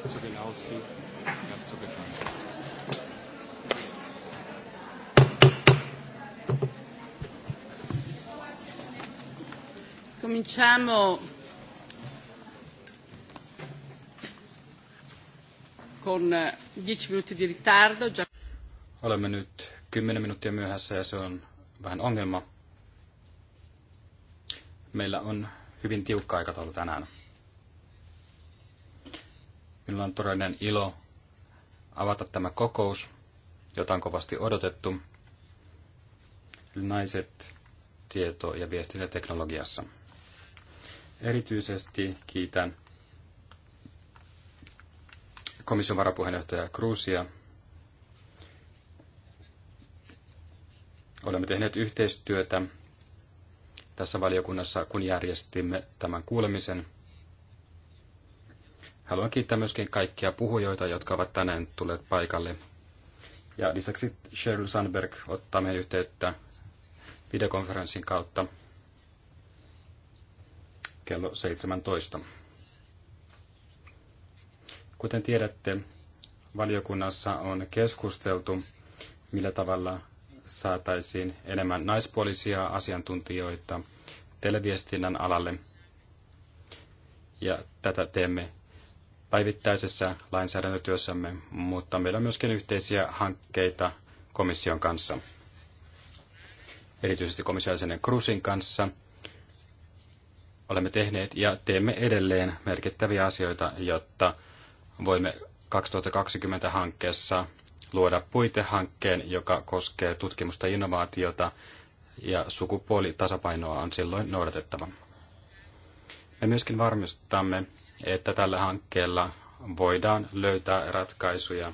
Terzo Benassi, terzo De Cominciamo con 10 eh, minuti di ritardo. Olemme nyt kymmenen minuuttia myöhässä ja se on vähän ongelma. Meillä on hyvin tiukka aikataulu tänään. Minulla on todellinen ilo avata tämä kokous, jota on kovasti odotettu. Naiset tieto- ja viestintäteknologiassa. Erityisesti kiitän komission varapuheenjohtaja Kruusia. Olemme tehneet yhteistyötä tässä valiokunnassa, kun järjestimme tämän kuulemisen – Haluan kiittää myöskin kaikkia puhujoita, jotka ovat tänään tulleet paikalle. Ja lisäksi Sheryl Sandberg ottaa meidän yhteyttä videokonferenssin kautta kello 17. Kuten tiedätte, valiokunnassa on keskusteltu, millä tavalla saataisiin enemmän naispuolisia asiantuntijoita televiestinnän alalle. Ja tätä teemme päivittäisessä lainsäädäntötyössämme, mutta meillä on myöskin yhteisiä hankkeita komission kanssa. Erityisesti komissiaisenen Krusin kanssa olemme tehneet ja teemme edelleen merkittäviä asioita, jotta voimme 2020 hankkeessa luoda puitehankkeen, joka koskee tutkimusta ja innovaatiota, ja sukupuolitasapainoa on silloin noudatettava. Me myöskin varmistamme, että tällä hankkeella voidaan löytää ratkaisuja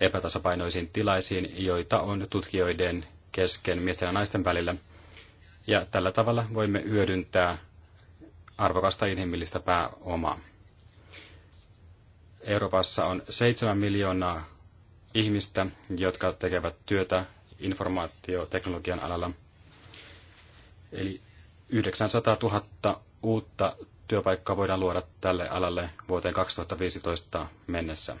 epätasapainoisiin tilaisiin, joita on tutkijoiden kesken miesten ja naisten välillä. Ja tällä tavalla voimme hyödyntää arvokasta inhimillistä pääomaa. Euroopassa on 7 miljoonaa ihmistä, jotka tekevät työtä informaatioteknologian alalla. Eli 900 000 uutta työpaikkaa voidaan luoda tälle alalle vuoteen 2015 mennessä.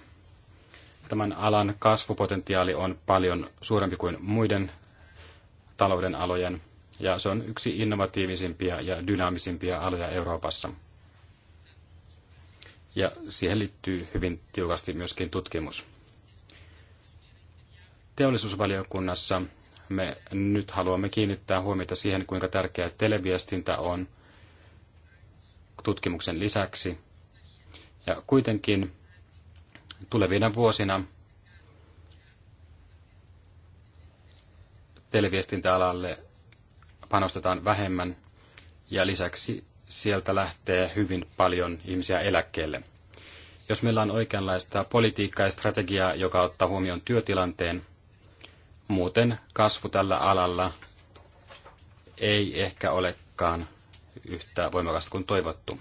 Tämän alan kasvupotentiaali on paljon suurempi kuin muiden talouden alojen, ja se on yksi innovatiivisimpia ja dynaamisimpia aloja Euroopassa. Ja siihen liittyy hyvin tiukasti myöskin tutkimus. Teollisuusvaliokunnassa me nyt haluamme kiinnittää huomiota siihen, kuinka tärkeää televiestintä on – tutkimuksen lisäksi. Ja kuitenkin tulevina vuosina televiestintäalalle panostetaan vähemmän ja lisäksi sieltä lähtee hyvin paljon ihmisiä eläkkeelle. Jos meillä on oikeanlaista politiikkaa ja strategiaa, joka ottaa huomioon työtilanteen, muuten kasvu tällä alalla ei ehkä olekaan yhtä voimakasta kuin toivottu.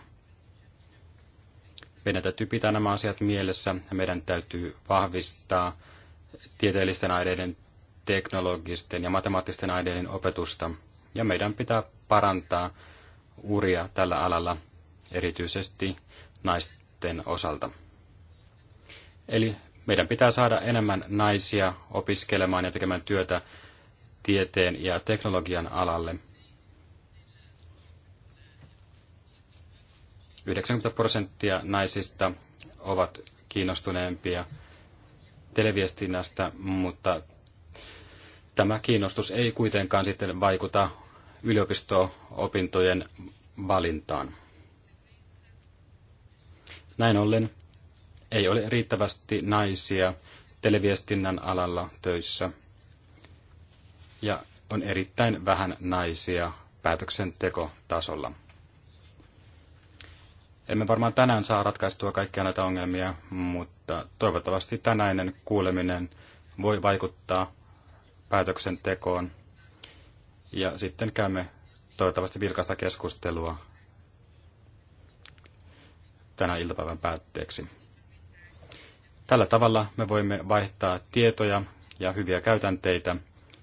Meidän täytyy pitää nämä asiat mielessä ja meidän täytyy vahvistaa tieteellisten aineiden, teknologisten ja matemaattisten aineiden opetusta. Ja meidän pitää parantaa uria tällä alalla, erityisesti naisten osalta. Eli meidän pitää saada enemmän naisia opiskelemaan ja tekemään työtä tieteen ja teknologian alalle – 90 prosenttia naisista ovat kiinnostuneempia televiestinnästä, mutta tämä kiinnostus ei kuitenkaan sitten vaikuta yliopisto-opintojen valintaan. Näin ollen ei ole riittävästi naisia televiestinnän alalla töissä ja on erittäin vähän naisia päätöksentekotasolla. Emme varmaan tänään saa ratkaistua kaikkia näitä ongelmia, mutta toivottavasti tänäinen kuuleminen voi vaikuttaa päätöksentekoon. Ja sitten käymme toivottavasti vilkasta keskustelua tänä iltapäivän päätteeksi. Tällä tavalla me voimme vaihtaa tietoja ja hyviä käytänteitä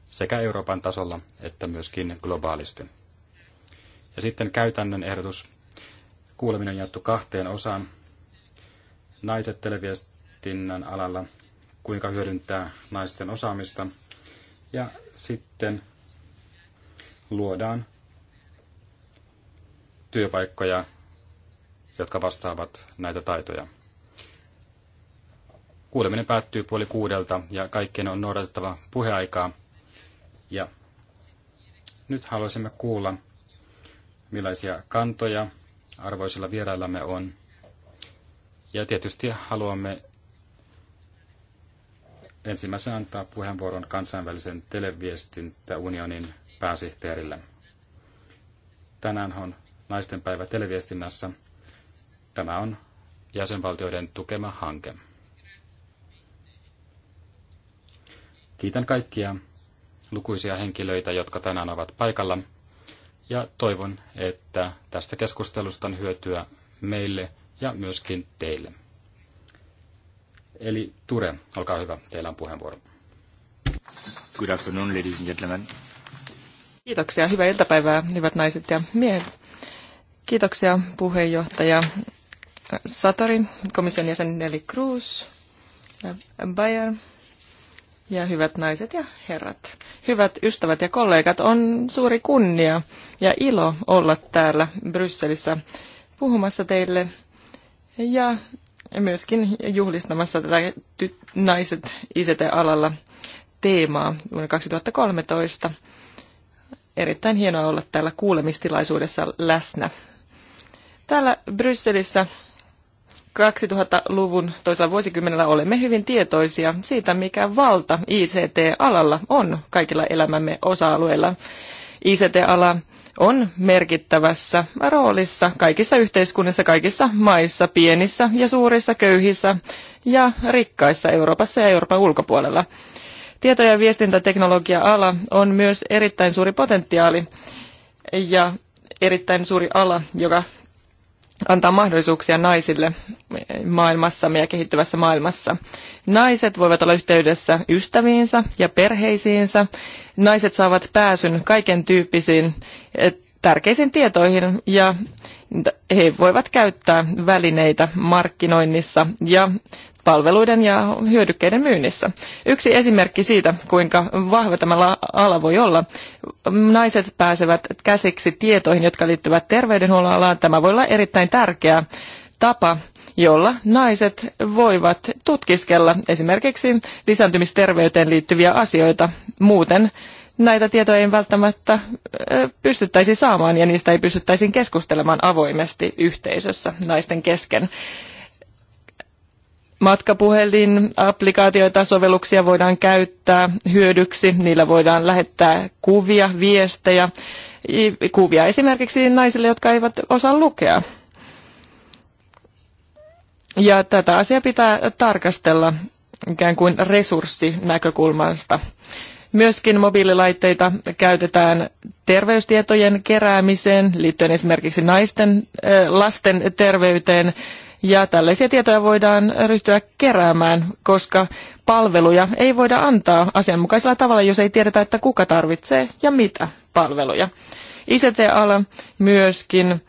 sekä Euroopan tasolla että myöskin globaalisti. Ja sitten käytännön ehdotus Kuuleminen on jaettu kahteen osaan. Naiset televiestinnän alalla, kuinka hyödyntää naisten osaamista. Ja sitten luodaan työpaikkoja, jotka vastaavat näitä taitoja. Kuuleminen päättyy puoli kuudelta ja kaikkien on noudatettava puheaikaa. Ja nyt haluaisimme kuulla, millaisia kantoja arvoisilla vieraillamme on. Ja tietysti haluamme ensimmäisen antaa puheenvuoron kansainvälisen televiestintäunionin pääsihteerille. Tänään on naistenpäivä televiestinnässä. Tämä on jäsenvaltioiden tukema hanke. Kiitän kaikkia lukuisia henkilöitä, jotka tänään ovat paikalla – ja toivon, että tästä keskustelusta on hyötyä meille ja myöskin teille. Eli Ture, olkaa hyvä, teillä on puheenvuoro. Good afternoon, ladies and gentlemen. Kiitoksia, hyvää iltapäivää, hyvät naiset ja miehet. Kiitoksia puheenjohtaja Satori, komission jäsen Nelly Cruz ja Bayer ja hyvät naiset ja herrat, hyvät ystävät ja kollegat, on suuri kunnia ja ilo olla täällä Brysselissä puhumassa teille ja myöskin juhlistamassa tätä naiset ICT-alalla teemaa vuonna 2013. Erittäin hienoa olla täällä kuulemistilaisuudessa läsnä. Täällä Brysselissä 2000-luvun toisella vuosikymmenellä olemme hyvin tietoisia siitä, mikä valta ICT-alalla on kaikilla elämämme osa-alueilla. ICT-ala on merkittävässä roolissa kaikissa yhteiskunnissa, kaikissa maissa, pienissä ja suurissa, köyhissä ja rikkaissa Euroopassa ja Euroopan ulkopuolella. Tieto- ja viestintäteknologia-ala on myös erittäin suuri potentiaali ja erittäin suuri ala, joka antaa mahdollisuuksia naisille maailmassamme ja kehittyvässä maailmassa. Naiset voivat olla yhteydessä ystäviinsä ja perheisiinsä. Naiset saavat pääsyn kaiken tyyppisiin eh, tärkeisiin tietoihin ja he voivat käyttää välineitä markkinoinnissa ja palveluiden ja hyödykkeiden myynnissä. Yksi esimerkki siitä, kuinka vahva tämä ala voi olla. Naiset pääsevät käsiksi tietoihin, jotka liittyvät terveydenhuollon alaan. Tämä voi olla erittäin tärkeä tapa jolla naiset voivat tutkiskella esimerkiksi lisääntymisterveyteen liittyviä asioita. Muuten näitä tietoja ei välttämättä pystyttäisi saamaan ja niistä ei pystyttäisi keskustelemaan avoimesti yhteisössä naisten kesken matkapuhelin, applikaatioita, sovelluksia voidaan käyttää hyödyksi. Niillä voidaan lähettää kuvia, viestejä, kuvia esimerkiksi naisille, jotka eivät osaa lukea. Ja tätä asiaa pitää tarkastella ikään kuin resurssinäkökulmasta. Myöskin mobiililaitteita käytetään terveystietojen keräämiseen liittyen esimerkiksi naisten, lasten terveyteen ja tällaisia tietoja voidaan ryhtyä keräämään, koska palveluja ei voida antaa asianmukaisella tavalla, jos ei tiedetä, että kuka tarvitsee ja mitä palveluja. ICT-ala myöskin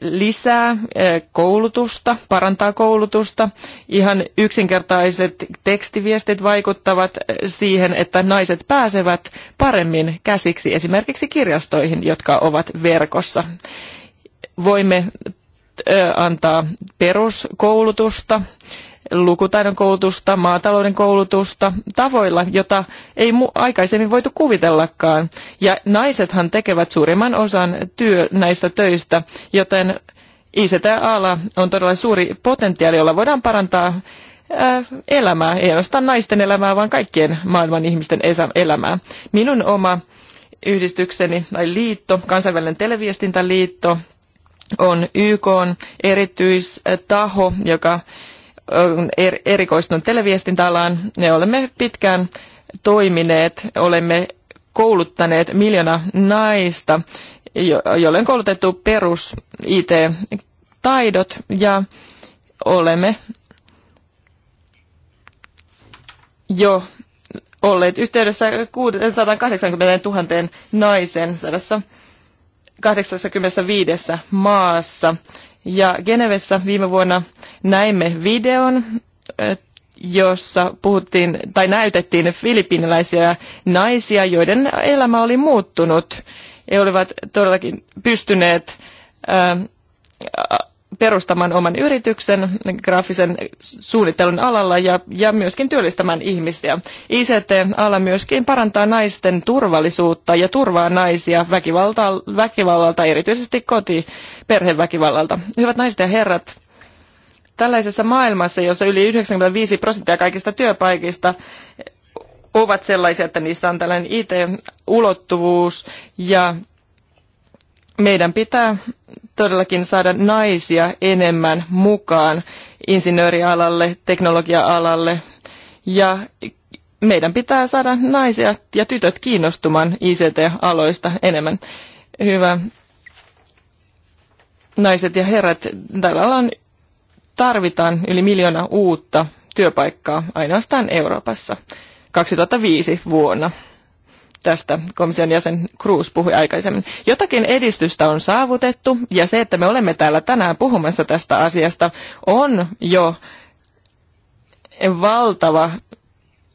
lisää e, koulutusta, parantaa koulutusta. Ihan yksinkertaiset tekstiviestit vaikuttavat e, siihen, että naiset pääsevät paremmin käsiksi esimerkiksi kirjastoihin, jotka ovat verkossa. Voimme antaa peruskoulutusta, lukutaidon koulutusta, maatalouden koulutusta tavoilla, jota ei aikaisemmin voitu kuvitellakaan. Ja naisethan tekevät suurimman osan työ näistä töistä, joten ICT-ala on todella suuri potentiaali, jolla voidaan parantaa elämää, ei ainoastaan naisten elämää, vaan kaikkien maailman ihmisten elämää. Minun oma yhdistykseni tai liitto, kansainvälinen televiestintäliitto, on YK on erityistaho, joka on er, erikoistunut televiestintäalaan. Me olemme pitkään toimineet, olemme kouluttaneet miljoona naista, jolle on koulutettu perus IT-taidot ja olemme jo olleet yhteydessä 680 000 naisen sadassa. 85 maassa. Ja Genevessä viime vuonna näimme videon, jossa puhuttiin tai näytettiin filipiniläisiä naisia, joiden elämä oli muuttunut. He olivat todellakin pystyneet perustamaan oman yrityksen graafisen suunnittelun alalla ja, ja myöskin työllistämään ihmisiä. ICT-ala myöskin parantaa naisten turvallisuutta ja turvaa naisia väkivalta, väkivallalta, erityisesti koti- perheväkivallalta. Hyvät naiset ja herrat, tällaisessa maailmassa, jossa yli 95 prosenttia kaikista työpaikista ovat sellaisia, että niissä on tällainen IT-ulottuvuus ja meidän pitää todellakin saada naisia enemmän mukaan insinöörialalle, teknologia-alalle ja meidän pitää saada naisia ja tytöt kiinnostumaan ICT-aloista enemmän. Hyvä. Naiset ja herrat, tällä alalla tarvitaan yli miljoona uutta työpaikkaa ainoastaan Euroopassa 2005 vuonna tästä komission jäsen Cruz puhui aikaisemmin. Jotakin edistystä on saavutettu ja se, että me olemme täällä tänään puhumassa tästä asiasta, on jo valtava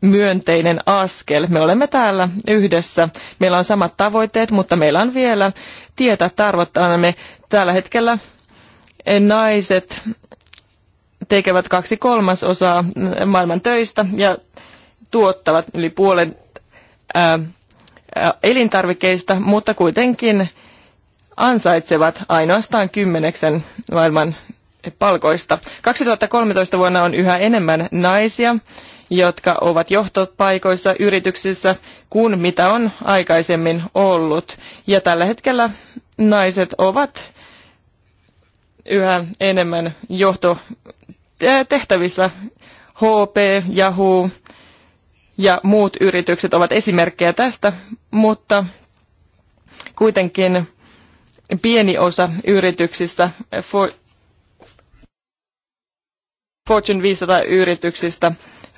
myönteinen askel. Me olemme täällä yhdessä, meillä on samat tavoitteet, mutta meillä on vielä tietä me Tällä hetkellä naiset tekevät kaksi kolmasosaa maailman töistä ja tuottavat yli puolen ää, elintarvikkeista, mutta kuitenkin ansaitsevat ainoastaan kymmeneksen maailman palkoista. 2013 vuonna on yhä enemmän naisia, jotka ovat johtopaikoissa yrityksissä kuin mitä on aikaisemmin ollut. Ja tällä hetkellä naiset ovat yhä enemmän johtotehtävissä HP, Yahoo, ja muut yritykset ovat esimerkkejä tästä, mutta kuitenkin pieni osa yrityksistä, for, Fortune 500 yrityksistä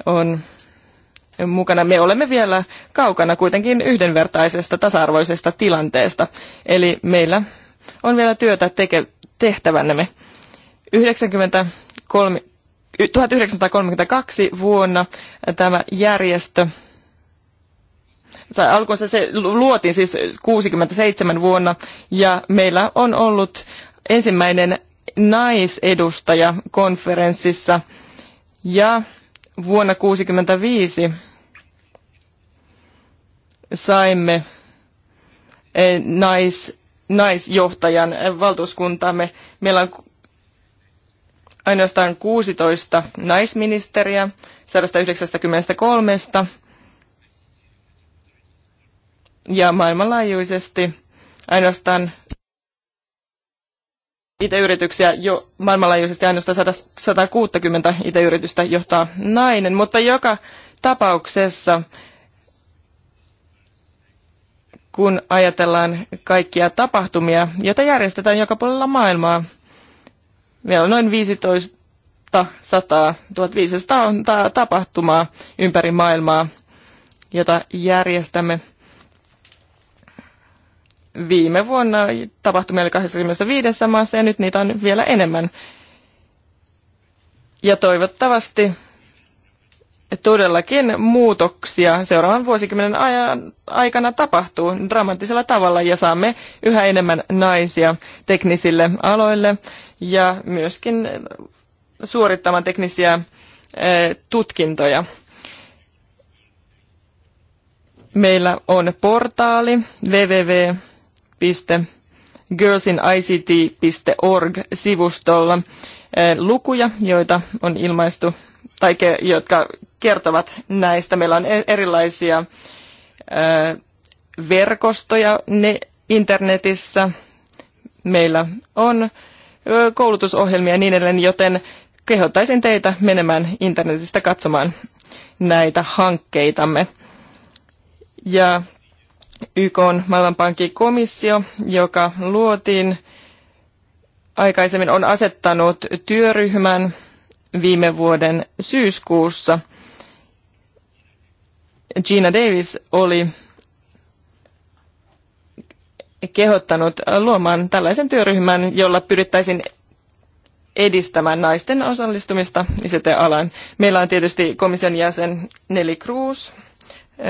on mukana. Me olemme vielä kaukana kuitenkin yhdenvertaisesta, tasa-arvoisesta tilanteesta. Eli meillä on vielä työtä teke, tehtävänämme. 93 1932 vuonna tämä järjestö alkunsa se luotiin siis 67 vuonna ja meillä on ollut ensimmäinen naisedustaja konferenssissa ja vuonna 65 saimme eh, nais, naisjohtajan valtuuskuntaamme. Meillä on ainoastaan 16 naisministeriä 193 ja maailmanlaajuisesti ainoastaan IT-yrityksiä jo maailmanlaajuisesti ainoastaan 160 IT-yritystä johtaa nainen, mutta joka tapauksessa, kun ajatellaan kaikkia tapahtumia, joita järjestetään joka puolella maailmaa, Meillä on noin 15 100, 1500 on ta- tapahtumaa ympäri maailmaa, jota järjestämme. Viime vuonna tapahtumia oli 25 maassa ja nyt niitä on vielä enemmän. Ja toivottavasti todellakin muutoksia seuraavan vuosikymmenen ajan aikana tapahtuu dramaattisella tavalla ja saamme yhä enemmän naisia teknisille aloille ja myöskin suorittamaan teknisiä eh, tutkintoja. Meillä on portaali www.girlsinict.org-sivustolla eh, lukuja, joita on ilmaistu tai ke, jotka kertovat näistä. Meillä on e-, erilaisia eh, verkostoja ne internetissä. Meillä on koulutusohjelmia ja niin edelleen, joten kehottaisin teitä menemään internetistä katsomaan näitä hankkeitamme. Ja YK on maailmanpankin komissio, joka luotiin aikaisemmin, on asettanut työryhmän viime vuoden syyskuussa. Gina Davis oli kehottanut luomaan tällaisen työryhmän, jolla pyrittäisiin edistämään naisten osallistumista ICT-alaan. Meillä on tietysti komission jäsen Neli Cruz,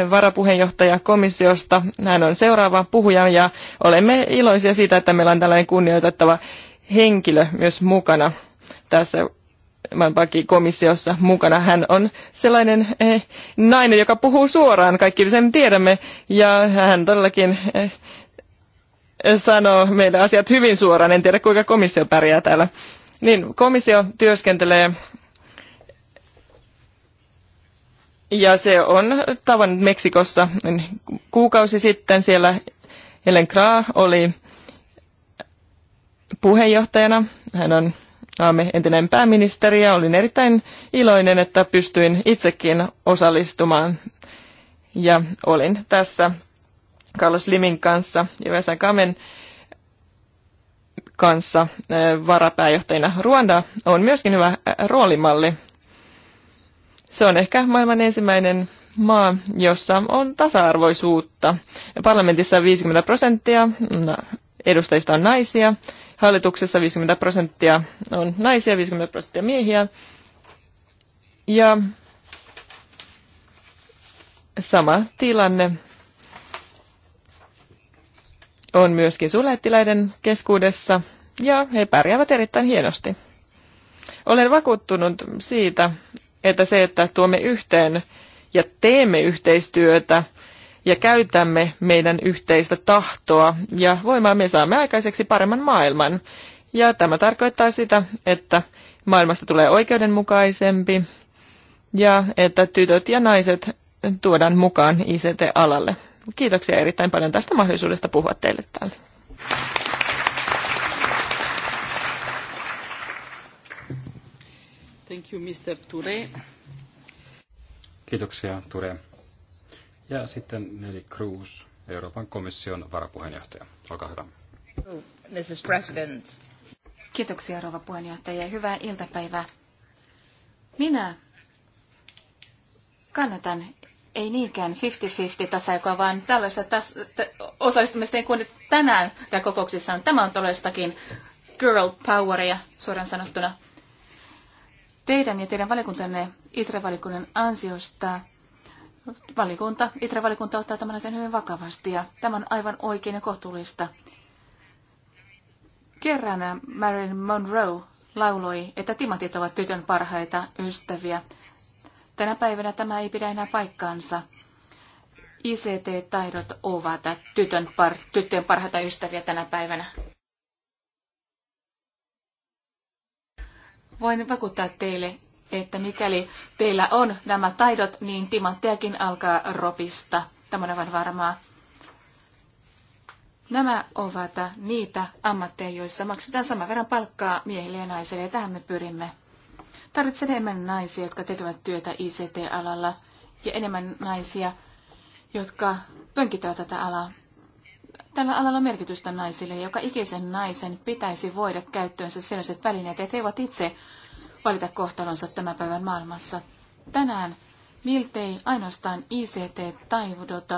varapuheenjohtaja komissiosta. Hän on seuraava puhuja ja olemme iloisia siitä, että meillä on tällainen kunnioitettava henkilö myös mukana tässä komissiossa mukana. Hän on sellainen eh, nainen, joka puhuu suoraan, kaikki sen tiedämme, ja hän todellakin eh, sanoo meille asiat hyvin suoraan. En tiedä, kuinka komissio pärjää täällä. Niin, komissio työskentelee ja se on tavannut Meksikossa niin, kuukausi sitten. Siellä Helen Kraa oli puheenjohtajana. Hän on Aamme entinen pääministeri ja olin erittäin iloinen, että pystyin itsekin osallistumaan. Ja olin tässä Carlos Limin kanssa ja Vesa Kamen kanssa varapääjohtajina. Ruanda on myöskin hyvä roolimalli. Se on ehkä maailman ensimmäinen maa, jossa on tasa-arvoisuutta. Parlamentissa 50 prosenttia edustajista on naisia, hallituksessa 50 prosenttia on naisia, 50 prosenttia miehiä. Ja sama tilanne on myöskin sulettiläiden keskuudessa ja he pärjäävät erittäin hienosti. Olen vakuuttunut siitä, että se, että tuomme yhteen ja teemme yhteistyötä ja käytämme meidän yhteistä tahtoa ja voimaa, me saamme aikaiseksi paremman maailman. Ja tämä tarkoittaa sitä, että maailmasta tulee oikeudenmukaisempi ja että tytöt ja naiset tuodaan mukaan ICT-alalle. Kiitoksia erittäin paljon tästä mahdollisuudesta puhua teille täällä. Thank you, Mr. Ture. Kiitoksia, Ture. Ja sitten Nelly Cruz, Euroopan komission varapuheenjohtaja. Olkaa hyvä. Mrs. President. Kiitoksia, rouva puheenjohtaja. Hyvää iltapäivää. Minä kannatan ei niinkään 50-50 tasajakoa, vaan tällaista tas- t- osallistumista kuin tänään tämä kokouksissa on. Tämä on todellistakin girl poweria suoraan sanottuna. Teidän ja teidän valikuntanne ITRE-valikunnan ansiosta valikunta, ITRE-valikunta ottaa tämän sen hyvin vakavasti ja tämä on aivan oikein ja kohtuullista. Kerran Marilyn Monroe lauloi, että timatit ovat tytön parhaita ystäviä – Tänä päivänä tämä ei pidä enää paikkaansa. ICT-taidot ovat tytön par, tyttöjen parhaita ystäviä tänä päivänä. Voin vakuuttaa teille, että mikäli teillä on nämä taidot, niin timanttejakin alkaa ropista. Tämä on aivan varmaa. Nämä ovat niitä ammatteja, joissa maksetaan saman verran palkkaa miehille ja naisille, ja tähän me pyrimme. Tarvitsen enemmän naisia, jotka tekevät työtä ICT-alalla ja enemmän naisia, jotka pönkittävät tätä alaa. Tällä alalla on merkitystä naisille, joka ikisen naisen pitäisi voida käyttöönsä sellaiset välineet, että he voivat itse valita kohtalonsa tämän päivän maailmassa. Tänään miltei ainoastaan ict taivudot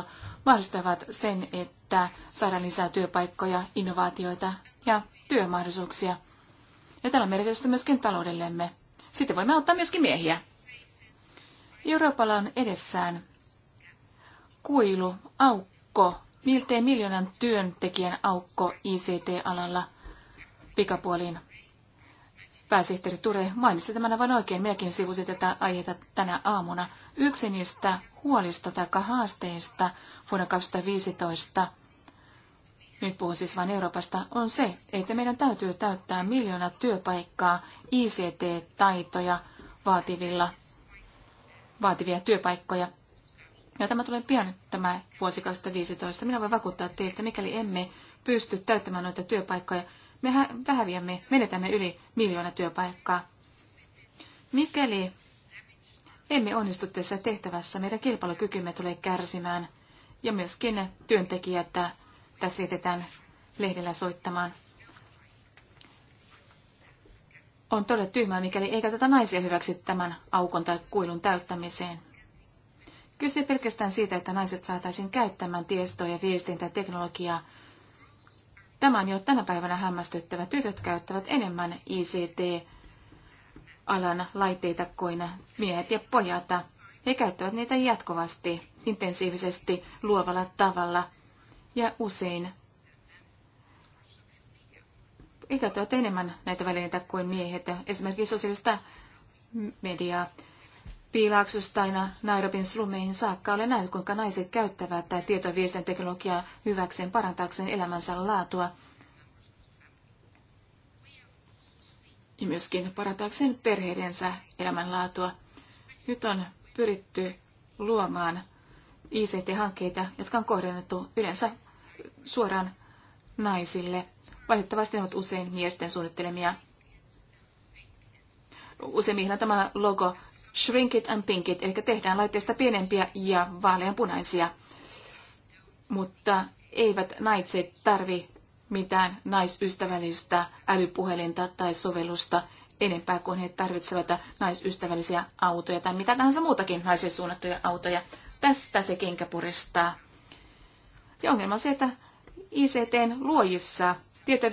mahdollistavat sen, että saadaan lisää työpaikkoja, innovaatioita ja työmahdollisuuksia. Ja tällä on merkitystä myöskin taloudellemme. Sitten voimme auttaa myöskin miehiä. Euroopalla on edessään kuilu, aukko, miltei miljoonan työntekijän aukko ICT-alalla pikapuoliin. Pääsihteeri Ture mainitsi tämän aivan oikein. Minäkin sivusin tätä aiheita tänä aamuna. Yksi niistä huolista tai haasteista vuonna 2015 nyt puhun siis vain Euroopasta, on se, että meidän täytyy täyttää miljoona työpaikkaa ICT-taitoja vaativilla, vaativia työpaikkoja. Ja tämä tulee pian tämä vuosi 2015. Minä voin vakuuttaa teiltä, mikäli emme pysty täyttämään noita työpaikkoja, me häviämme, menetämme yli miljoona työpaikkaa. Mikäli emme onnistu tässä tehtävässä, meidän kilpailukykymme tulee kärsimään ja myöskin työntekijät tässä jätetään lehdellä soittamaan. On todella tyhmää, mikäli ei käytetä naisia hyväksi tämän aukon tai kuilun täyttämiseen. Kyse pelkästään siitä, että naiset saataisiin käyttämään tiestoa ja viestintäteknologiaa. Tämä on jo tänä päivänä hämmästyttävä. Tytöt käyttävät enemmän ICT-alan laitteita kuin miehet ja pojat. He käyttävät niitä jatkuvasti, intensiivisesti, luovalla tavalla ja usein he käyttävät enemmän näitä välineitä kuin miehet. Esimerkiksi sosiaalista mediaa piilaaksosta aina Nairobin slummeihin saakka olen nähnyt, kuinka naiset käyttävät tieto- ja teknologiaa hyväkseen parantaakseen elämänsä laatua. Ja myöskin parantaakseen perheidensä elämänlaatua. Nyt on pyritty luomaan ICT-hankkeita, jotka on kohdennettu yleensä suoraan naisille. Valitettavasti ne ovat usein miesten suunnittelemia. Useimmilla tämä logo Shrink it and pink it, eli tehdään laitteista pienempiä ja vaaleanpunaisia. Mutta eivät naiset tarvi mitään naisystävällistä älypuhelinta tai sovellusta enempää kuin he tarvitsevat naisystävällisiä autoja tai mitä tahansa muutakin naisen suunnattuja autoja. Tästä se kenkä puristaa. Ja ongelma on se, että ICTn luojissa tieto-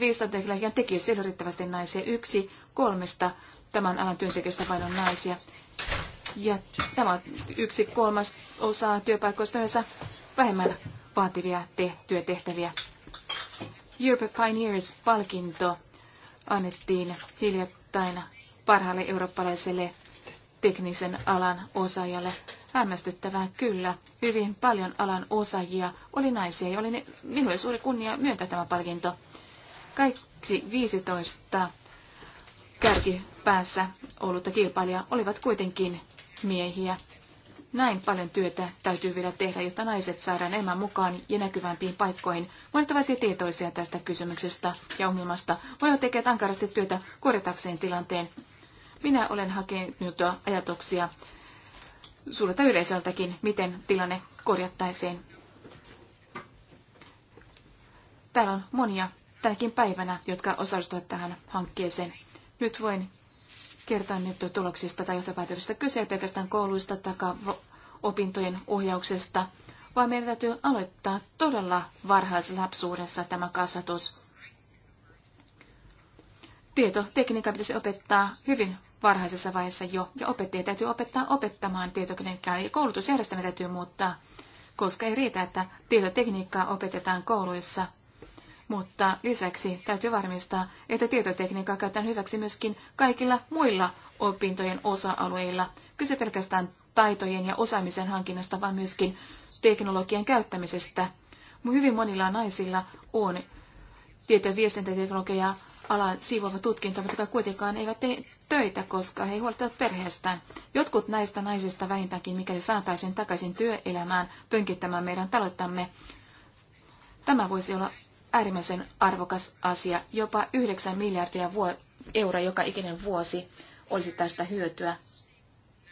ja tekijöissä ei ole riittävästi naisia. Yksi kolmesta tämän alan työntekijöistä vain on naisia. Ja tämä on yksi kolmas osa työpaikoista, joissa vähemmän vaativia te- työtehtäviä. Europe Pioneers-palkinto annettiin hiljattain parhaalle eurooppalaiselle teknisen alan osaajalle. Hämmästyttävää kyllä. Hyvin paljon alan osaajia oli naisia ja oli ne, minulle suuri kunnia myöntää tämä palkinto. Kaikki 15 kärkipäässä ollutta kilpailijaa olivat kuitenkin miehiä. Näin paljon työtä täytyy vielä tehdä, jotta naiset saadaan enemmän mukaan ja näkyvämpiin paikkoihin. Monet ovat jo tietoisia tästä kysymyksestä ja ongelmasta. Monet tekevät ankarasti työtä korjatakseen tilanteen. Minä olen hakenut ajatuksia suurelta yleisöltäkin, miten tilanne korjattaisiin. Täällä on monia tänäkin päivänä, jotka osallistuvat tähän hankkeeseen. Nyt voin kertoa nyt tuloksista tai johtopäätöksistä. Kyse pelkästään kouluista tai opintojen ohjauksesta, vaan meidän täytyy aloittaa todella varhaislapsuudessa tämä kasvatus. Tietotekniikka pitäisi opettaa hyvin varhaisessa vaiheessa jo, ja opettajia täytyy opettaa opettamaan tietokoneen ja koulutusjärjestelmä täytyy muuttaa, koska ei riitä, että tietotekniikkaa opetetaan kouluissa, mutta lisäksi täytyy varmistaa, että tietotekniikkaa käytetään hyväksi myöskin kaikilla muilla opintojen osa-alueilla. Kyse pelkästään taitojen ja osaamisen hankinnasta, vaan myöskin teknologian käyttämisestä. Hyvin monilla naisilla on tieto- ja viestintäteknologiaa alan siivoava tutkinto, mutta kuitenkaan eivät tee töitä, koska he huolehtivat perheestään. Jotkut näistä naisista vähintäänkin, mikäli saataisiin takaisin työelämään pönkittämään meidän talottamme, tämä voisi olla äärimmäisen arvokas asia. Jopa 9 miljardia euroa joka ikinen vuosi olisi tästä hyötyä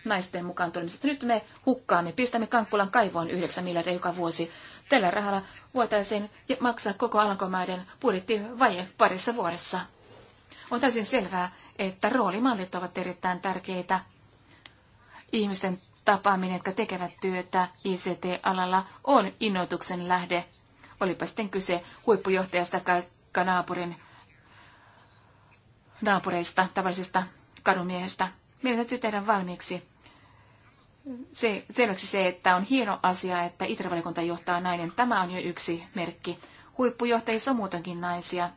naisten mukaan tulemisesta. Nyt me hukkaamme, pistämme Kankkulan kaivoon 9 miljardia joka vuosi. Tällä rahalla voitaisiin maksaa koko Alankomaiden budjettivaje parissa vuodessa. On täysin selvää, että roolimallit ovat erittäin tärkeitä. Ihmisten tapaaminen, jotka tekevät työtä ICT-alalla, on innoituksen lähde. Olipa sitten kyse huippujohtajasta tai naapurin naapureista, tavallisista kadumiehestä. Meidän täytyy tehdä valmiiksi se, selväksi se, että on hieno asia, että Itävalikunta johtaa nainen. Tämä on jo yksi merkki. Huippujohtajissa on muutenkin naisia.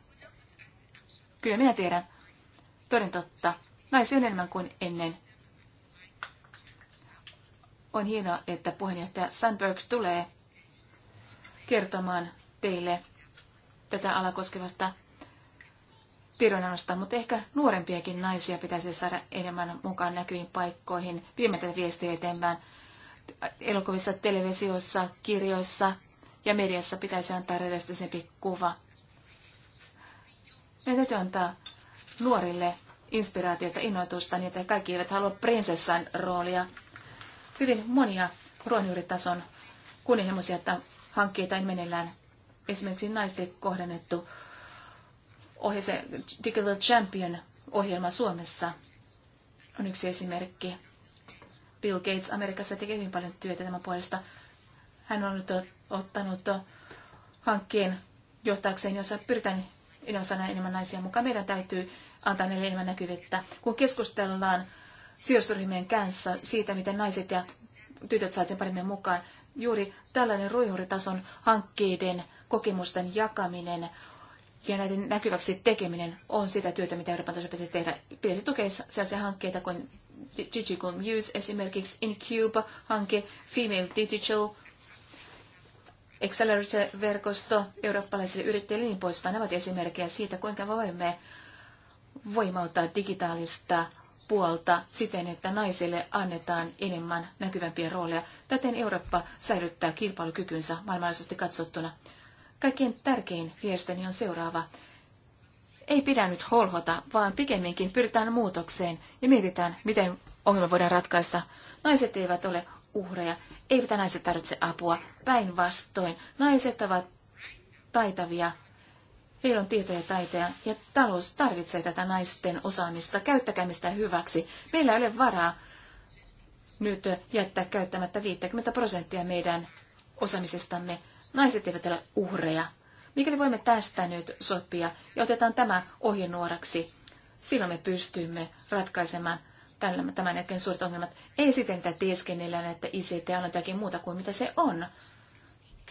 Kyllä minä tiedän. Toden totta, naisia enemmän kuin ennen. On hienoa, että puheenjohtaja Sandberg tulee kertomaan teille tätä alakoskevasta tiedonannosta, mutta ehkä nuorempiakin naisia pitäisi saada enemmän mukaan näkyviin paikkoihin, tätä viestiä eteenpäin. Elokuvissa, televisiossa, kirjoissa ja mediassa pitäisi antaa realistisempi kuva. Meidän täytyy antaa nuorille inspiraatiota, innoitusta, niin että kaikki eivät halua prinsessan roolia. Hyvin monia ruohonjuuritason kunnianhimoisia hankkeita meneillään. Esimerkiksi naisten kohdennettu ohje, se Digital Champion-ohjelma Suomessa on yksi esimerkki. Bill Gates Amerikassa tekee hyvin paljon työtä tämän puolesta. Hän on nyt ottanut hankkeen johtaakseen, jossa pyritään enemmän naisia mukaan. Meidän täytyy antaa niille enemmän näkyvyyttä. Kun keskustellaan sijoitusryhmien kanssa siitä, miten naiset ja tytöt saavat sen paremmin mukaan, juuri tällainen ruihuritason hankkeiden kokemusten jakaminen ja näiden näkyväksi tekeminen on sitä työtä, mitä Euroopan tasolla pitäisi tehdä. Pitäisi tukea sellaisia hankkeita kuin Digital Muse, esimerkiksi InCube-hanke, Female Digital, Accelerator-verkosto eurooppalaisille yrittäjille niin poispäin. Nämä ovat esimerkkejä siitä, kuinka voimme voimauttaa digitaalista puolta siten, että naisille annetaan enemmän näkyvämpiä rooleja. Täten Eurooppa säilyttää kilpailukykynsä maailmanlaajuisesti katsottuna. Kaikkein tärkein viestini on seuraava. Ei pidä nyt holhota, vaan pikemminkin pyritään muutokseen ja mietitään, miten ongelma voidaan ratkaista. Naiset eivät ole uhreja, eivät naiset tarvitse apua. Päinvastoin, naiset ovat taitavia Meillä on tietoja taiteja ja talous tarvitsee tätä naisten osaamista. Käyttäkäämme sitä hyväksi. Meillä ei ole varaa nyt jättää käyttämättä 50 prosenttia meidän osaamisestamme. Naiset eivät ole uhreja. Mikäli voimme tästä nyt sopia ja otetaan tämä ohjenuoraksi, silloin me pystymme ratkaisemaan tämän hetken suuret ongelmat. Ei siten, että teeskennellään, että ICT on jotakin muuta kuin mitä se on.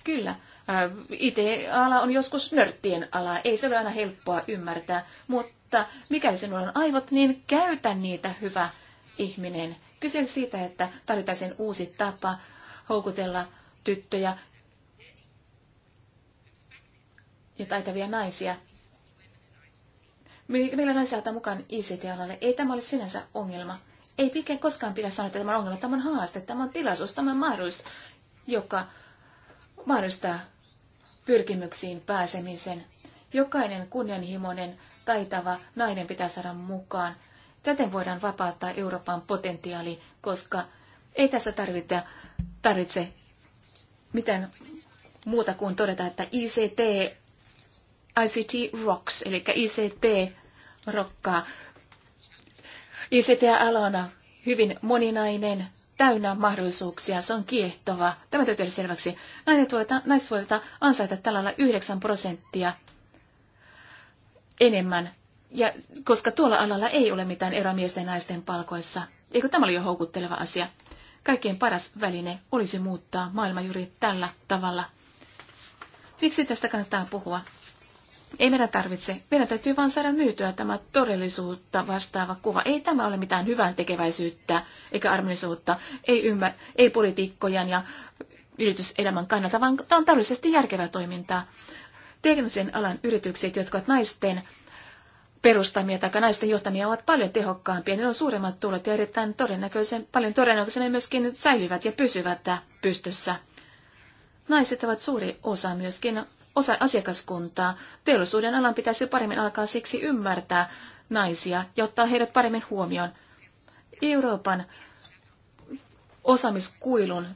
Kyllä, Äh, IT-ala on joskus nörttien ala, ei se ole aina helppoa ymmärtää, mutta mikäli sinulla on aivot, niin käytä niitä, hyvä ihminen. Kyse siitä, että tarvitaan sen uusi tapa houkutella tyttöjä ja taitavia naisia. Meillä naisia ottaa mukaan ICT-alalle. Ei tämä ole sinänsä ongelma. Ei pikään koskaan pidä sanoa, että tämä on ongelma. Tämä on haaste, tämä on tilaisuus, tämä on mahdollisuus, joka mahdollistaa pyrkimyksiin pääsemisen. Jokainen kunnianhimoinen, taitava nainen pitää saada mukaan. Täten voidaan vapauttaa Euroopan potentiaali, koska ei tässä tarvita, tarvitse mitään muuta kuin todeta, että ICT, ICT rocks, eli ICT rokkaa. ICT-alana hyvin moninainen, täynnä mahdollisuuksia, se on kiehtova. Tämä täytyy selväksi. Naiset voivat, ansaita tällä lailla 9 prosenttia enemmän, ja, koska tuolla alalla ei ole mitään eroa miesten ja naisten palkoissa. Eikö tämä ole jo houkutteleva asia? Kaikkein paras väline olisi muuttaa maailma juuri tällä tavalla. Miksi tästä kannattaa puhua? Ei meidän tarvitse. Meidän täytyy vain saada myytyä tämä todellisuutta vastaava kuva. Ei tämä ole mitään hyvää tekeväisyyttä eikä armillisuutta, ei, ymmär, ei politiikkojen ja yrityselämän kannalta, vaan tämä on taloudellisesti järkevää toimintaa. Teknisen alan yritykset, jotka ovat naisten perustamia tai naisten johtamia ovat paljon tehokkaampia. Niillä on suuremmat tulot ja erittäin todennäköisen, paljon todennäköisemmin myöskin säilyvät ja pysyvät pystyssä. Naiset ovat suuri osa myöskin osa asiakaskuntaa. Teollisuuden alan pitäisi paremmin alkaa siksi ymmärtää naisia ja ottaa heidät paremmin huomioon. Euroopan osaamiskuilun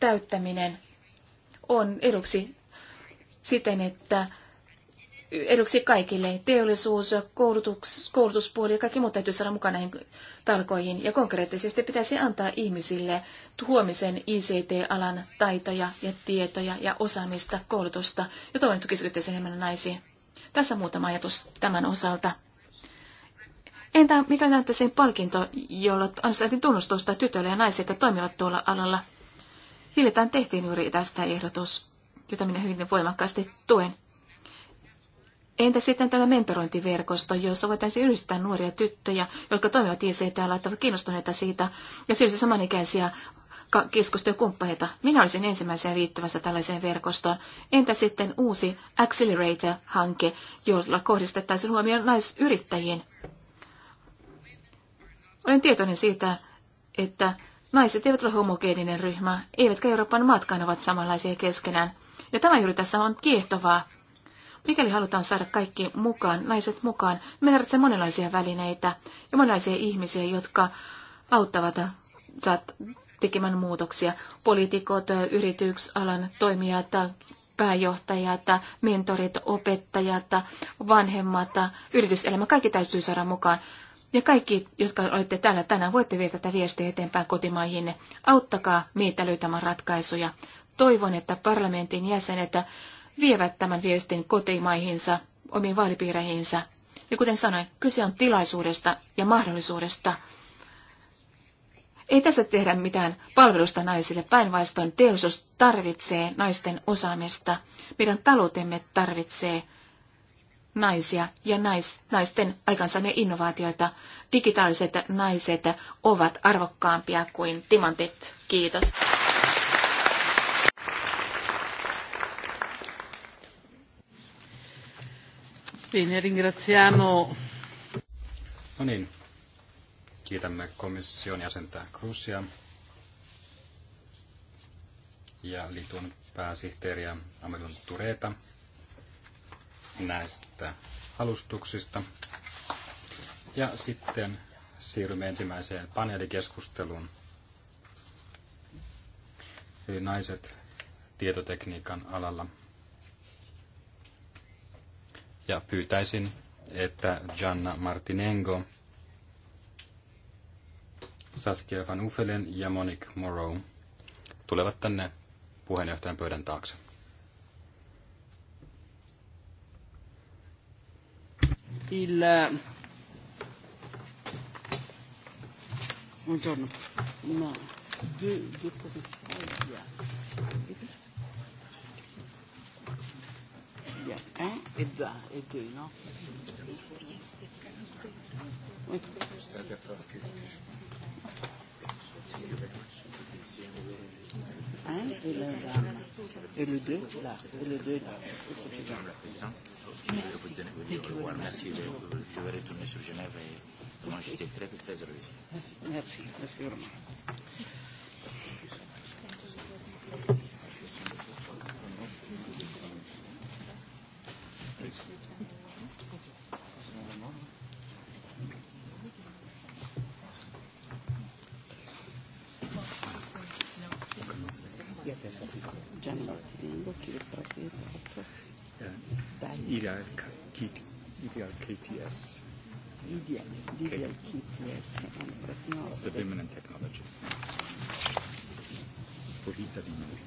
täyttäminen on eduksi siten, että eduksi kaikille. Teollisuus, koulutus, koulutuspuoli ja kaikki muut täytyy saada mukaan näihin talkoihin. Ja konkreettisesti pitäisi antaa ihmisille huomisen ICT-alan taitoja ja tietoja ja osaamista, koulutusta. Ja on että keskityttäisiin enemmän naisiin. Tässä muutama ajatus tämän osalta. Entä mitä näette sen palkinto, jolla ansaittiin tunnustusta tytöille ja naisille, jotka toimivat tuolla alalla? Hiljattain tehtiin juuri tästä ehdotus, jota minä hyvin voimakkaasti tuen. Entä sitten tämä mentorointiverkosto, jossa voitaisiin yhdistää nuoria tyttöjä, jotka toimivat ICT-alalla, että ovat kiinnostuneita siitä, ja siirrytään samanikäisiä keskustelukumppaneita. Minä olisin ensimmäisenä riittävässä tällaiseen verkostoon. Entä sitten uusi Accelerator-hanke, jolla kohdistettaisiin huomioon naisyrittäjiin? Olen tietoinen siitä, että naiset eivät ole homogeeninen ryhmä, eivätkä Euroopan matkaan ovat samanlaisia keskenään. Ja tämä juuri tässä on kiehtovaa. Mikäli halutaan saada kaikki mukaan, naiset mukaan, me tarvitsemme monenlaisia välineitä ja monenlaisia ihmisiä, jotka auttavat saat tekemään muutoksia. Poliitikot, yrityksalan toimijat, pääjohtajat, mentorit, opettajat, vanhemmat, yrityselämä, kaikki täytyy saada mukaan. Ja kaikki, jotka olette täällä tänään, voitte viedä tätä viestiä eteenpäin kotimaihinne. Auttakaa meitä löytämään ratkaisuja. Toivon, että parlamentin jäsenet vievät tämän viestin kotimaihinsa, omiin vaalipiireihinsä. Ja kuten sanoin, kyse on tilaisuudesta ja mahdollisuudesta. Ei tässä tehdä mitään palvelusta naisille, päinvastoin teollisuus tarvitsee naisten osaamista. Meidän taloutemme tarvitsee naisia ja nais, naisten aikansaamia innovaatioita. Digitaaliset naiset ovat arvokkaampia kuin timantit. Kiitos. Bene, ringraziamo. No niin, kiitämme komission jäsentä Krusia ja liiton pääsihteeriä Amelun Tureta näistä alustuksista. Ja sitten siirrymme ensimmäiseen paneelikeskusteluun. Eli naiset tietotekniikan alalla ja pyytäisin, että Gianna Martinengo, Saskia van Ufelen ja Monique Morrow tulevat tänne puheenjohtajan pöydän taakse. Il... Buongiorno. Eh, no. Due, due professioni. a un eh? et deux, et deux non oui. Un et eh? e le, Et e le deux, là. Et le deux, là. C'est Merci. Je vais retourner sur Genève et j'étais très très Merci, merci vraiment. ideal, ideal KTS. Ideal, KTS The Di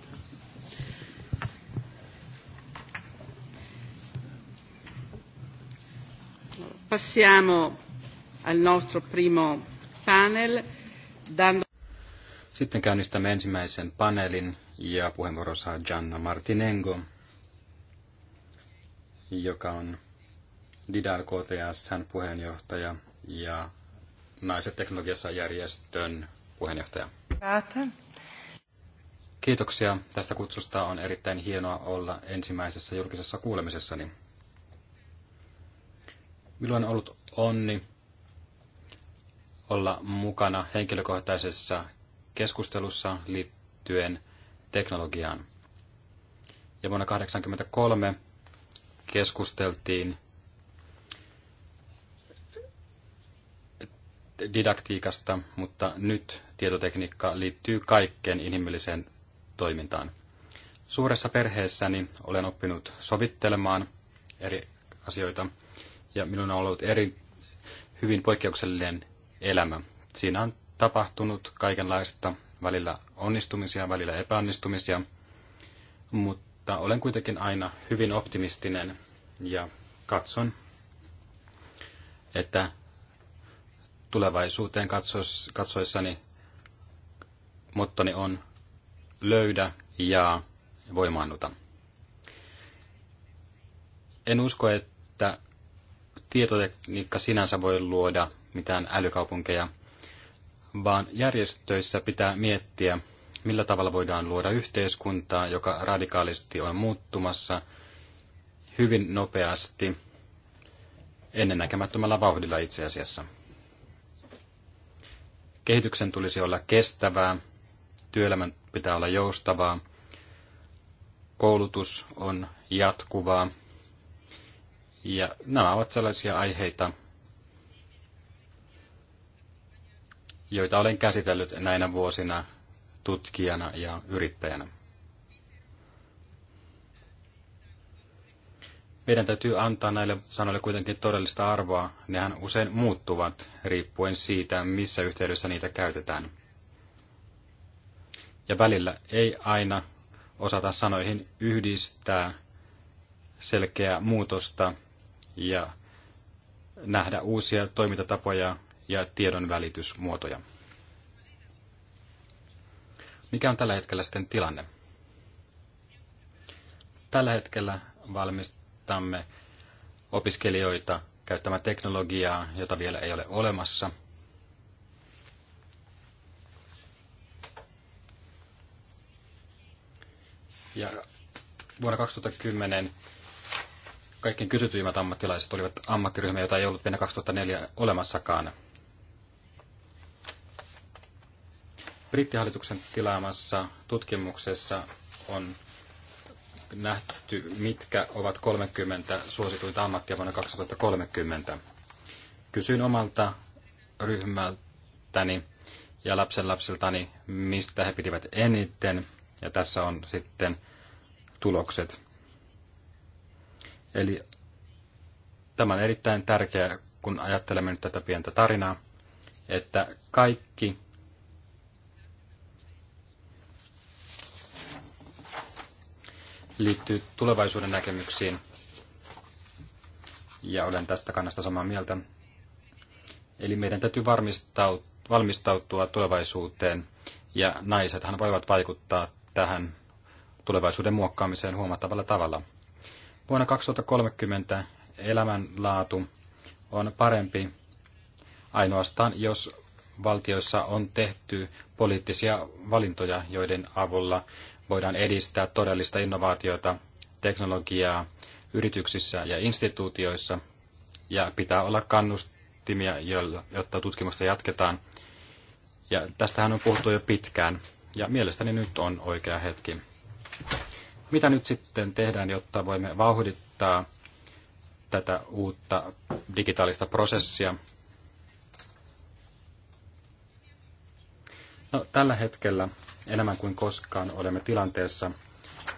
Passiamo al nostro primo panel. Dando... Sitten käynnistämme ensimmäisen panelin ja puheenvuoro saa Gianna Martinengo, joka on Didal KTSn puheenjohtaja ja Naiset teknologiassa järjestön puheenjohtaja. Päätän. Kiitoksia tästä kutsusta. On erittäin hienoa olla ensimmäisessä julkisessa kuulemisessani. Milloin on ollut onni olla mukana henkilökohtaisessa keskustelussa liittyen teknologiaan. Ja vuonna 1983 keskusteltiin didaktiikasta, mutta nyt tietotekniikka liittyy kaikkeen inhimilliseen toimintaan. Suuressa perheessäni olen oppinut sovittelemaan eri asioita ja minun on ollut eri, hyvin poikkeuksellinen elämä. Siinä on tapahtunut kaikenlaista, välillä onnistumisia, välillä epäonnistumisia, mutta mutta olen kuitenkin aina hyvin optimistinen ja katson, että tulevaisuuteen katsoessani mottoni on löydä ja voimaannuta. En usko, että tietotekniikka sinänsä voi luoda mitään älykaupunkeja, vaan järjestöissä pitää miettiä, millä tavalla voidaan luoda yhteiskuntaa, joka radikaalisti on muuttumassa hyvin nopeasti, ennennäkemättömällä vauhdilla itse asiassa. Kehityksen tulisi olla kestävää, työelämän pitää olla joustavaa, koulutus on jatkuvaa. Ja nämä ovat sellaisia aiheita, joita olen käsitellyt näinä vuosina tutkijana ja yrittäjänä. Meidän täytyy antaa näille sanoille kuitenkin todellista arvoa. Nehän usein muuttuvat riippuen siitä, missä yhteydessä niitä käytetään. Ja välillä ei aina osata sanoihin yhdistää selkeää muutosta ja nähdä uusia toimintatapoja ja tiedon välitysmuotoja. Mikä on tällä hetkellä sitten tilanne? Tällä hetkellä valmistamme opiskelijoita käyttämään teknologiaa, jota vielä ei ole olemassa. Ja vuonna 2010 kaikkein kysytyimmät ammattilaiset olivat ammattiryhmä, jota ei ollut vielä 2004 olemassakaan. brittihallituksen tilaamassa tutkimuksessa on nähty, mitkä ovat 30 suosituinta ammattia vuonna 2030. Kysyin omalta ryhmältäni ja lapsenlapsiltani, mistä he pitivät eniten, ja tässä on sitten tulokset. Eli tämä on erittäin tärkeää, kun ajattelemme nyt tätä pientä tarinaa, että kaikki liittyy tulevaisuuden näkemyksiin. Ja olen tästä kannasta samaa mieltä. Eli meidän täytyy valmistautua tulevaisuuteen. Ja naisethan voivat vaikuttaa tähän tulevaisuuden muokkaamiseen huomattavalla tavalla. Vuonna 2030 elämänlaatu on parempi ainoastaan, jos valtioissa on tehty poliittisia valintoja, joiden avulla voidaan edistää todellista innovaatiota, teknologiaa yrityksissä ja instituutioissa, ja pitää olla kannustimia, jotta tutkimusta jatketaan. Ja tästähän on puhuttu jo pitkään, ja mielestäni nyt on oikea hetki. Mitä nyt sitten tehdään, jotta voimme vauhdittaa tätä uutta digitaalista prosessia? No, tällä hetkellä enemmän kuin koskaan olemme tilanteessa,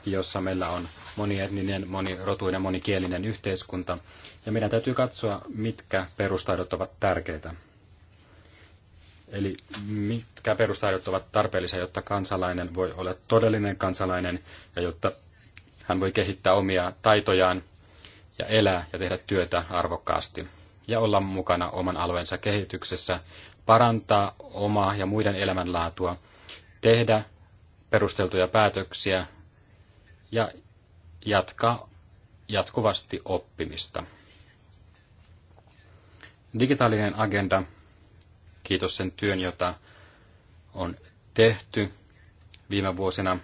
jossa meillä on monietninen, monirotuinen, monikielinen yhteiskunta, ja meidän täytyy katsoa, mitkä perustaidot ovat tärkeitä. Eli mitkä perustaidot ovat tarpeellisia, jotta kansalainen voi olla todellinen kansalainen ja jotta hän voi kehittää omia taitojaan ja elää ja tehdä työtä arvokkaasti ja olla mukana oman alueensa kehityksessä, parantaa omaa ja muiden elämänlaatua tehdä perusteltuja päätöksiä ja jatkaa jatkuvasti oppimista. Digitaalinen agenda, kiitos sen työn, jota on tehty viime vuosina,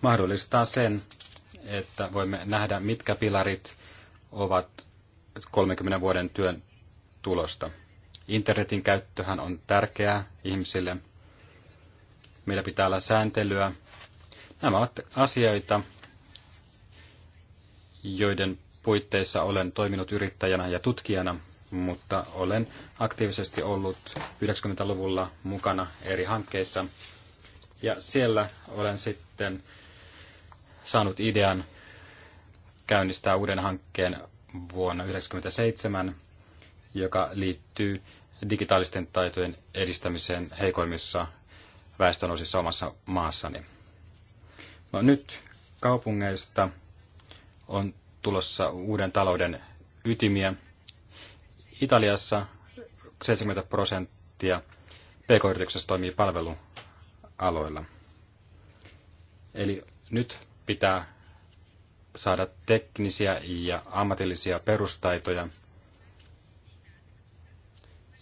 mahdollistaa sen, että voimme nähdä, mitkä pilarit ovat 30 vuoden työn tulosta. Internetin käyttöhän on tärkeää ihmisille – meillä pitää olla sääntelyä. Nämä ovat asioita, joiden puitteissa olen toiminut yrittäjänä ja tutkijana, mutta olen aktiivisesti ollut 90-luvulla mukana eri hankkeissa. Ja siellä olen sitten saanut idean käynnistää uuden hankkeen vuonna 1997, joka liittyy digitaalisten taitojen edistämiseen heikoimmissa väestön osissa omassa maassani. No nyt kaupungeista on tulossa uuden talouden ytimiä. Italiassa 70 prosenttia pk-yrityksessä toimii palvelualoilla. Eli nyt pitää saada teknisiä ja ammatillisia perustaitoja.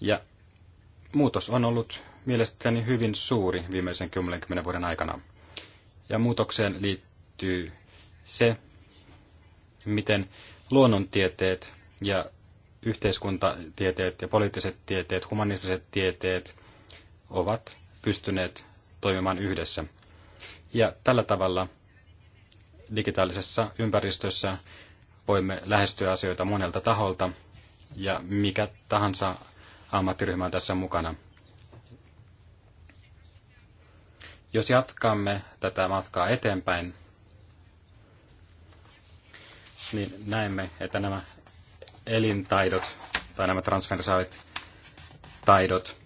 Ja muutos on ollut mielestäni hyvin suuri viimeisen 10 vuoden aikana. Ja muutokseen liittyy se, miten luonnontieteet ja yhteiskuntatieteet ja poliittiset tieteet, humanistiset tieteet ovat pystyneet toimimaan yhdessä. Ja tällä tavalla digitaalisessa ympäristössä voimme lähestyä asioita monelta taholta ja mikä tahansa ammattiryhmä on tässä mukana. Jos jatkamme tätä matkaa eteenpäin, niin näemme, että nämä elintaidot tai nämä transversaalit taidot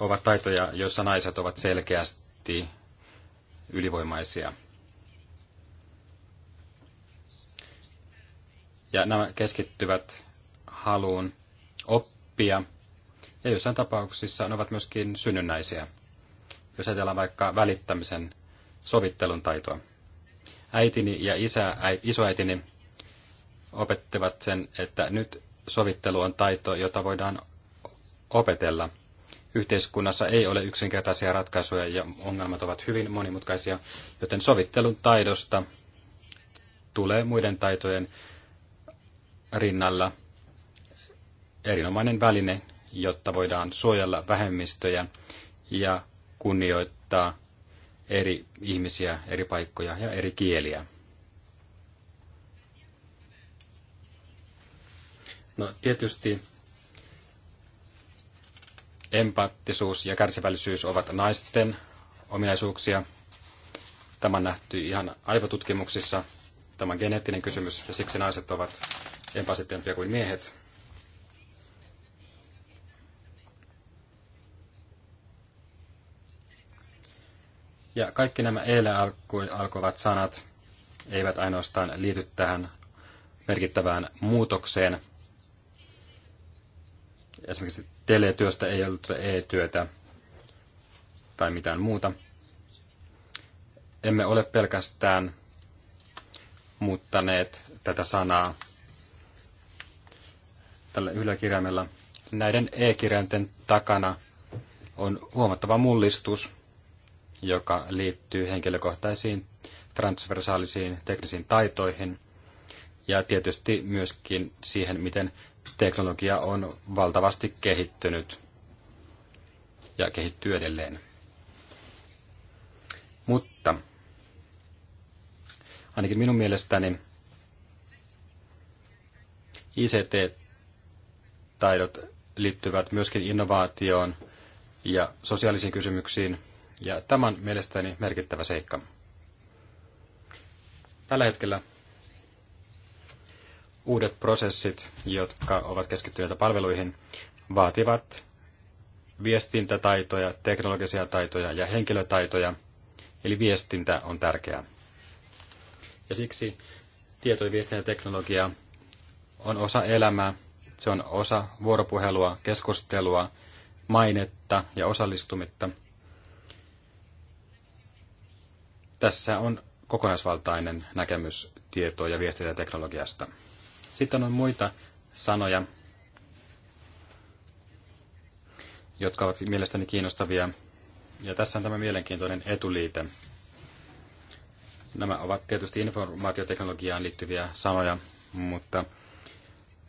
ovat taitoja, joissa naiset ovat selkeästi ylivoimaisia. Ja nämä keskittyvät haluun oppia ja joissain tapauksissa ne ovat myöskin synnynnäisiä. Jos ajatellaan vaikka välittämisen sovittelun taitoa. Äitini ja isä, äi, isoäitini opettivat sen, että nyt sovittelu on taito, jota voidaan opetella. Yhteiskunnassa ei ole yksinkertaisia ratkaisuja ja ongelmat ovat hyvin monimutkaisia, joten sovittelun taidosta tulee muiden taitojen rinnalla erinomainen väline jotta voidaan suojella vähemmistöjä ja kunnioittaa eri ihmisiä, eri paikkoja ja eri kieliä. No tietysti empaattisuus ja kärsivällisyys ovat naisten ominaisuuksia. Tämä on nähty ihan aivotutkimuksissa. Tämä on geneettinen kysymys ja siksi naiset ovat empaattisempia kuin miehet. Ja kaikki nämä eilen alkoivat sanat eivät ainoastaan liity tähän merkittävään muutokseen. Esimerkiksi teletyöstä ei ollut e-työtä tai mitään muuta. Emme ole pelkästään muuttaneet tätä sanaa tällä yläkirjaimella. Näiden e-kirjainten takana on huomattava mullistus – joka liittyy henkilökohtaisiin transversaalisiin teknisiin taitoihin ja tietysti myöskin siihen, miten teknologia on valtavasti kehittynyt ja kehittyy edelleen. Mutta ainakin minun mielestäni ICT-taidot liittyvät myöskin innovaatioon ja sosiaalisiin kysymyksiin – ja tämä on mielestäni merkittävä seikka. Tällä hetkellä uudet prosessit, jotka ovat keskittyneitä palveluihin, vaativat viestintätaitoja, teknologisia taitoja ja henkilötaitoja, eli viestintä on tärkeää. Ja siksi tieto- ja viestintäteknologia on osa elämää, se on osa vuoropuhelua, keskustelua, mainetta ja osallistumista – Tässä on kokonaisvaltainen näkemys tietoa ja viestintäteknologiasta. Sitten on muita sanoja, jotka ovat mielestäni kiinnostavia. Ja tässä on tämä mielenkiintoinen etuliite. Nämä ovat tietysti informaatioteknologiaan liittyviä sanoja, mutta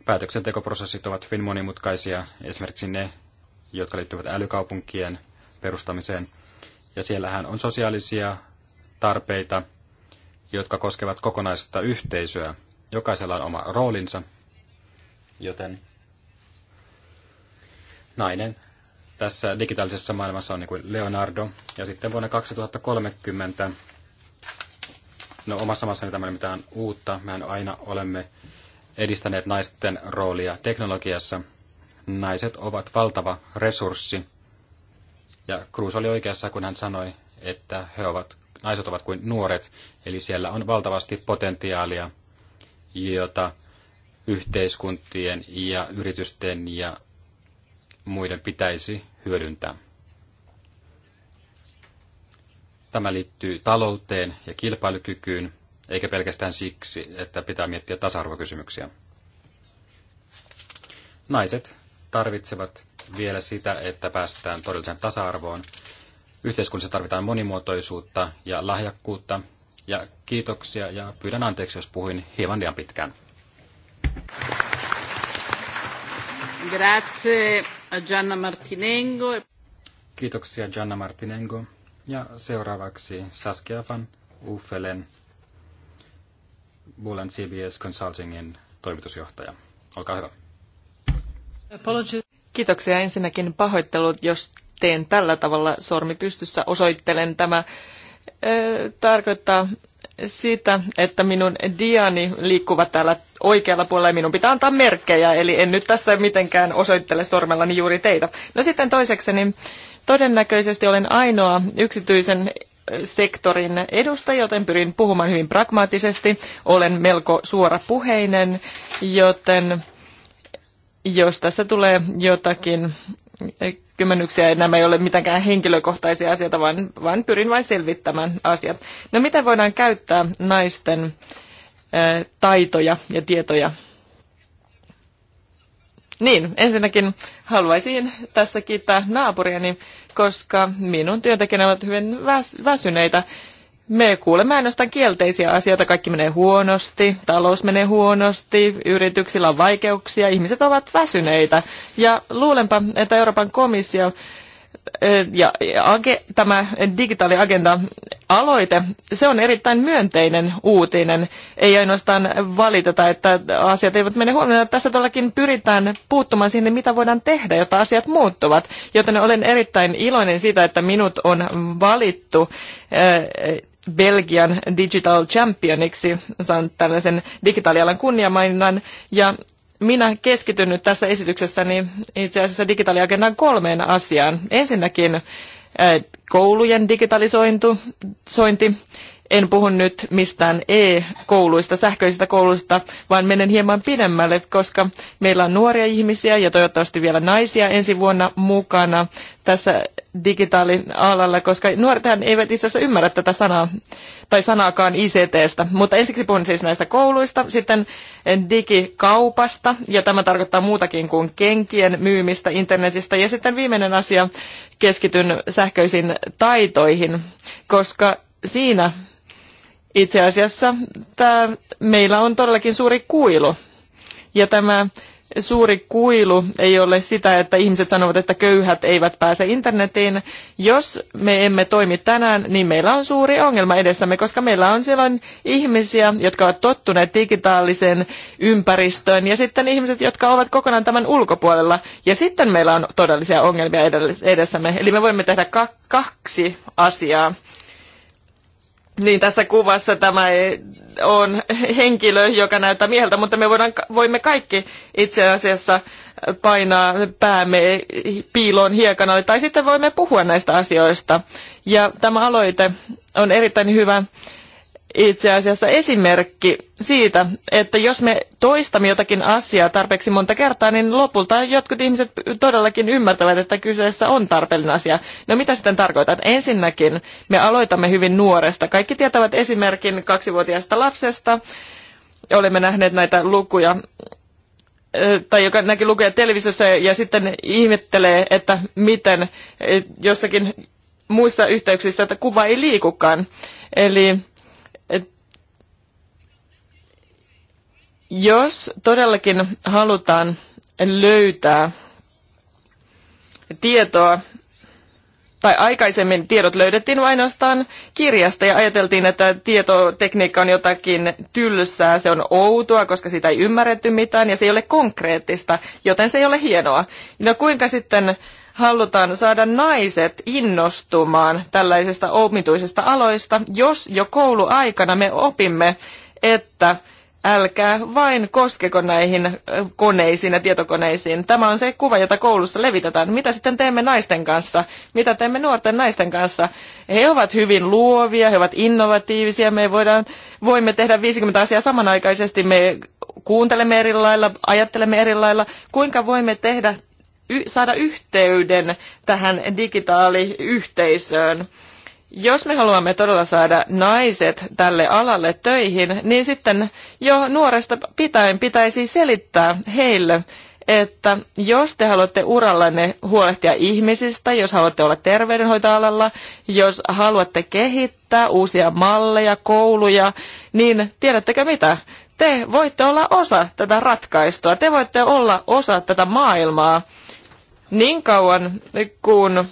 päätöksentekoprosessit ovat hyvin monimutkaisia, esimerkiksi ne, jotka liittyvät älykaupunkien perustamiseen. Ja siellähän on sosiaalisia tarpeita, jotka koskevat kokonaista yhteisöä. Jokaisella on oma roolinsa, joten nainen tässä digitaalisessa maailmassa on niin kuin Leonardo. Ja sitten vuonna 2030, no omassa maassani tämä ei ole mitään uutta, mehän aina olemme edistäneet naisten roolia teknologiassa. Naiset ovat valtava resurssi. Ja Cruz oli oikeassa, kun hän sanoi, että he ovat naiset ovat kuin nuoret, eli siellä on valtavasti potentiaalia, jota yhteiskuntien ja yritysten ja muiden pitäisi hyödyntää. Tämä liittyy talouteen ja kilpailukykyyn, eikä pelkästään siksi, että pitää miettiä tasa-arvokysymyksiä. Naiset tarvitsevat vielä sitä, että päästään todelliseen tasa-arvoon, Yhteiskunnassa tarvitaan monimuotoisuutta ja lahjakkuutta. Ja kiitoksia ja pyydän anteeksi, jos puhuin hieman liian pitkään. Grazie Gianna Martinengo. Kiitoksia Gianna Martinengo. Ja seuraavaksi Saskia van Uffelen, Bullen CBS Consultingin toimitusjohtaja. Olkaa hyvä. Apologies. Kiitoksia ensinnäkin pahoittelut, jos teen tällä tavalla sormi pystyssä, osoittelen tämä tarkoittaa sitä, että minun diani liikkuvat täällä oikealla puolella ja minun pitää antaa merkkejä, eli en nyt tässä mitenkään osoittele sormellani juuri teitä. No sitten toiseksi, niin todennäköisesti olen ainoa yksityisen sektorin edustaja, joten pyrin puhumaan hyvin pragmaattisesti. Olen melko suorapuheinen, joten jos tässä tulee jotakin kymmenyksiä, ja nämä ei ole mitenkään henkilökohtaisia asioita, vaan, vaan pyrin vain selvittämään asiat. No miten voidaan käyttää naisten taitoja ja tietoja? Niin, ensinnäkin haluaisin tässä kiittää naapuriani, koska minun työntekijäni ovat hyvin väs- väsyneitä me kuulemme ainoastaan kielteisiä asioita. Kaikki menee huonosti, talous menee huonosti, yrityksillä on vaikeuksia, ihmiset ovat väsyneitä. Ja luulenpa, että Euroopan komissio eh, ja tämä digitaaliagenda aloite, se on erittäin myönteinen uutinen. Ei ainoastaan valiteta, että asiat eivät mene huomioon. Tässä todellakin pyritään puuttumaan sinne, mitä voidaan tehdä, jotta asiat muuttuvat. Joten olen erittäin iloinen siitä, että minut on valittu eh, Belgian Digital Championiksi, saanut tällaisen digitaalialan kunniamaininnan, ja minä keskityn nyt tässä esityksessäni itse asiassa digitaaliagendan kolmeen asiaan. Ensinnäkin äh, koulujen digitalisointi. En puhu nyt mistään e-kouluista, sähköisistä kouluista, vaan menen hieman pidemmälle, koska meillä on nuoria ihmisiä ja toivottavasti vielä naisia ensi vuonna mukana tässä digitaalialalla, koska nuorethan eivät itse asiassa ymmärrä tätä sanaa tai sanaakaan ICTstä. Mutta ensiksi puhun siis näistä kouluista, sitten digikaupasta, ja tämä tarkoittaa muutakin kuin kenkien myymistä internetistä. Ja sitten viimeinen asia, keskityn sähköisiin taitoihin, koska siinä itse asiassa tämä, meillä on todellakin suuri kuilu. Ja tämä suuri kuilu ei ole sitä, että ihmiset sanovat, että köyhät eivät pääse internetiin. Jos me emme toimi tänään, niin meillä on suuri ongelma edessämme, koska meillä on silloin ihmisiä, jotka ovat tottuneet digitaaliseen ympäristöön, ja sitten ihmiset, jotka ovat kokonaan tämän ulkopuolella. Ja sitten meillä on todellisia ongelmia edessämme. Eli me voimme tehdä kaksi asiaa. Niin tässä kuvassa tämä e, on henkilö, joka näyttää mieltä, mutta me voidaan, voimme kaikki itse asiassa painaa päämme piiloon hiekan alle, tai sitten voimme puhua näistä asioista. Ja tämä aloite on erittäin hyvä itse asiassa esimerkki siitä, että jos me toistamme jotakin asiaa tarpeeksi monta kertaa, niin lopulta jotkut ihmiset todellakin ymmärtävät, että kyseessä on tarpeellinen asia. No mitä sitten tarkoitat? Ensinnäkin me aloitamme hyvin nuoresta. Kaikki tietävät esimerkin kaksivuotiaasta lapsesta. Olemme nähneet näitä lukuja tai joka näki lukuja televisiossa ja sitten ihmettelee, että miten jossakin muissa yhteyksissä että kuva ei liikukaan. Eli Jos todellakin halutaan löytää tietoa, tai aikaisemmin tiedot löydettiin ainoastaan kirjasta ja ajateltiin, että tietotekniikka on jotakin tylsää, se on outoa, koska siitä ei ymmärretty mitään ja se ei ole konkreettista, joten se ei ole hienoa. No kuinka sitten halutaan saada naiset innostumaan tällaisista omituisista aloista, jos jo kouluaikana me opimme, että älkää vain koskeko näihin koneisiin ja tietokoneisiin. Tämä on se kuva, jota koulussa levitetään. Mitä sitten teemme naisten kanssa? Mitä teemme nuorten naisten kanssa? He ovat hyvin luovia, he ovat innovatiivisia, me voidaan, voimme tehdä 50 asiaa samanaikaisesti, me kuuntelemme eri lailla, ajattelemme eri lailla. Kuinka voimme tehdä, saada yhteyden tähän digitaaliyhteisöön? Jos me haluamme todella saada naiset tälle alalle töihin, niin sitten jo nuoresta pitäen pitäisi selittää heille, että jos te haluatte urallanne huolehtia ihmisistä, jos haluatte olla terveydenhoitoalalla, jos haluatte kehittää uusia malleja, kouluja, niin tiedättekö mitä? Te voitte olla osa tätä ratkaistua, te voitte olla osa tätä maailmaa niin kauan, kun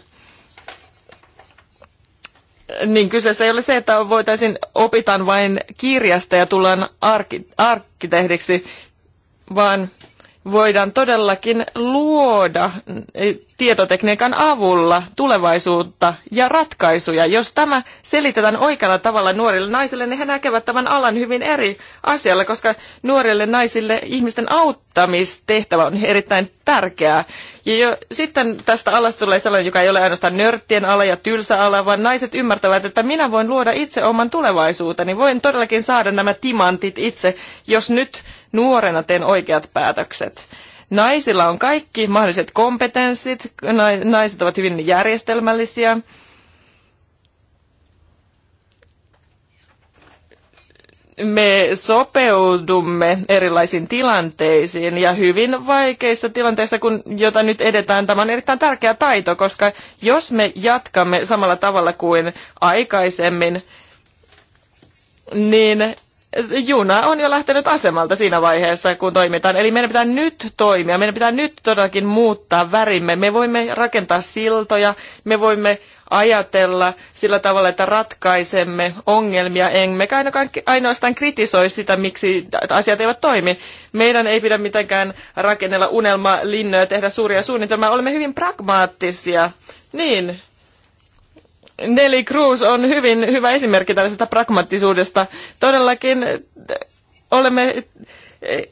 niin kyseessä ei ole se, että voitaisiin opitaan vain kirjasta ja tullaan arki, arkkitehdiksi, vaan voidaan todellakin luoda tietotekniikan avulla tulevaisuutta ja ratkaisuja. Jos tämä selitetään oikealla tavalla nuorille naisille, niin he näkevät tämän alan hyvin eri asialla, koska nuorille naisille ihmisten auttamistehtävä on erittäin tärkeää. Ja jo, sitten tästä alasta tulee sellainen, joka ei ole ainoastaan nörttien ala ja tylsä ala, vaan naiset ymmärtävät, että minä voin luoda itse oman tulevaisuuteni. Voin todellakin saada nämä timantit itse, jos nyt nuorena teen oikeat päätökset. Naisilla on kaikki mahdolliset kompetenssit, naiset ovat hyvin järjestelmällisiä. Me sopeudumme erilaisiin tilanteisiin ja hyvin vaikeissa tilanteissa, kun, jota nyt edetään, tämä on erittäin tärkeä taito, koska jos me jatkamme samalla tavalla kuin aikaisemmin, niin juna on jo lähtenyt asemalta siinä vaiheessa, kun toimitaan. Eli meidän pitää nyt toimia, meidän pitää nyt todellakin muuttaa värimme. Me voimme rakentaa siltoja, me voimme ajatella sillä tavalla, että ratkaisemme ongelmia, emmekä ainakaan ainoastaan kritisoi sitä, miksi asiat eivät toimi. Meidän ei pidä mitenkään rakennella unelmalinnoja, tehdä suuria suunnitelmia, olemme hyvin pragmaattisia. Niin, Nelly Cruz on hyvin hyvä esimerkki tällaisesta pragmatisuudesta. Todellakin eh, olemme eh,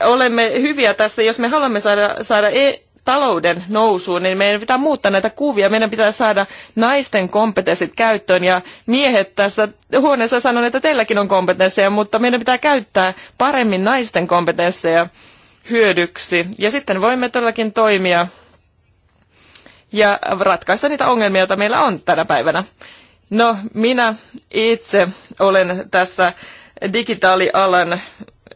olemme hyviä tässä, jos me haluamme saada, saada e- talouden nousuun, niin meidän pitää muuttaa näitä kuvia. Meidän pitää saada naisten kompetenssit käyttöön ja miehet tässä huoneessa sanon, että teilläkin on kompetensseja, mutta meidän pitää käyttää paremmin naisten kompetensseja hyödyksi. Ja sitten voimme todellakin toimia ja ratkaista niitä ongelmia, joita meillä on tänä päivänä. No, minä itse olen tässä digitaalialan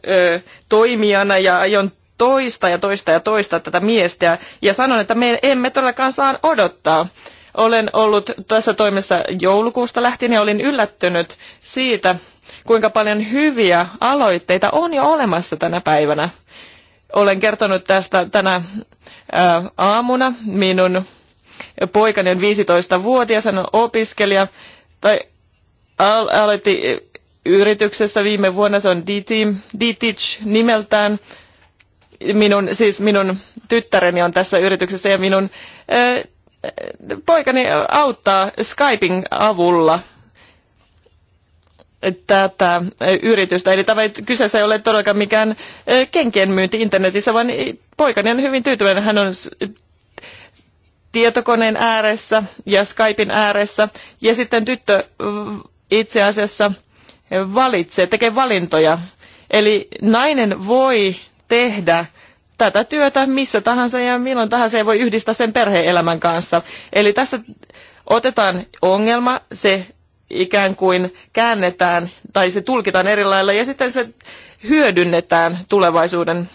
ö, toimijana ja aion toista ja toista ja toista tätä miestä ja sanon, että me emme todellakaan saa odottaa. Olen ollut tässä toimessa joulukuusta lähtien ja olin yllättynyt siitä, kuinka paljon hyviä aloitteita on jo olemassa tänä päivänä. Olen kertonut tästä tänä ää, aamuna minun poikani on 15-vuotias, hän on opiskelija, tai aloitti yrityksessä viime vuonna, se on DTich nimeltään. Minun, siis minun tyttäreni on tässä yrityksessä ja minun ää, eh, poikani auttaa Skyping avulla tätä eh, yritystä. Eli tämä kyseessä ei ole todellakaan mikään eh, kenkien myynti internetissä, vaan poikani on hyvin tyytyväinen. Hän on tietokoneen ääressä ja Skypein ääressä. Ja sitten tyttö mm, itse asiassa valitsee, tekee valintoja. Eli nainen voi tehdä tätä työtä missä tahansa ja milloin tahansa ei voi yhdistää sen perheelämän kanssa. Eli tässä otetaan ongelma, se ikään kuin käännetään tai se tulkitaan eri lailla ja sitten se hyödynnetään tulevaisuuden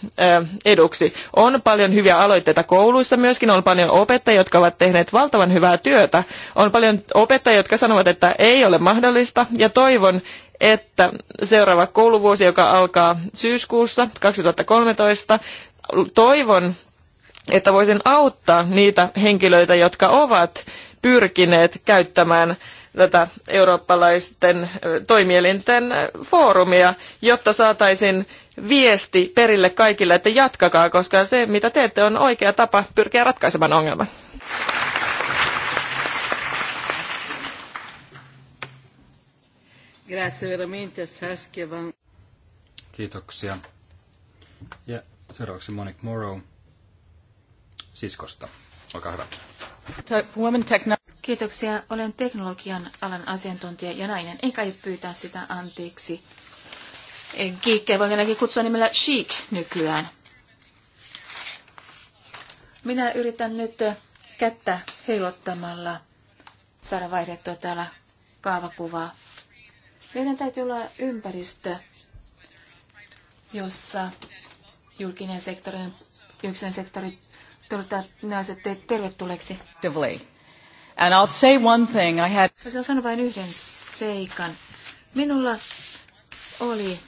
eduksi. On paljon hyviä aloitteita kouluissa myöskin, on paljon opettajia, jotka ovat tehneet valtavan hyvää työtä. On paljon opettajia, jotka sanovat, että ei ole mahdollista ja toivon, että seuraava kouluvuosi, joka alkaa syyskuussa 2013, toivon, että voisin auttaa niitä henkilöitä, jotka ovat pyrkineet käyttämään tätä eurooppalaisten toimielinten foorumia, jotta saataisiin viesti perille kaikille, että jatkakaa, koska se mitä teette on oikea tapa pyrkiä ratkaisemaan ongelman. Kiitoksia. Ja seuraavaksi Monique Morrow siskosta. Olkaa hyvä. Kiitoksia. Olen teknologian alan asiantuntija ja nainen. Enkä ei pyytää sitä anteeksi. Kiikkeä voin ainakin kutsua nimellä chic nykyään. Minä yritän nyt kättä heilottamalla saada vaihdettua täällä kaavakuvaa. Meidän täytyy olla ympäristö, jossa julkinen sektori, yksityinen sektori, naiset tervetulleeksi. Devlay. And I'll say one thing. I had... Voisin sanoa vain yhden seikan. Minulla oli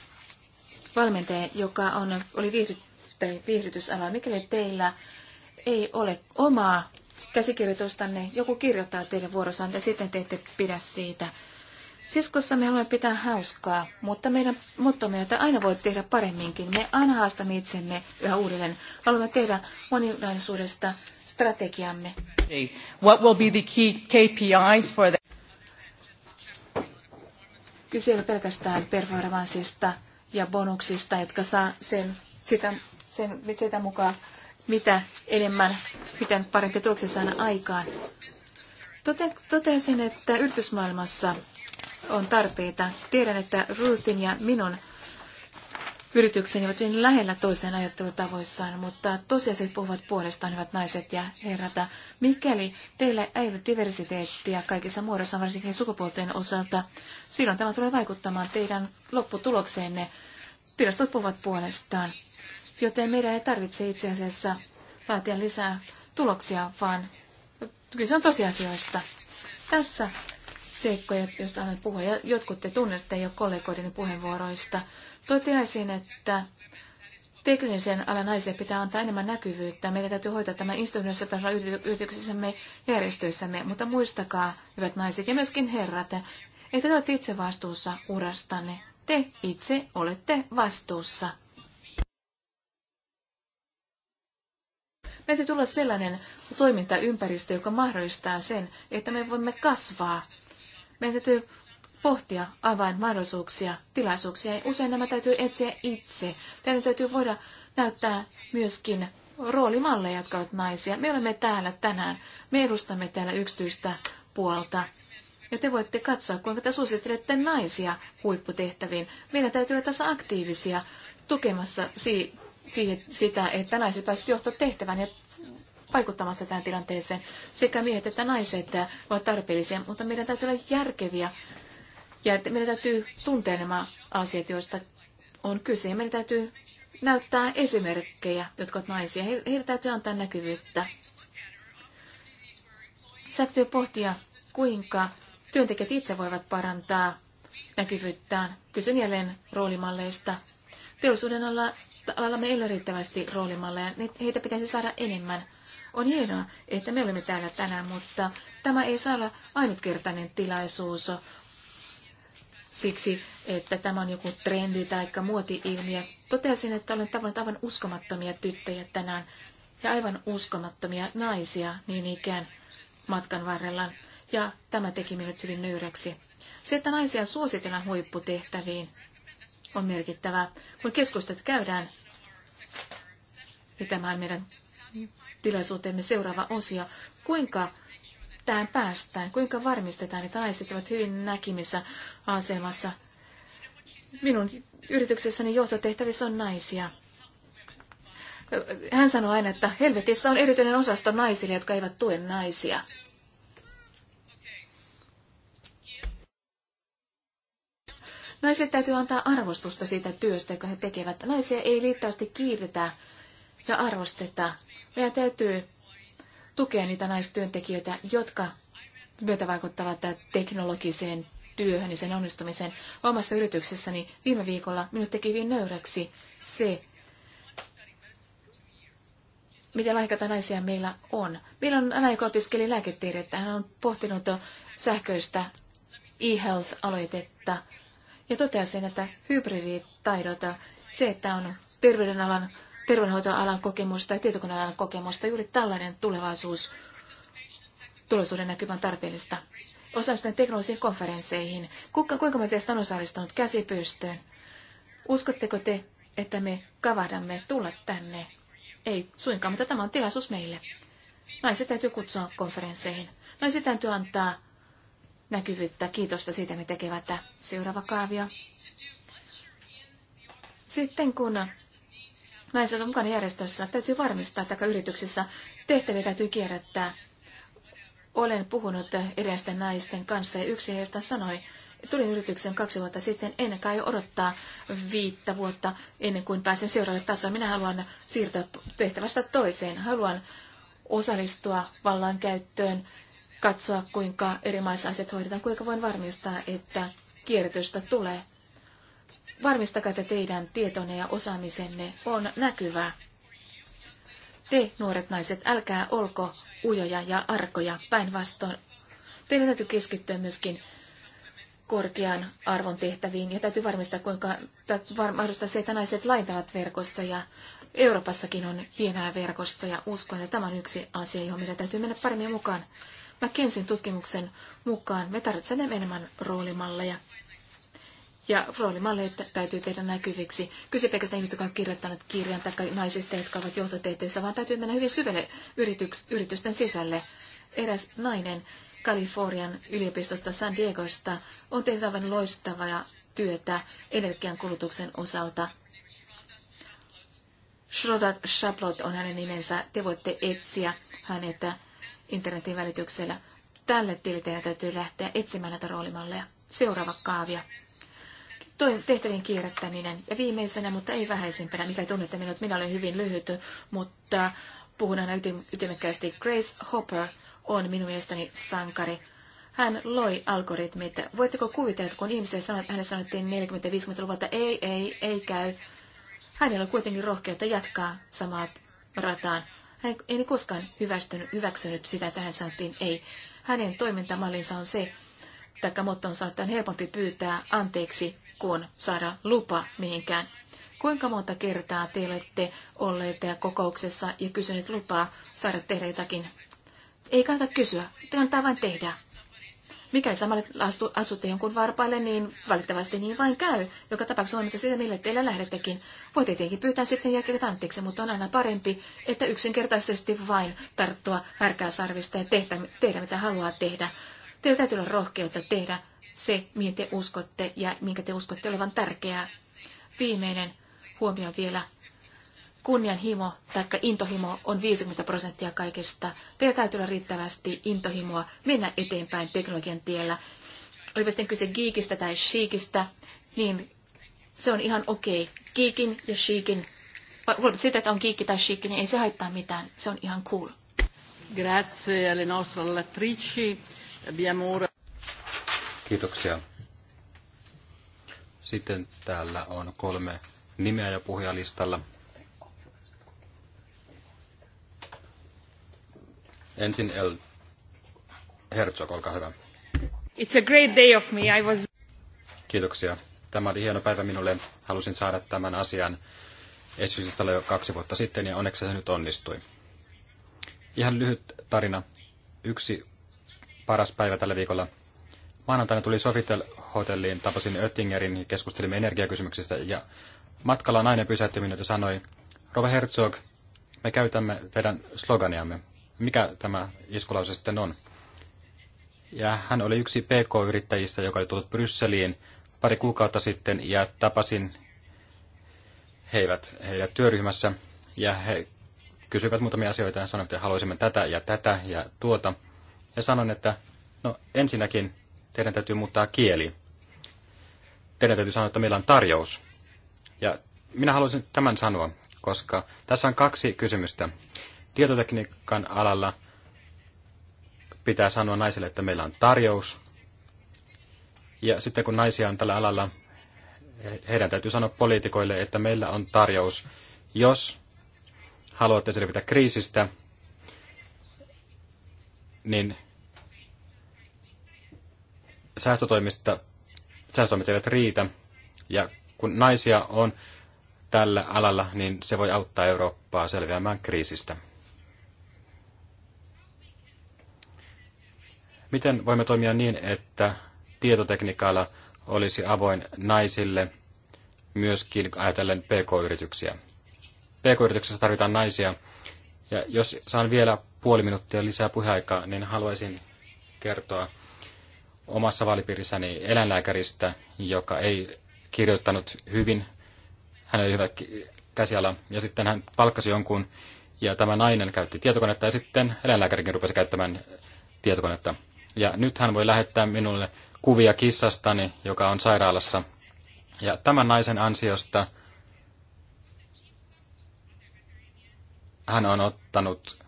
valmentaja, joka on, oli viihdy, tai viihdytysala. Mikäli teillä ei ole omaa käsikirjoitustanne, joku kirjoittaa teille vuorossaan ja sitten te ette pidä siitä. Siskossa me haluamme pitää hauskaa, mutta meidän motto meiltä aina voi tehdä paremminkin, me aina haastamme itsemme yhä uudelleen. Haluamme tehdä moninaisuudesta strategiamme. What will be the key KPIs for the... Kyse ei ole pelkästään performanssista ja bonuksista, jotka saa sen, sitä, sen sitä mukaan, mitä enemmän, miten parempi tuloksia saada aikaan. Tote, totesin, että yritysmaailmassa on tarpeita. Tiedän, että Ruthin ja minun yritykseni ovat hyvin lähellä toisen ajattelutavoissaan, mutta tosiasiat puhuvat puolestaan, hyvät naiset ja herrat. Mikäli teillä ei ole diversiteettiä kaikissa muodossa, varsinkin sukupuolten osalta, silloin tämä tulee vaikuttamaan teidän lopputulokseenne. Tilastot puhuvat puolestaan, joten meidän ei tarvitse itse asiassa vaatia lisää tuloksia, vaan kyse on tosiasioista. Tässä seikkoja, joista annan puhua. Ja jotkut te tunnette jo kollegoiden puheenvuoroista. Toteaisin, että teknisen alan naisille pitää antaa enemmän näkyvyyttä. Meidän täytyy hoitaa tämä instituutioissa tasolla yrityksissämme, järjestöissämme, mutta muistakaa, hyvät naiset ja myöskin herrat, että te olette itse vastuussa urastanne. Te itse olette vastuussa. Meidän tulla sellainen toimintaympäristö, joka mahdollistaa sen, että me voimme kasvaa. Meidän täytyy pohtia avainmahdollisuuksia, tilaisuuksia. Ja usein nämä täytyy etsiä itse. Teidän täytyy voida näyttää myöskin roolimalleja, jotka ovat naisia. Me olemme täällä tänään. Me edustamme täällä yksityistä puolta. Ja te voitte katsoa, kuinka te suosittelette naisia huipputehtäviin. Meidän täytyy olla tässä aktiivisia tukemassa si- si- sitä, että naiset pääsevät johtotehtävään ja vaikuttamassa tähän tilanteeseen. Sekä miehet että naiset ovat tarpeellisia, mutta meidän täytyy olla järkeviä ja että meidän täytyy tuntea nämä asiat, joista on kyse. Meidän täytyy näyttää esimerkkejä, jotka ovat naisia. Heille täytyy antaa näkyvyyttä. Sä täytyy pohtia, kuinka työntekijät itse voivat parantaa näkyvyyttään. Kysyn jälleen roolimalleista. Teollisuuden alla, alalla meillä on riittävästi roolimalleja. Heitä pitäisi saada enemmän. On hienoa, että me olemme täällä tänään, mutta tämä ei saa olla ainutkertainen tilaisuus siksi, että tämä on joku trendi tai muoti-ilmiö. Totesin, että olen tavannut aivan uskomattomia tyttöjä tänään ja aivan uskomattomia naisia niin ikään matkan varrella. Ja tämä teki minut hyvin nöyräksi. Se, että naisia suositellaan huipputehtäviin, on merkittävää. Kun keskustat käydään, ja niin tämä on meidän tilaisuutemme seuraava osio, kuinka tähän päästään? Kuinka varmistetaan, että naiset ovat hyvin näkimissä asemassa? Minun yrityksessäni johtotehtävissä on naisia. Hän sanoi aina, että helvetissä on erityinen osasto naisille, jotka eivät tue naisia. Naisille täytyy antaa arvostusta siitä työstä, joka he tekevät. Naisia ei liittävästi kiirretä ja arvosteta. Meidän täytyy tukea niitä naistyöntekijöitä, jotka myötävaikuttavat teknologiseen työhön ja sen onnistumiseen. Omassa yrityksessäni viime viikolla minut teki hyvin nöyräksi se, miten lahjakkaita naisia meillä on. Meillä on aina, joka opiskeli lääketiedettä. Hän on pohtinut sähköistä e-health-aloitetta ja toteaa sen, että hybriditaidot, se, että on terveydenalan terveydenhoitoalan kokemusta ja tietokonealan kokemusta. Juuri tällainen tulevaisuus, tulevaisuuden näkymä on tarpeellista. Osallistunut teknologisiin konferensseihin. Kuinka, kuinka monta teistä on osallistunut käsipystyyn? Uskotteko te, että me kavahdamme tulla tänne? Ei suinkaan, mutta tämä on tilaisuus meille. Naiset täytyy kutsua konferensseihin. Naiset täytyy antaa näkyvyyttä, kiitosta siitä, me tekevät. Seuraava kaavio. Sitten kun naiset on mukana järjestössä, täytyy varmistaa, että yrityksissä tehtäviä täytyy kierrättää. Olen puhunut edellisten naisten kanssa ja yksi heistä sanoi, tulin yritykseen kaksi vuotta sitten, en kai odottaa viittä vuotta ennen kuin pääsen seuraavalle tasolle. Minä haluan siirtyä tehtävästä toiseen. Haluan osallistua vallankäyttöön, katsoa kuinka eri maissa asiat hoidetaan, kuinka voin varmistaa, että kierrätystä tulee. Varmistakaa, että teidän tietonne ja osaamisenne on näkyvää. Te, nuoret naiset, älkää olko ujoja ja arkoja päinvastoin. Teidän täytyy keskittyä myöskin korkean arvon tehtäviin ja täytyy varmistaa, kuinka varmistaa se, että naiset laitavat verkostoja. Euroopassakin on hienoja verkostoja. Uskon, että tämä on yksi asia, johon meidän täytyy mennä paremmin mukaan. Mä kensin tutkimuksen mukaan me tarvitsemme enemmän roolimalleja. Ja roolimalleita täytyy tehdä näkyviksi. Kyse pelkästään ihmistä, jotka ovat kirjoittaneet kirjan, tai naisista, jotka ovat johtotehtävissä, vaan täytyy mennä hyvin syvälle yrityks, yritysten sisälle. Eräs nainen Kalifornian yliopistosta San Diegosta on tehnyt aivan loistavaa työtä energiankulutuksen osalta. Schroeder Shaplot on hänen nimensä. Te voitte etsiä hänet internetin välityksellä. Tälle tilille täytyy lähteä etsimään näitä roolimalleja. Seuraava kaavio tehtävien kierrättäminen Ja viimeisenä, mutta ei vähäisimpänä, mikä tunnette minut, minä olen hyvin lyhyt, mutta puhun aina ytimekkäästi. Grace Hopper on minun mielestäni sankari. Hän loi algoritmit. Voitteko kuvitella, kun ihmiselle sanoi, että hänelle sanottiin 40-50-luvulta, ei, ei, ei käy. Hänellä on kuitenkin rohkeutta jatkaa samaa rataan. Hän ei koskaan hyväksynyt, hyväksynyt sitä, että hän sanottiin ei. Hänen toimintamallinsa on se, taikka mottonsa, että on helpompi pyytää anteeksi kuin saada lupa mihinkään. Kuinka monta kertaa te olette olleet kokouksessa ja kysyneet lupaa saada tehdä jotakin? Ei kannata kysyä, kannattaa vain tehdä. Mikäli samalla astutte jonkun varpaille, niin valitettavasti niin vain käy. Joka tapauksessa huomenta siitä, millä teillä lähdettekin. Voi tietenkin pyytää sitten jälkeen anteeksi, mutta on aina parempi, että yksinkertaisesti vain tarttua härkää sarvista ja tehtä, tehdä mitä haluaa tehdä. Teillä täytyy olla rohkeutta tehdä se, mihin te uskotte ja minkä te uskotte olevan tärkeää. Viimeinen huomio vielä. Kunnianhimo tai intohimo on 50 prosenttia kaikesta. Teillä täytyy olla riittävästi intohimoa mennä eteenpäin teknologian tiellä. Olipa sitten kyse geekistä tai shiikistä, niin se on ihan okei. Okay. Geekin ja shiikin, huolimatta että on geekki tai shiikki, niin ei se haittaa mitään. Se on ihan cool. Grazie alle nostre relatrici. Abbiamo ora Kiitoksia. Sitten täällä on kolme nimeä ja puhujalistalla. Ensin El Herzog, olkaa hyvä. It's a great day of me. I was... Kiitoksia. Tämä oli hieno päivä minulle. Halusin saada tämän asian esityslistalle jo kaksi vuotta sitten ja onneksi se nyt onnistui. Ihan lyhyt tarina. Yksi paras päivä tällä viikolla maanantaina tuli Sofitel hotelliin, tapasin Oettingerin, keskustelimme energiakysymyksistä ja matkalla nainen pysäytti minut ja sanoi, Rova Herzog, me käytämme teidän sloganiamme. Mikä tämä iskulause sitten on? Ja hän oli yksi PK-yrittäjistä, joka oli tullut Brysseliin pari kuukautta sitten ja tapasin heivät, heidät työryhmässä ja he kysyivät muutamia asioita ja sanoivat, että haluaisimme tätä ja tätä ja tuota. Ja sanon, että no ensinnäkin teidän täytyy muuttaa kieli. Teidän täytyy sanoa, että meillä on tarjous. Ja minä haluaisin tämän sanoa, koska tässä on kaksi kysymystä. Tietotekniikan alalla pitää sanoa naisille, että meillä on tarjous. Ja sitten kun naisia on tällä alalla, heidän täytyy sanoa poliitikoille, että meillä on tarjous. Jos haluatte selvitä kriisistä, niin säästötoimista, säästötoimet eivät riitä, ja kun naisia on tällä alalla, niin se voi auttaa Eurooppaa selviämään kriisistä. Miten voimme toimia niin, että tietotekniikalla olisi avoin naisille, myöskin ajatellen pk-yrityksiä? PK-yrityksessä tarvitaan naisia. Ja jos saan vielä puoli minuuttia lisää puheaikaa, niin haluaisin kertoa omassa vaalipiirissäni eläinlääkäristä, joka ei kirjoittanut hyvin, hän oli hyvä käsiala, ja sitten hän palkkasi jonkun, ja tämä nainen käytti tietokonetta, ja sitten eläinlääkärikin rupesi käyttämään tietokonetta. Ja nyt hän voi lähettää minulle kuvia kissastani, joka on sairaalassa. Ja tämän naisen ansiosta hän on ottanut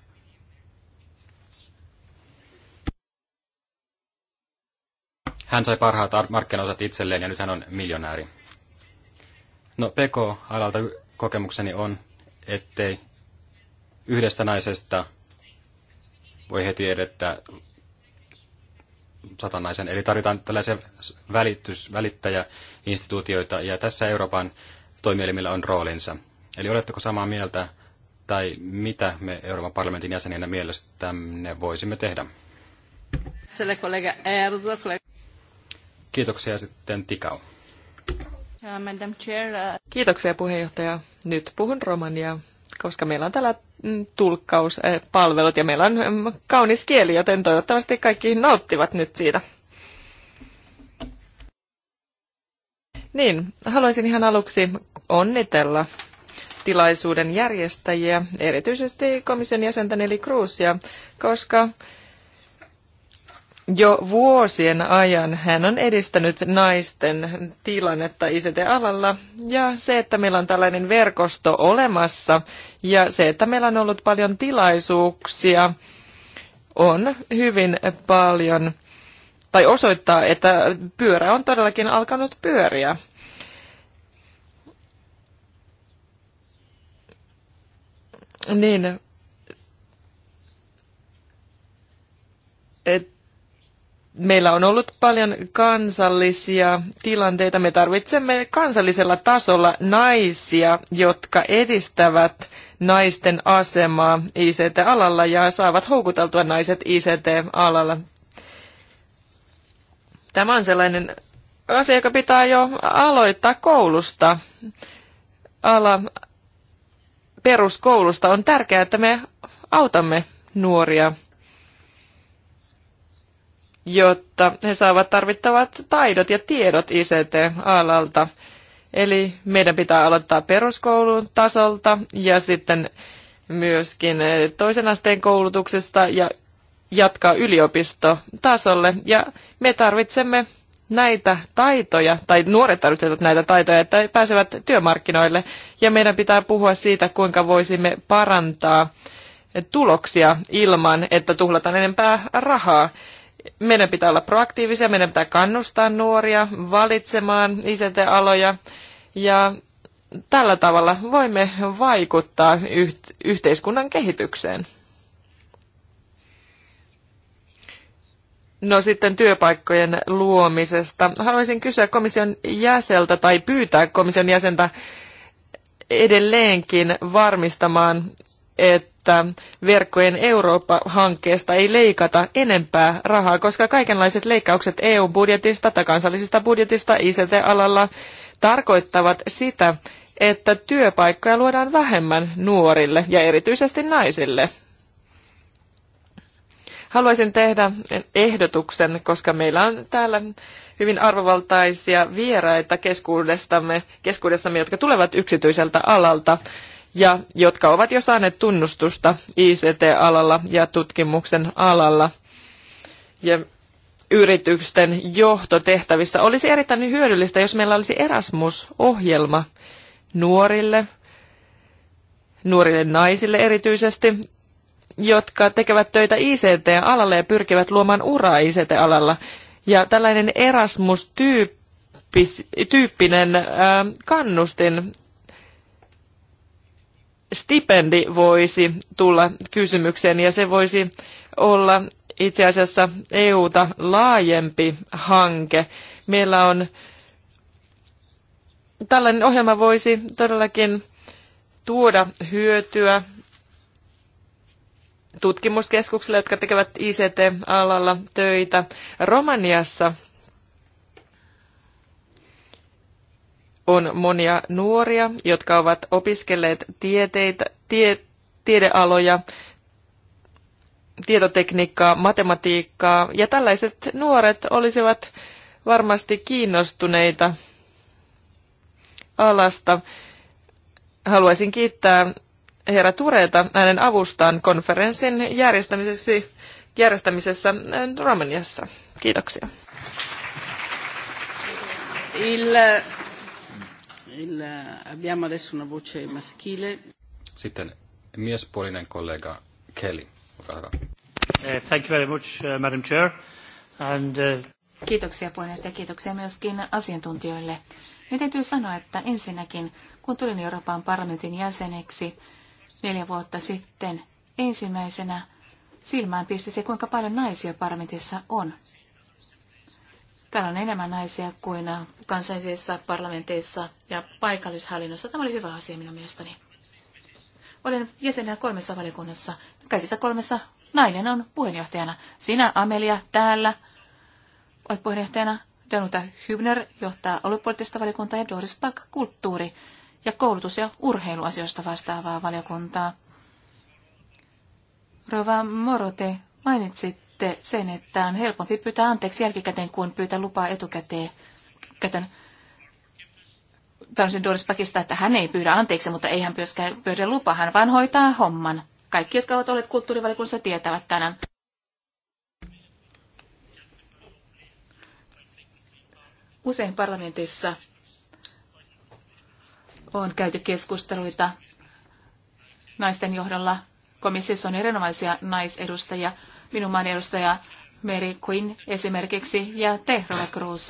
Hän sai parhaat markkinoitat itselleen ja nyt hän on miljonääri. No PK-alalta kokemukseni on, ettei yhdestä naisesta voi heti edettä satanaisen. Eli tarvitaan tällaisia välitys, välittäjäinstituutioita, ja tässä Euroopan toimielimillä on roolinsa. Eli oletteko samaa mieltä, tai mitä me Euroopan parlamentin jäseninä mielestämme voisimme tehdä? kollega Kiitoksia sitten Tikau. Uh, Kiitoksia puheenjohtaja. Nyt puhun romania, koska meillä on täällä mm, tulkkauspalvelut eh, ja meillä on mm, kaunis kieli, joten toivottavasti kaikki nauttivat nyt siitä. Niin, haluaisin ihan aluksi onnitella tilaisuuden järjestäjiä, erityisesti komission jäsentä Neli Kruusia, koska jo vuosien ajan hän on edistänyt naisten tilannetta ICT-alalla ja se, että meillä on tällainen verkosto olemassa ja se, että meillä on ollut paljon tilaisuuksia, on hyvin paljon, tai osoittaa, että pyörä on todellakin alkanut pyöriä. Niin, että meillä on ollut paljon kansallisia tilanteita. Me tarvitsemme kansallisella tasolla naisia, jotka edistävät naisten asemaa ICT-alalla ja saavat houkuteltua naiset ICT-alalla. Tämä on sellainen asia, joka pitää jo aloittaa koulusta. Ala peruskoulusta on tärkeää, että me autamme nuoria jotta he saavat tarvittavat taidot ja tiedot ICT-alalta. Eli meidän pitää aloittaa peruskoulun tasolta ja sitten myöskin toisen asteen koulutuksesta ja jatkaa yliopistotasolle. Ja me tarvitsemme näitä taitoja, tai nuoret tarvitsevat näitä taitoja, että pääsevät työmarkkinoille. Ja meidän pitää puhua siitä, kuinka voisimme parantaa tuloksia ilman, että tuhlataan enempää rahaa. Meidän pitää olla proaktiivisia, meidän pitää kannustaa nuoria valitsemaan ICT-aloja ja tällä tavalla voimme vaikuttaa yhteiskunnan kehitykseen. No sitten työpaikkojen luomisesta. Haluaisin kysyä komission jäseltä tai pyytää komission jäsentä edelleenkin varmistamaan, että että verkkojen Eurooppa-hankkeesta ei leikata enempää rahaa, koska kaikenlaiset leikkaukset EU-budjetista tai kansallisista budjetista ICT-alalla tarkoittavat sitä, että työpaikkoja luodaan vähemmän nuorille ja erityisesti naisille. Haluaisin tehdä ehdotuksen, koska meillä on täällä hyvin arvovaltaisia vieraita keskuudestamme, keskuudessamme, jotka tulevat yksityiseltä alalta ja jotka ovat jo saaneet tunnustusta ICT-alalla ja tutkimuksen alalla. Ja yritysten johtotehtävissä olisi erittäin hyödyllistä, jos meillä olisi Erasmus-ohjelma nuorille, nuorille naisille erityisesti, jotka tekevät töitä ICT-alalle ja pyrkivät luomaan uraa ICT-alalla. Ja tällainen Erasmus-tyyppinen kannustin stipendi voisi tulla kysymykseen ja se voisi olla itse asiassa EUta laajempi hanke. Meillä on tällainen ohjelma voisi todellakin tuoda hyötyä tutkimuskeskuksille, jotka tekevät ICT-alalla töitä. Romaniassa on monia nuoria, jotka ovat opiskelleet tieteitä, tie, tiedealoja, tietotekniikkaa, matematiikkaa, ja tällaiset nuoret olisivat varmasti kiinnostuneita alasta. Haluaisin kiittää herra Tureta hänen avustaan konferenssin järjestämisessä, järjestämisessä äh, Romaniassa. Kiitoksia. Il il, abbiamo adesso una voce maschile. Sitten miespuolinen kollega Kelly, olkaa hyvä. Eh, thank you very much, eh, Madam Chair. And, uh... Kiitoksia puheenjohtaja, kiitoksia myöskin asiantuntijoille. Minä täytyy sanoa, että ensinnäkin, kun tulin Euroopan parlamentin jäseneksi neljä vuotta sitten, ensimmäisenä silmään pisti se, kuinka paljon naisia parlamentissa on. Täällä on enemmän naisia kuin kansallisissa parlamenteissa ja paikallishallinnossa. Tämä oli hyvä asia minun mielestäni. Olen jäsenenä kolmessa valiokunnassa. Kaikissa kolmessa nainen on puheenjohtajana. Sinä, Amelia, täällä olet puheenjohtajana. Danuta Hübner johtaa aluepoliittista valiokuntaa ja Doris Pack kulttuuri- ja koulutus- ja urheiluasioista vastaavaa valiokuntaa. Rova Morote, mainitsit sitten sen, että on helpompi pyytää anteeksi jälkikäteen kuin pyytää lupaa etukäteen. Kätön. Tarvitsin Doris Pakista, että hän ei pyydä anteeksi, mutta ei hän myöskään pyydä lupaa, hän vaan hoitaa homman. Kaikki, jotka ovat olleet kulttuurivalikunnassa, tietävät tänään. Usein parlamentissa on käyty keskusteluita naisten johdolla. Komissiossa on erinomaisia naisedustajia, minun maan edustaja Mary Quinn esimerkiksi ja te, Rova Cruz,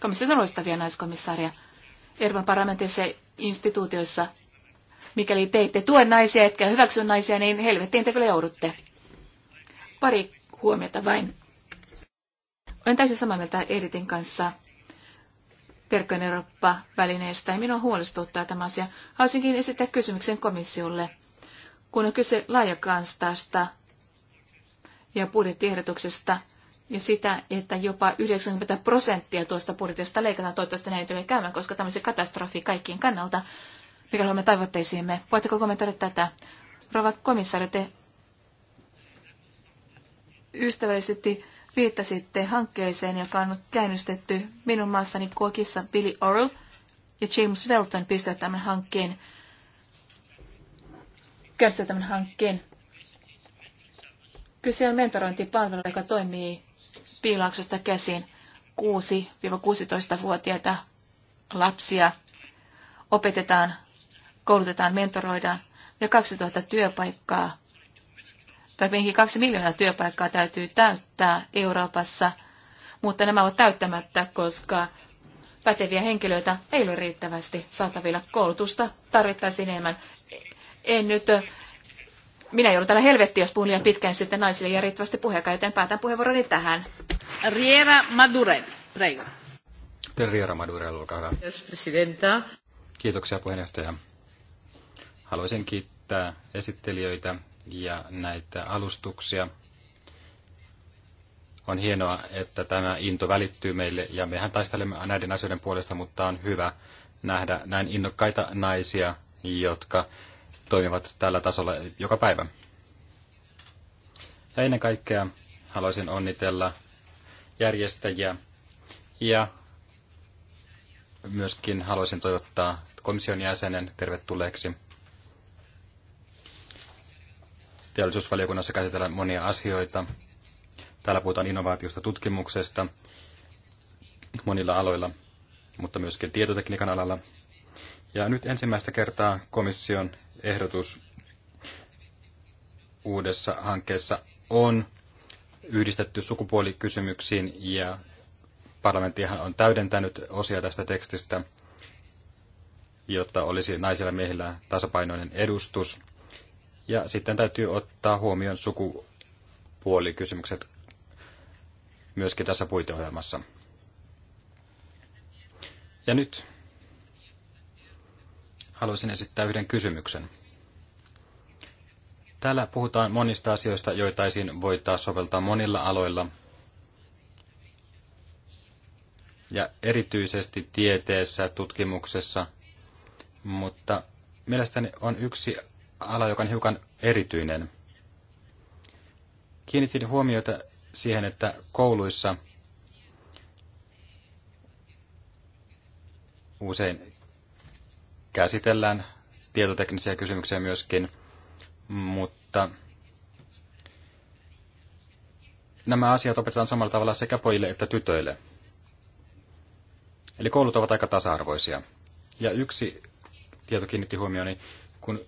komission loistavia naiskomissaaria Euroopan parlamentissa instituutioissa. Mikäli te ette tue naisia, etkä hyväksy naisia, niin helvettiin te kyllä joudutte. Pari huomiota vain. Olen täysin samaa mieltä Editin kanssa Verkkojen Eurooppa-välineestä ja minua huolestuttaa tämä asia. Haluaisinkin esittää kysymyksen komissiolle. Kun on kyse laajakaistaista ja budjettiehdotuksesta ja sitä, että jopa 90 prosenttia tuosta budjetista leikataan. Toivottavasti näin tulee käymään, koska tämä on se katastrofi kaikkien kannalta, mikä luomme tavoitteisiimme. Voitteko kommentoida tätä? Rova komissaari, te ystävällisesti viittasitte hankkeeseen, joka on käynnistetty minun maassani kokissa Billy Orl ja James Welton pistää tämän hankkeen, käynnistää tämän hankkeen. Kyse on mentorointipalvelu, joka toimii piilauksesta käsin 6-16-vuotiaita lapsia opetetaan, koulutetaan, mentoroidaan ja 2000 työpaikkaa tai mihinkin kaksi miljoonaa työpaikkaa täytyy täyttää Euroopassa, mutta nämä ovat täyttämättä, koska päteviä henkilöitä ei ole riittävästi saatavilla. Koulutusta tarvittaisiin enemmän. En nyt minä joudun täällä helvetti, jos puhun liian pitkään sitten naisille ja riittävästi puheenkaan, joten päätän puheenvuoroni tähän. Riera Madurel, prego. Riera Madurel, olkaa hyvä. Presidenta. Kiitoksia puheenjohtaja. Haluaisin kiittää esittelijöitä ja näitä alustuksia. On hienoa, että tämä into välittyy meille ja mehän taistelemme näiden asioiden puolesta, mutta on hyvä nähdä näin innokkaita naisia, jotka toimivat tällä tasolla joka päivä. Ja ennen kaikkea haluaisin onnitella järjestäjiä ja myöskin haluaisin toivottaa komission jäsenen tervetulleeksi. Teollisuusvaliokunnassa käsitellään monia asioita. Täällä puhutaan innovaatiosta tutkimuksesta monilla aloilla, mutta myöskin tietotekniikan alalla. Ja nyt ensimmäistä kertaa komission ehdotus uudessa hankkeessa on yhdistetty sukupuolikysymyksiin ja parlamenttihan on täydentänyt osia tästä tekstistä, jotta olisi naisilla ja miehillä tasapainoinen edustus. Ja sitten täytyy ottaa huomioon sukupuolikysymykset myöskin tässä puiteohjelmassa. Ja nyt haluaisin esittää yhden kysymyksen. Täällä puhutaan monista asioista, joita esiin voi taas soveltaa monilla aloilla. Ja erityisesti tieteessä, tutkimuksessa. Mutta mielestäni on yksi ala, joka on hiukan erityinen. Kiinnitin huomiota siihen, että kouluissa usein käsitellään tietoteknisiä kysymyksiä myöskin, mutta nämä asiat opetetaan samalla tavalla sekä pojille että tytöille. Eli koulut ovat aika tasa-arvoisia. Ja yksi tieto kiinnitti huomioni, kun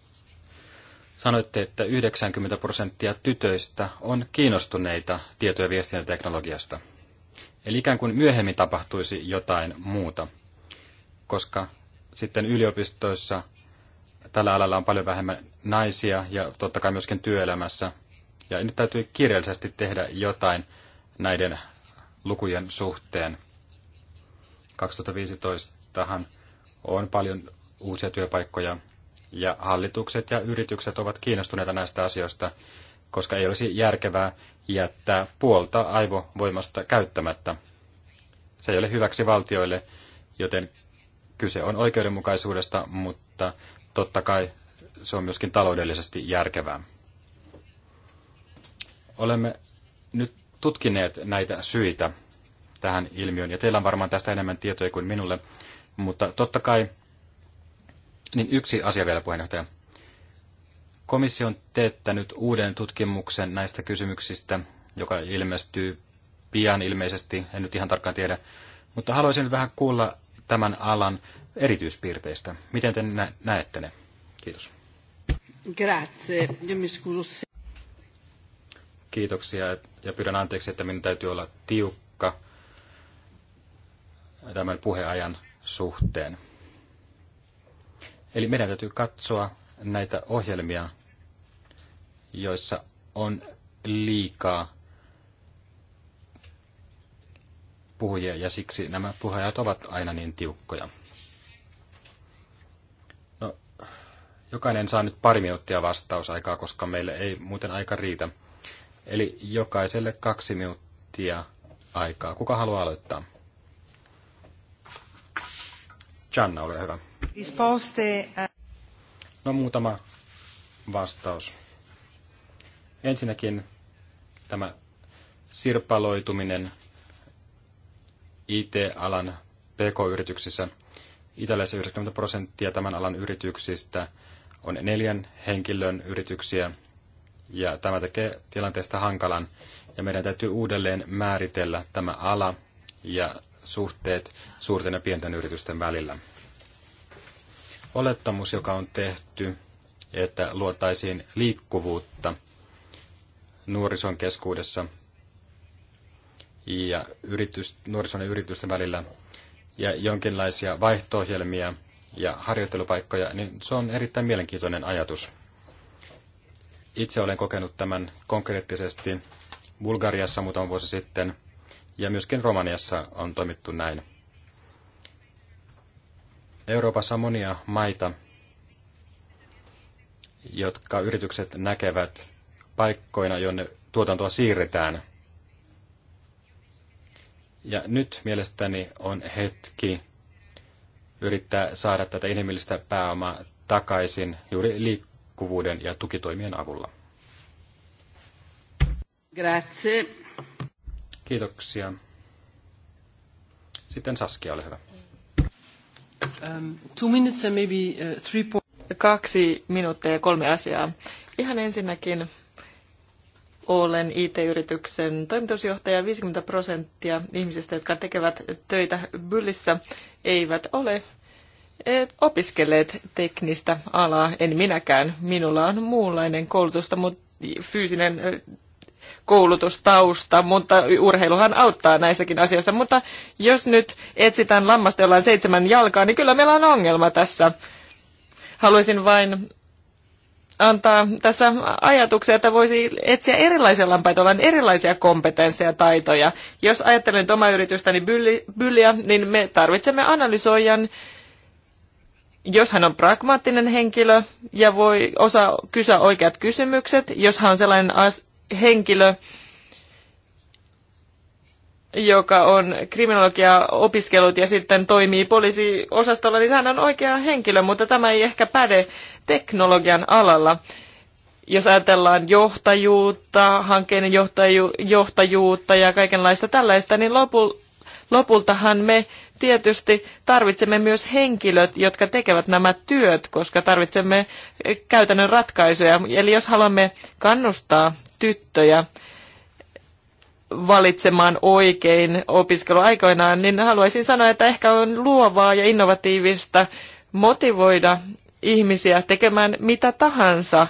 sanoitte, että 90 prosenttia tytöistä on kiinnostuneita tieto- ja viestintäteknologiasta. Eli ikään kuin myöhemmin tapahtuisi jotain muuta, koska sitten yliopistoissa tällä alalla on paljon vähemmän naisia ja totta kai myöskin työelämässä. Ja nyt täytyy kirjallisesti tehdä jotain näiden lukujen suhteen. 2015han on paljon uusia työpaikkoja ja hallitukset ja yritykset ovat kiinnostuneita näistä asioista, koska ei olisi järkevää jättää puolta aivovoimasta käyttämättä. Se ei ole hyväksi valtioille, joten Kyse on oikeudenmukaisuudesta, mutta totta kai se on myöskin taloudellisesti järkevää. Olemme nyt tutkineet näitä syitä tähän ilmiöön, ja teillä on varmaan tästä enemmän tietoja kuin minulle, mutta totta kai, niin yksi asia vielä puheenjohtaja. Komissio on teettänyt uuden tutkimuksen näistä kysymyksistä, joka ilmestyy pian ilmeisesti, en nyt ihan tarkkaan tiedä, mutta haluaisin vähän kuulla tämän alan erityispiirteistä. Miten te näette ne? Kiitos. Grazie. Kiitoksia ja pyydän anteeksi, että minun täytyy olla tiukka tämän puheajan suhteen. Eli meidän täytyy katsoa näitä ohjelmia, joissa on liikaa puhujia ja siksi nämä puheajat ovat aina niin tiukkoja. No, jokainen saa nyt pari minuuttia vastausaikaa, koska meille ei muuten aika riitä. Eli jokaiselle kaksi minuuttia aikaa. Kuka haluaa aloittaa? Janna, ole hyvä. Eh. No muutama vastaus. Ensinnäkin tämä sirpaloituminen IT-alan PK-yrityksissä. Italiassa 90 prosenttia tämän alan yrityksistä on neljän henkilön yrityksiä, ja tämä tekee tilanteesta hankalan. Ja meidän täytyy uudelleen määritellä tämä ala ja suhteet suurten ja pienten yritysten välillä. Olettamus, joka on tehty, että luotaisiin liikkuvuutta nuorison keskuudessa – ja yritys, nuorison ja yritysten välillä ja jonkinlaisia vaihto ja harjoittelupaikkoja, niin se on erittäin mielenkiintoinen ajatus. Itse olen kokenut tämän konkreettisesti Bulgariassa muutama vuosi sitten, ja myöskin Romaniassa on toimittu näin. Euroopassa on monia maita, jotka yritykset näkevät paikkoina, jonne tuotantoa siirretään – ja nyt mielestäni on hetki yrittää saada tätä inhimillistä pääomaa takaisin juuri liikkuvuuden ja tukitoimien avulla. Grazie. Kiitoksia. Sitten Saskia, ole hyvä. Um, two minutes and maybe, uh, three Kaksi minuuttia ja kolme asiaa. Ihan ensinnäkin olen IT-yrityksen toimitusjohtaja. 50 prosenttia ihmisistä, jotka tekevät töitä Byllissä, eivät ole eh, opiskelleet teknistä alaa. En minäkään. Minulla on muunlainen koulutusta, mutta fyysinen eh, koulutustausta, mutta urheiluhan auttaa näissäkin asioissa. Mutta jos nyt etsitään lammasta jollain seitsemän jalkaa, niin kyllä meillä on ongelma tässä. Haluaisin vain antaa tässä ajatuksia, että voisi etsiä erilaisia lampaita, vaan erilaisia kompetensseja ja taitoja. Jos ajattelen nyt omaa yritystäni niin Bylliä, niin me tarvitsemme analysoijan, jos hän on pragmaattinen henkilö ja voi osaa kysyä oikeat kysymykset, jos hän on sellainen as- henkilö, joka on kriminologia opiskellut ja sitten toimii poliisiosastolla, niin hän on oikea henkilö, mutta tämä ei ehkä päde teknologian alalla. Jos ajatellaan johtajuutta, hankkeen johtaju, johtajuutta ja kaikenlaista tällaista, niin lopul, lopultahan me tietysti tarvitsemme myös henkilöt, jotka tekevät nämä työt, koska tarvitsemme käytännön ratkaisuja. Eli jos haluamme kannustaa tyttöjä valitsemaan oikein opiskeluaikoinaan, niin haluaisin sanoa, että ehkä on luovaa ja innovatiivista motivoida ihmisiä tekemään mitä tahansa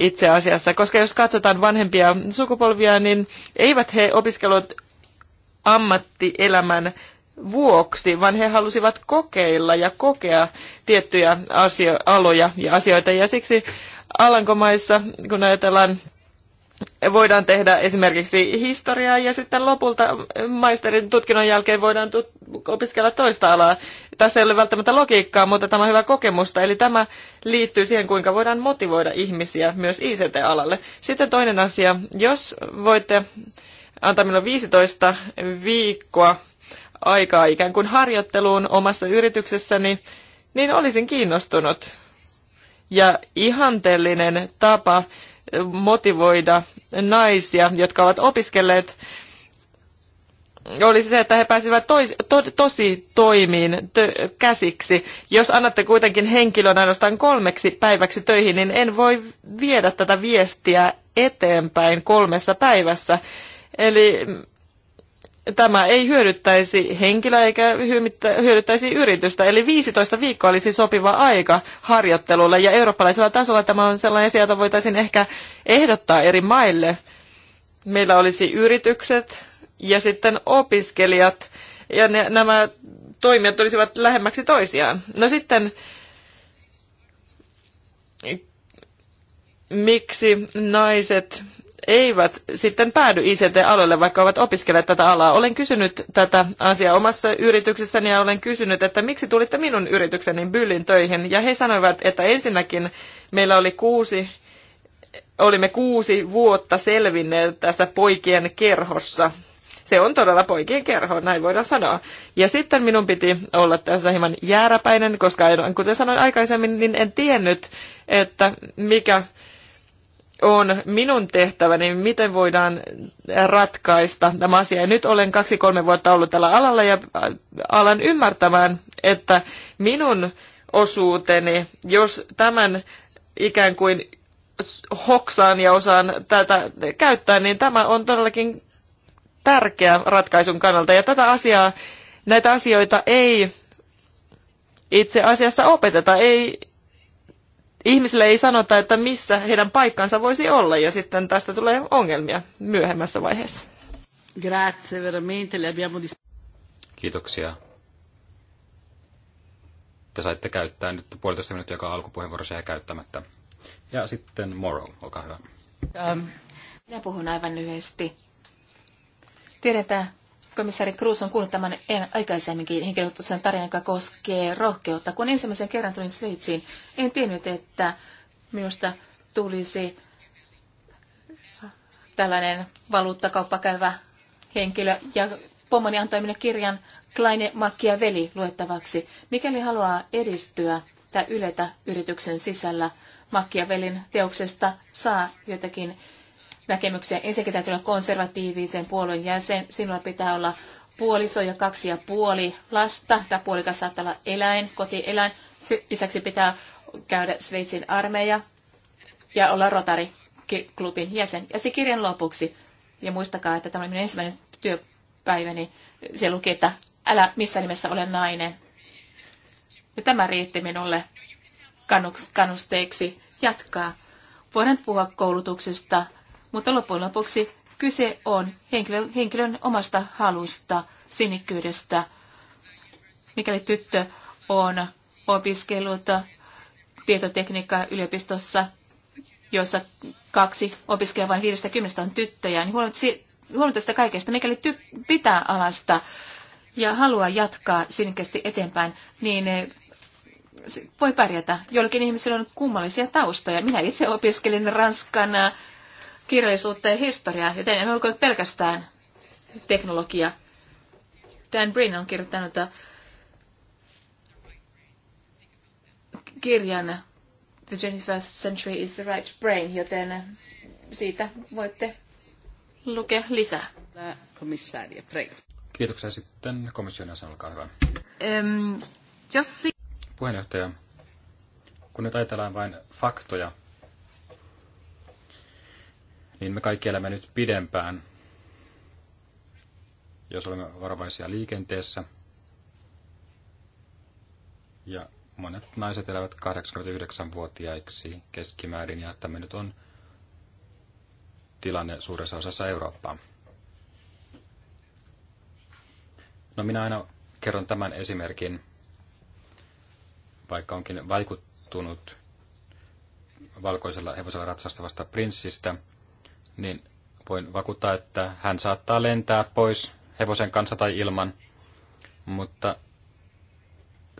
itse asiassa. Koska jos katsotaan vanhempia sukupolvia, niin eivät he opiskelut ammattielämän vuoksi, vaan he halusivat kokeilla ja kokea tiettyjä asio- aloja ja asioita. Ja siksi Alankomaissa, kun ajatellaan voidaan tehdä esimerkiksi historiaa ja sitten lopulta maisterin tutkinnon jälkeen voidaan opiskella toista alaa. Tässä ei ole välttämättä logiikkaa, mutta tämä on hyvä kokemusta. Eli tämä liittyy siihen, kuinka voidaan motivoida ihmisiä myös ICT-alalle. Sitten toinen asia, jos voitte antaa minulle 15 viikkoa aikaa ikään kuin harjoitteluun omassa yrityksessäni, niin olisin kiinnostunut. Ja ihanteellinen tapa motivoida naisia, jotka ovat opiskelleet, olisi se, että he pääsivät tois, to, tosi toimiin tö, käsiksi. Jos annatte kuitenkin henkilön ainoastaan kolmeksi päiväksi töihin, niin en voi viedä tätä viestiä eteenpäin kolmessa päivässä. Eli tämä ei hyödyttäisi henkilöä eikä hyödyttäisi yritystä. Eli 15 viikkoa olisi sopiva aika harjoittelulle ja eurooppalaisella tasolla tämä on sellainen asia, jota voitaisiin ehkä ehdottaa eri maille. Meillä olisi yritykset ja sitten opiskelijat ja ne, nämä toimijat olisivat lähemmäksi toisiaan. No sitten miksi naiset eivät sitten päädy ICT-aloille, vaikka ovat opiskelleet tätä alaa. Olen kysynyt tätä asiaa omassa yrityksessäni ja olen kysynyt, että miksi tulitte minun yritykseni Byllin töihin. Ja he sanoivat, että ensinnäkin meillä oli kuusi, olimme kuusi vuotta selvinneet tässä poikien kerhossa se on todella poikien kerho, näin voidaan sanoa. Ja sitten minun piti olla tässä hieman jääräpäinen, koska kuten sanoin aikaisemmin, niin en tiennyt, että mikä on minun tehtäväni, miten voidaan ratkaista tämä asia. Ja nyt olen kaksi-kolme vuotta ollut tällä alalla ja äh, alan ymmärtämään, että minun osuuteni, jos tämän ikään kuin hoksaan ja osaan tätä käyttää, niin tämä on todellakin tärkeä ratkaisun kannalta. Ja tätä asiaa, näitä asioita ei itse asiassa opeteta, ei ihmisille ei sanota, että missä heidän paikkansa voisi olla, ja sitten tästä tulee ongelmia myöhemmässä vaiheessa. Grazie, veramente, le abbiamo dis- Kiitoksia. Te saitte käyttää nyt puolitoista minuuttia, joka alkupuheenvuorossa jäi käyttämättä. Ja sitten Morrow, olkaa hyvä. Um, minä puhun aivan lyhyesti. Tiedetään, komissaari Cruz on kuullut tämän aikaisemminkin henkilökohtaisen tarinan, joka koskee rohkeutta. Kun ensimmäisen kerran tulin Sveitsiin, en tiennyt, että minusta tulisi tällainen valuuttakauppa käyvä henkilö. Ja pomoni antoi minulle kirjan Kleine Machiavelli luettavaksi. Mikäli haluaa edistyä tai yletä yrityksen sisällä, Machiavellin teoksesta saa jotakin näkemyksiä. Ensinnäkin täytyy olla konservatiivisen puolueen jäsen. Sinulla pitää olla puoliso ja kaksi ja puoli lasta. Tämä puolikas saattaa olla eläin, kotieläin. Lisäksi pitää käydä Sveitsin armeija ja olla Rotary-klubin jäsen. Ja sitten kirjan lopuksi, ja muistakaa, että tämä on minun ensimmäinen työpäiväni, niin se luki, että älä missään nimessä ole nainen. Ja tämä riitti minulle kannusteeksi jatkaa. Voidaan puhua koulutuksesta, mutta loppujen lopuksi kyse on henkilön, henkilön omasta halusta, sinnikkyydestä. Mikäli tyttö on opiskellut tietotekniikkaa yliopistossa, jossa kaksi opiskelijaa vain 50 on tyttöjä, niin huolimatta tästä kaikesta, mikäli ty- pitää alasta ja haluaa jatkaa sinnikkäästi eteenpäin, niin eh, voi pärjätä. Jollakin ihmisillä on kummallisia taustoja. Minä itse opiskelin Ranskan eh, kirjallisuutta ja historiaa, joten emme ole pelkästään teknologia. Dan Brin on kirjoittanut äh, kirjan The 21st Century is the Right Brain, joten siitä voitte lukea lisää. Komissaaria, Brain. Kiitoksia sitten komission jäsen, olkaa hyvä. Um, ähm, just... Puheenjohtaja, kun nyt ajatellaan vain faktoja, niin me kaikki elämme nyt pidempään, jos olemme varovaisia liikenteessä. Ja monet naiset elävät 89-vuotiaiksi keskimäärin, ja tämä nyt on tilanne suuressa osassa Eurooppaa. No minä aina kerron tämän esimerkin, vaikka onkin vaikuttunut valkoisella hevosella ratsastavasta prinssistä – niin voin vakuuttaa, että hän saattaa lentää pois hevosen kanssa tai ilman, mutta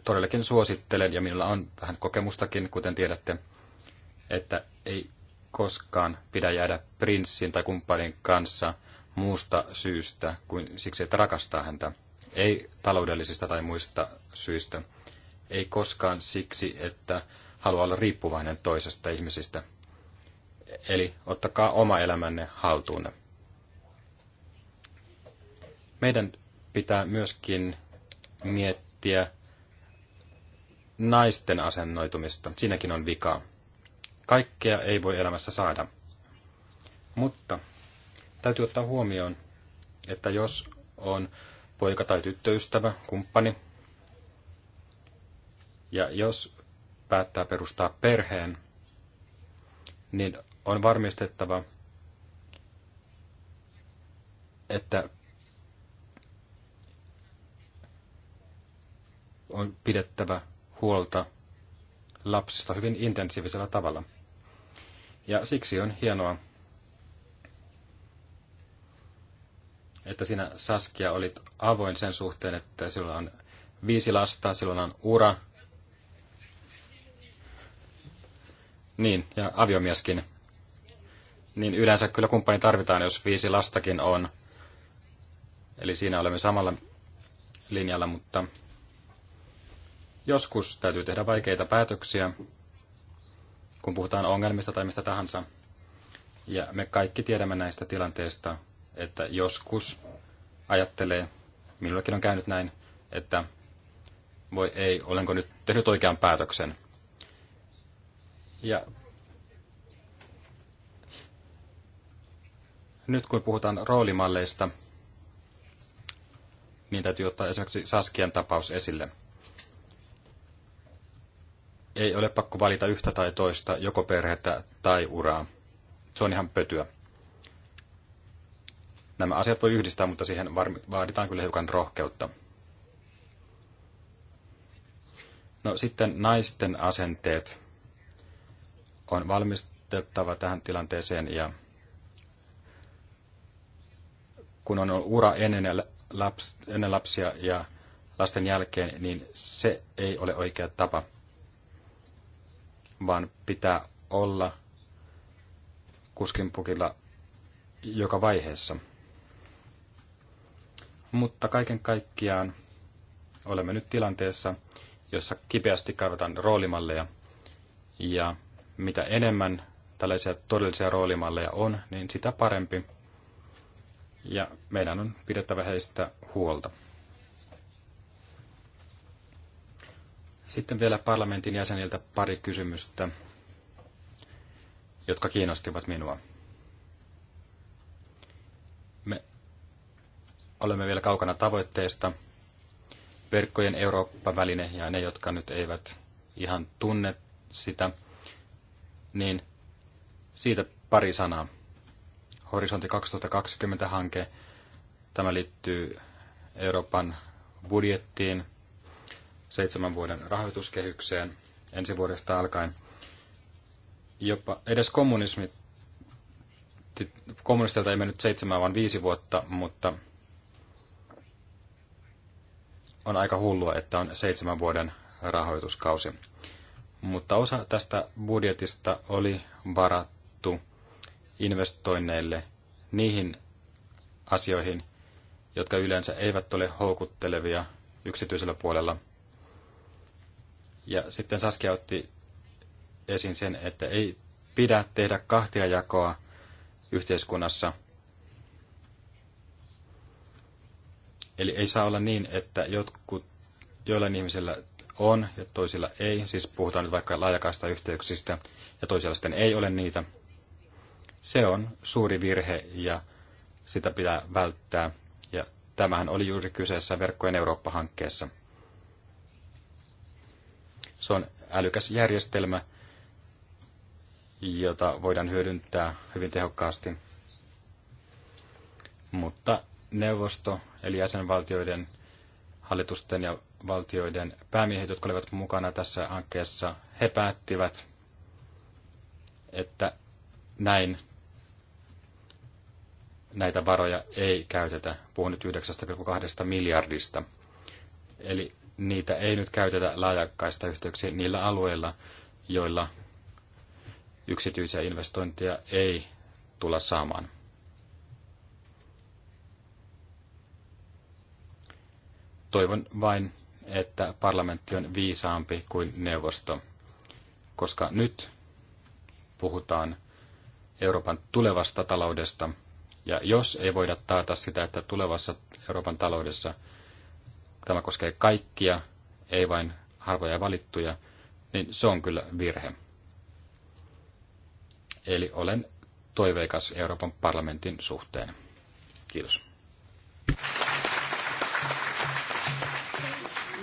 todellakin suosittelen, ja minulla on vähän kokemustakin, kuten tiedätte, että ei koskaan pidä jäädä prinssin tai kumppanin kanssa muusta syystä kuin siksi, että rakastaa häntä. Ei taloudellisista tai muista syistä. Ei koskaan siksi, että haluaa olla riippuvainen toisesta ihmisistä. Eli ottakaa oma elämänne haltuunne. Meidän pitää myöskin miettiä naisten asennoitumista. Siinäkin on vikaa. Kaikkea ei voi elämässä saada. Mutta täytyy ottaa huomioon, että jos on poika tai tyttöystävä, kumppani, ja jos päättää perustaa perheen, niin on varmistettava, että on pidettävä huolta lapsista hyvin intensiivisellä tavalla. Ja siksi on hienoa, että sinä Saskia olit avoin sen suhteen, että sillä on viisi lasta, silloin on ura. Niin, ja aviomieskin niin yleensä kyllä kumppani tarvitaan, jos viisi lastakin on. Eli siinä olemme samalla linjalla, mutta joskus täytyy tehdä vaikeita päätöksiä, kun puhutaan ongelmista tai mistä tahansa. Ja me kaikki tiedämme näistä tilanteista, että joskus ajattelee, minullakin on käynyt näin, että voi ei, olenko nyt tehnyt oikean päätöksen. Ja Nyt kun puhutaan roolimalleista, niin täytyy ottaa esimerkiksi Saskian tapaus esille. Ei ole pakko valita yhtä tai toista, joko perhettä tai uraa. Se on ihan pötyä. Nämä asiat voi yhdistää, mutta siihen vaaditaan kyllä hiukan rohkeutta. No sitten naisten asenteet on valmisteltava tähän tilanteeseen ja kun on ollut ura ennen, laps, ennen lapsia ja lasten jälkeen, niin se ei ole oikea tapa, vaan pitää olla kuskinpukilla joka vaiheessa. Mutta kaiken kaikkiaan olemme nyt tilanteessa, jossa kipeästi kaivataan roolimalleja. Ja mitä enemmän tällaisia todellisia roolimalleja on, niin sitä parempi ja meidän on pidettävä heistä huolta. Sitten vielä parlamentin jäseniltä pari kysymystä, jotka kiinnostivat minua. Me olemme vielä kaukana tavoitteesta. Verkkojen Eurooppa-väline ja ne, jotka nyt eivät ihan tunne sitä, niin siitä pari sanaa. Horisontti 2020-hanke. Tämä liittyy Euroopan budjettiin, seitsemän vuoden rahoituskehykseen ensi vuodesta alkaen. Jopa edes kommunismi, kommunistilta ei mennyt seitsemän vaan viisi vuotta, mutta on aika hullua, että on seitsemän vuoden rahoituskausi. Mutta osa tästä budjetista oli varattu investoinneille niihin asioihin, jotka yleensä eivät ole houkuttelevia yksityisellä puolella. Ja sitten Saskia otti esiin sen, että ei pidä tehdä kahtia jakoa yhteiskunnassa. Eli ei saa olla niin, että jotkut, joillain ihmisillä on ja toisilla ei, siis puhutaan nyt vaikka laajakaista yhteyksistä, ja toisilla sitten ei ole niitä, se on suuri virhe ja sitä pitää välttää. Ja tämähän oli juuri kyseessä Verkkojen Eurooppa-hankkeessa. Se on älykäs järjestelmä, jota voidaan hyödyntää hyvin tehokkaasti. Mutta neuvosto, eli jäsenvaltioiden, hallitusten ja valtioiden päämiehet, jotka olivat mukana tässä hankkeessa, he päättivät, että näin näitä varoja ei käytetä. Puhun nyt 9,2 miljardista. Eli niitä ei nyt käytetä laajakkaista yhteyksiä niillä alueilla, joilla yksityisiä investointeja ei tulla saamaan. Toivon vain, että parlamentti on viisaampi kuin neuvosto, koska nyt puhutaan Euroopan tulevasta taloudesta – ja jos ei voida taata sitä, että tulevassa Euroopan taloudessa tämä koskee kaikkia, ei vain harvoja valittuja, niin se on kyllä virhe. Eli olen toiveikas Euroopan parlamentin suhteen. Kiitos.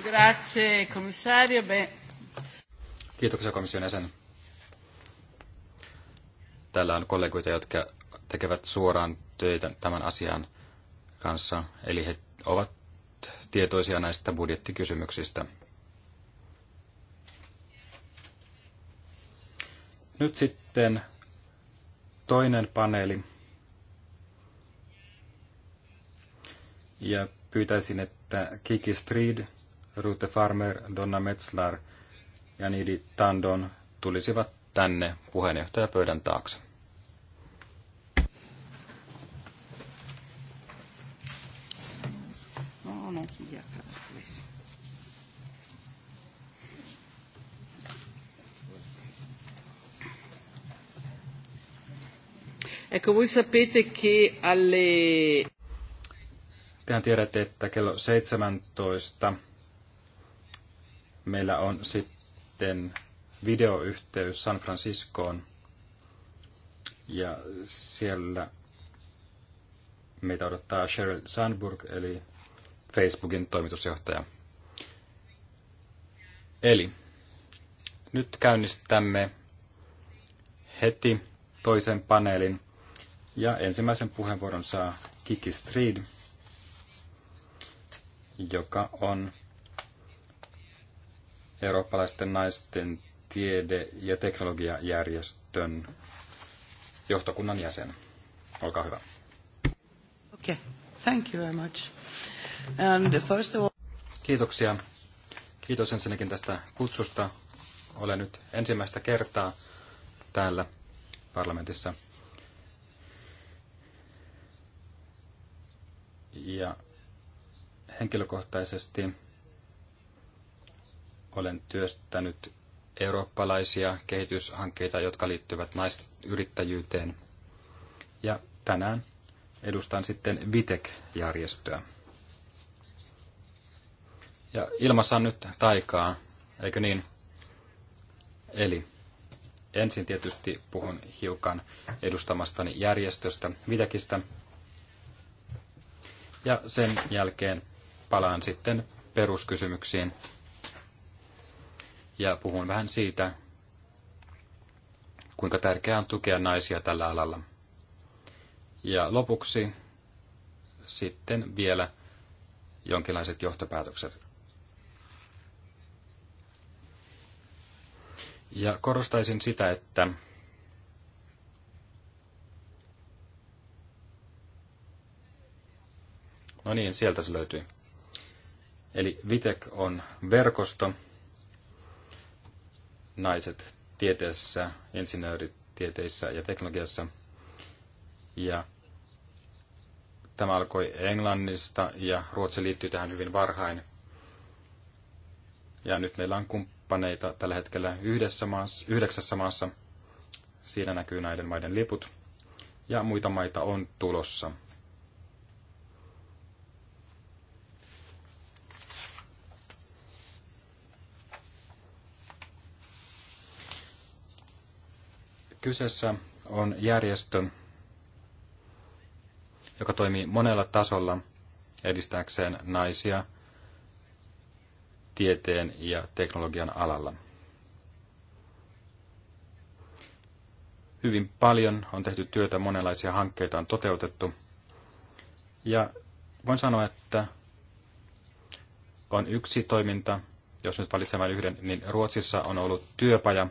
Grazie, komissario. Kiitoksia komission jäsen. Täällä on kollegoita, jotka tekevät suoraan töitä tämän asian kanssa, eli he ovat tietoisia näistä budjettikysymyksistä. Nyt sitten toinen paneeli. Ja pyytäisin, että Kiki Street, Rute Farmer, Donna Metzler ja Nidi Tandon tulisivat tänne puheenjohtajapöydän taakse. Ecco, voi sapete che alle... Tehän tiedätte, että kello 17 meillä on sitten videoyhteys San Franciscoon. Ja siellä meitä odottaa Sheryl Sandburg, eli Facebookin toimitusjohtaja. Eli nyt käynnistämme heti toisen paneelin. Ja ensimmäisen puheenvuoron saa Kiki Street, joka on eurooppalaisten naisten tiede- ja teknologiajärjestön johtokunnan jäsen. Olkaa hyvä. Okay. Thank you very much. And first of all... Kiitoksia. Kiitos ensinnäkin tästä kutsusta. Olen nyt ensimmäistä kertaa täällä parlamentissa – Ja henkilökohtaisesti olen työstänyt eurooppalaisia kehityshankkeita, jotka liittyvät naisyrittäjyyteen. Ja tänään edustan sitten Vitek-järjestöä. Ja ilmassa on nyt taikaa, eikö niin? Eli ensin tietysti puhun hiukan edustamastani järjestöstä Vitekistä – ja sen jälkeen palaan sitten peruskysymyksiin ja puhun vähän siitä, kuinka tärkeää on tukea naisia tällä alalla. Ja lopuksi sitten vielä jonkinlaiset johtopäätökset. Ja korostaisin sitä, että No niin, sieltä se löytyy. Eli Vitek on verkosto, naiset tieteessä, tieteissä ja teknologiassa. Ja tämä alkoi Englannista ja Ruotsi liittyy tähän hyvin varhain. Ja nyt meillä on kumppaneita tällä hetkellä yhdessä maassa, yhdeksässä maassa. Siinä näkyy näiden maiden liput. Ja muita maita on tulossa Kyseessä on järjestö, joka toimii monella tasolla edistääkseen naisia tieteen ja teknologian alalla. Hyvin paljon on tehty työtä, monenlaisia hankkeita on toteutettu. Ja voin sanoa, että on yksi toiminta, jos nyt valitsemaan yhden, niin Ruotsissa on ollut työpaja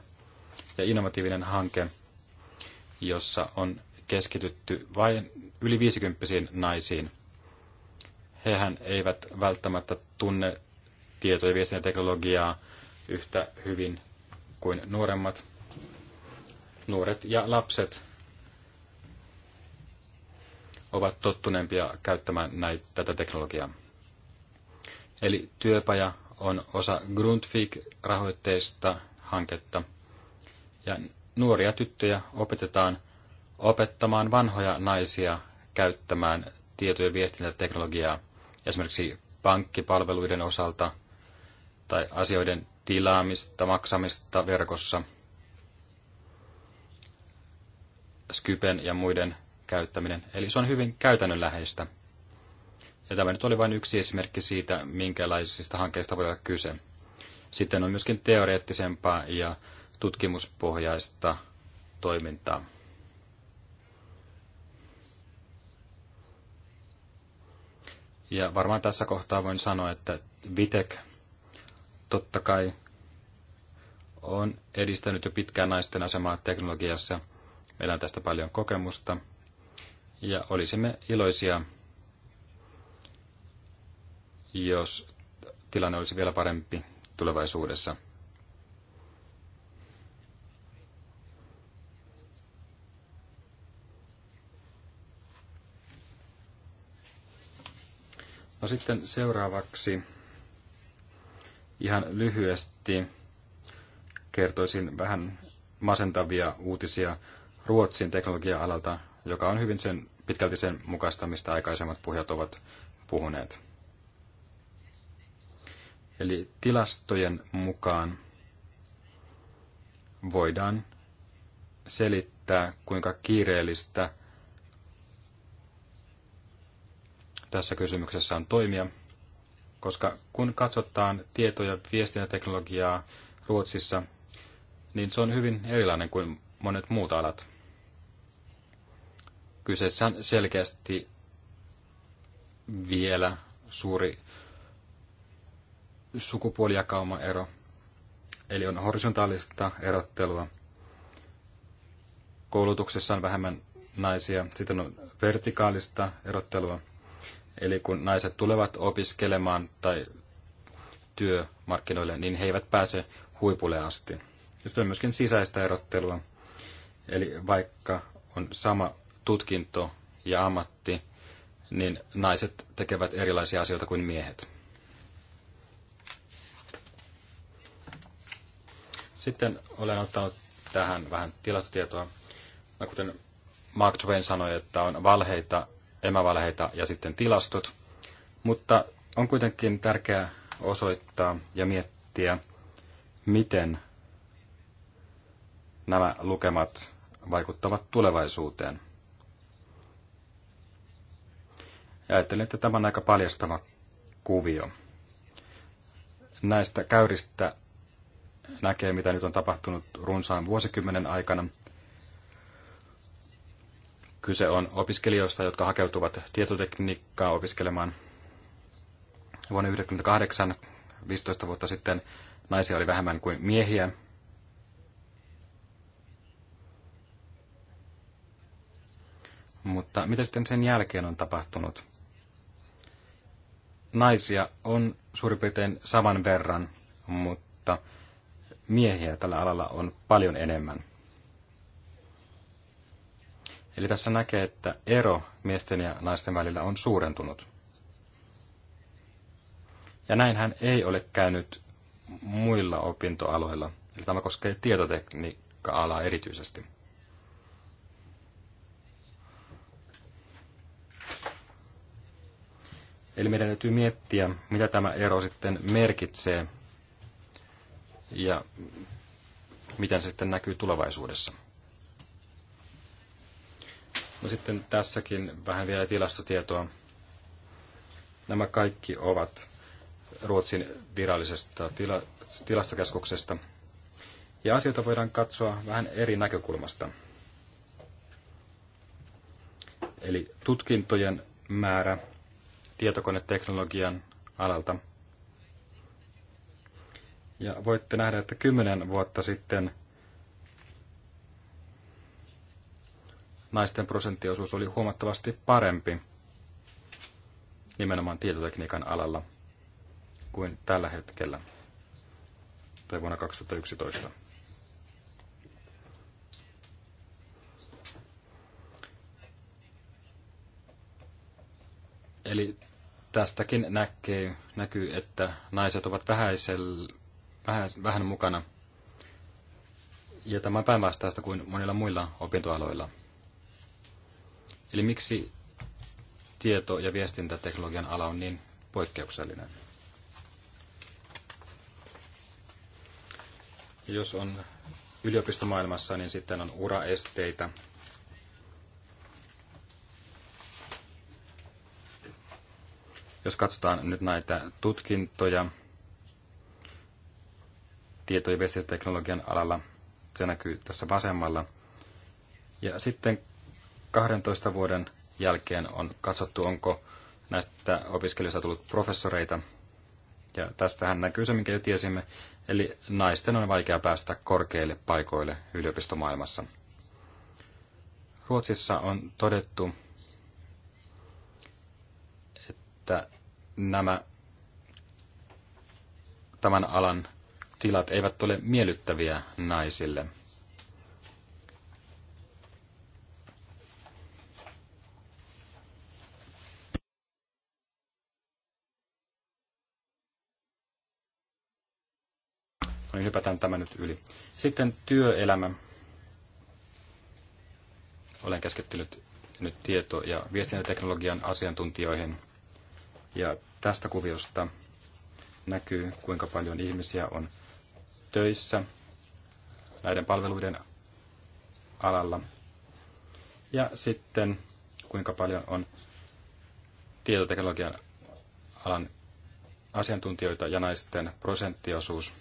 ja innovatiivinen hanke – jossa on keskitytty vain yli 50 naisiin. Hehän eivät välttämättä tunne tieto- ja viestintäteknologiaa yhtä hyvin kuin nuoremmat. Nuoret ja lapset ovat tottuneempia käyttämään näitä, tätä teknologiaa. Eli työpaja on osa Grundtvig-rahoitteista hanketta. Ja nuoria tyttöjä opetetaan opettamaan vanhoja naisia käyttämään tieto- ja viestintäteknologiaa esimerkiksi pankkipalveluiden osalta tai asioiden tilaamista, maksamista verkossa, Skypen ja muiden käyttäminen. Eli se on hyvin käytännönläheistä. Ja tämä nyt oli vain yksi esimerkki siitä, minkälaisista hankkeista voi olla kyse. Sitten on myöskin teoreettisempaa ja tutkimuspohjaista toimintaa. Ja varmaan tässä kohtaa voin sanoa, että Vitek totta kai on edistänyt jo pitkään naisten asemaa teknologiassa. Meillä on tästä paljon kokemusta. Ja olisimme iloisia, jos tilanne olisi vielä parempi tulevaisuudessa. No sitten seuraavaksi ihan lyhyesti kertoisin vähän masentavia uutisia Ruotsin teknologia-alalta, joka on hyvin sen, pitkälti sen mukaista, mistä aikaisemmat puhujat ovat puhuneet. Eli tilastojen mukaan voidaan selittää, kuinka kiireellistä tässä kysymyksessä on toimia, koska kun katsotaan tieto- ja viestintäteknologiaa Ruotsissa, niin se on hyvin erilainen kuin monet muut alat. Kyseessä on selkeästi vielä suuri sukupuolijakaumaero, eli on horisontaalista erottelua. Koulutuksessa on vähemmän naisia, sitten on vertikaalista erottelua, Eli kun naiset tulevat opiskelemaan tai työmarkkinoille, niin he eivät pääse huipulle asti. Ja sitten on myöskin sisäistä erottelua. Eli vaikka on sama tutkinto ja ammatti, niin naiset tekevät erilaisia asioita kuin miehet. Sitten olen ottanut tähän vähän tilastotietoa. No, kuten Mark Twain sanoi, että on valheita emävalheita ja sitten tilastot. Mutta on kuitenkin tärkeää osoittaa ja miettiä, miten nämä lukemat vaikuttavat tulevaisuuteen. Ja ajattelin, että tämä on aika paljastava kuvio. Näistä käyristä näkee, mitä nyt on tapahtunut runsaan vuosikymmenen aikana – Kyse on opiskelijoista, jotka hakeutuvat tietotekniikkaa opiskelemaan. Vuonna 1998, 15 vuotta sitten, naisia oli vähemmän kuin miehiä. Mutta mitä sitten sen jälkeen on tapahtunut? Naisia on suurin piirtein saman verran, mutta miehiä tällä alalla on paljon enemmän. Eli tässä näkee, että ero miesten ja naisten välillä on suurentunut. Ja näinhän ei ole käynyt muilla opintoaloilla. Eli tämä koskee tietotekniikka-alaa erityisesti. Eli meidän täytyy miettiä, mitä tämä ero sitten merkitsee ja miten se sitten näkyy tulevaisuudessa. No sitten tässäkin vähän vielä tilastotietoa. Nämä kaikki ovat Ruotsin virallisesta tila- tilastokeskuksesta. Ja asioita voidaan katsoa vähän eri näkökulmasta. Eli tutkintojen määrä tietokoneteknologian alalta. Ja voitte nähdä, että kymmenen vuotta sitten – naisten prosenttiosuus oli huomattavasti parempi nimenomaan tietotekniikan alalla kuin tällä hetkellä tai vuonna 2011. Eli tästäkin näkee, näkyy, että naiset ovat vähäisel, vähäis, vähän mukana. Ja tämä päinvastaista kuin monilla muilla opintoaloilla. Eli miksi tieto- ja viestintäteknologian ala on niin poikkeuksellinen? Jos on yliopistomaailmassa, niin sitten on uraesteitä. Jos katsotaan nyt näitä tutkintoja tieto- ja viestintäteknologian alalla, se näkyy tässä vasemmalla. Ja sitten 12 vuoden jälkeen on katsottu, onko näistä opiskelijoista tullut professoreita. Ja tästähän näkyy se, minkä jo tiesimme, eli naisten on vaikea päästä korkeille paikoille yliopistomaailmassa. Ruotsissa on todettu, että nämä tämän alan tilat eivät ole miellyttäviä naisille – No niin, hypätään tämä nyt yli. Sitten työelämä. Olen keskittynyt nyt tieto- ja viestintäteknologian asiantuntijoihin. Ja tästä kuviosta näkyy, kuinka paljon ihmisiä on töissä näiden palveluiden alalla. Ja sitten, kuinka paljon on tietoteknologian alan asiantuntijoita ja naisten prosenttiosuus –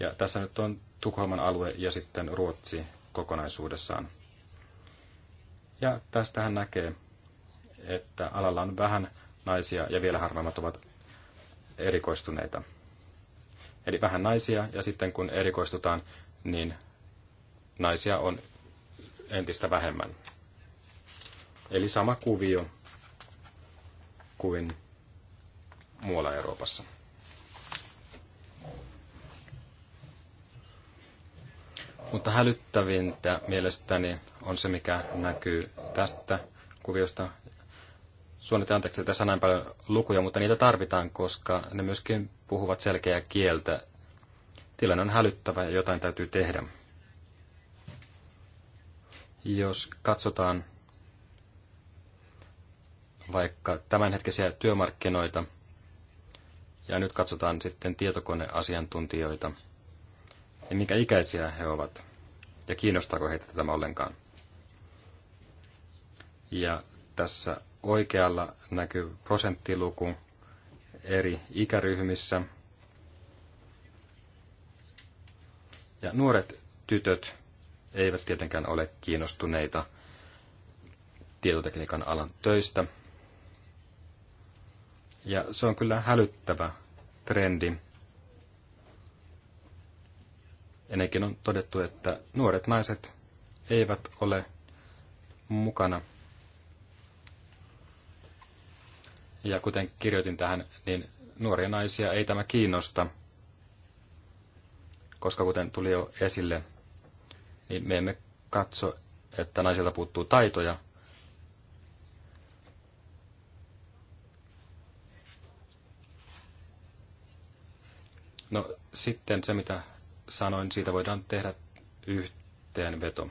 ja tässä nyt on Tukholman alue ja sitten Ruotsi kokonaisuudessaan. Ja tästä hän näkee, että alalla on vähän naisia ja vielä harvemmat ovat erikoistuneita. Eli vähän naisia ja sitten kun erikoistutaan, niin naisia on entistä vähemmän. Eli sama kuvio kuin muualla Euroopassa. Mutta hälyttävintä mielestäni on se, mikä näkyy tästä kuviosta. Suunnitelma anteeksi, että tässä näin paljon lukuja, mutta niitä tarvitaan, koska ne myöskin puhuvat selkeää kieltä. Tilanne on hälyttävä ja jotain täytyy tehdä. Jos katsotaan vaikka tämänhetkisiä työmarkkinoita, ja nyt katsotaan sitten tietokoneasiantuntijoita – ja minkä ikäisiä he ovat ja kiinnostaako heitä tämä ollenkaan. Ja tässä oikealla näkyy prosenttiluku eri ikäryhmissä. Ja nuoret tytöt eivät tietenkään ole kiinnostuneita tietotekniikan alan töistä. Ja se on kyllä hälyttävä trendi, ennenkin on todettu, että nuoret naiset eivät ole mukana. Ja kuten kirjoitin tähän, niin nuoria naisia ei tämä kiinnosta, koska kuten tuli jo esille, niin me emme katso, että naisilta puuttuu taitoja. No sitten se, mitä sanoin, siitä voidaan tehdä yhteenveto.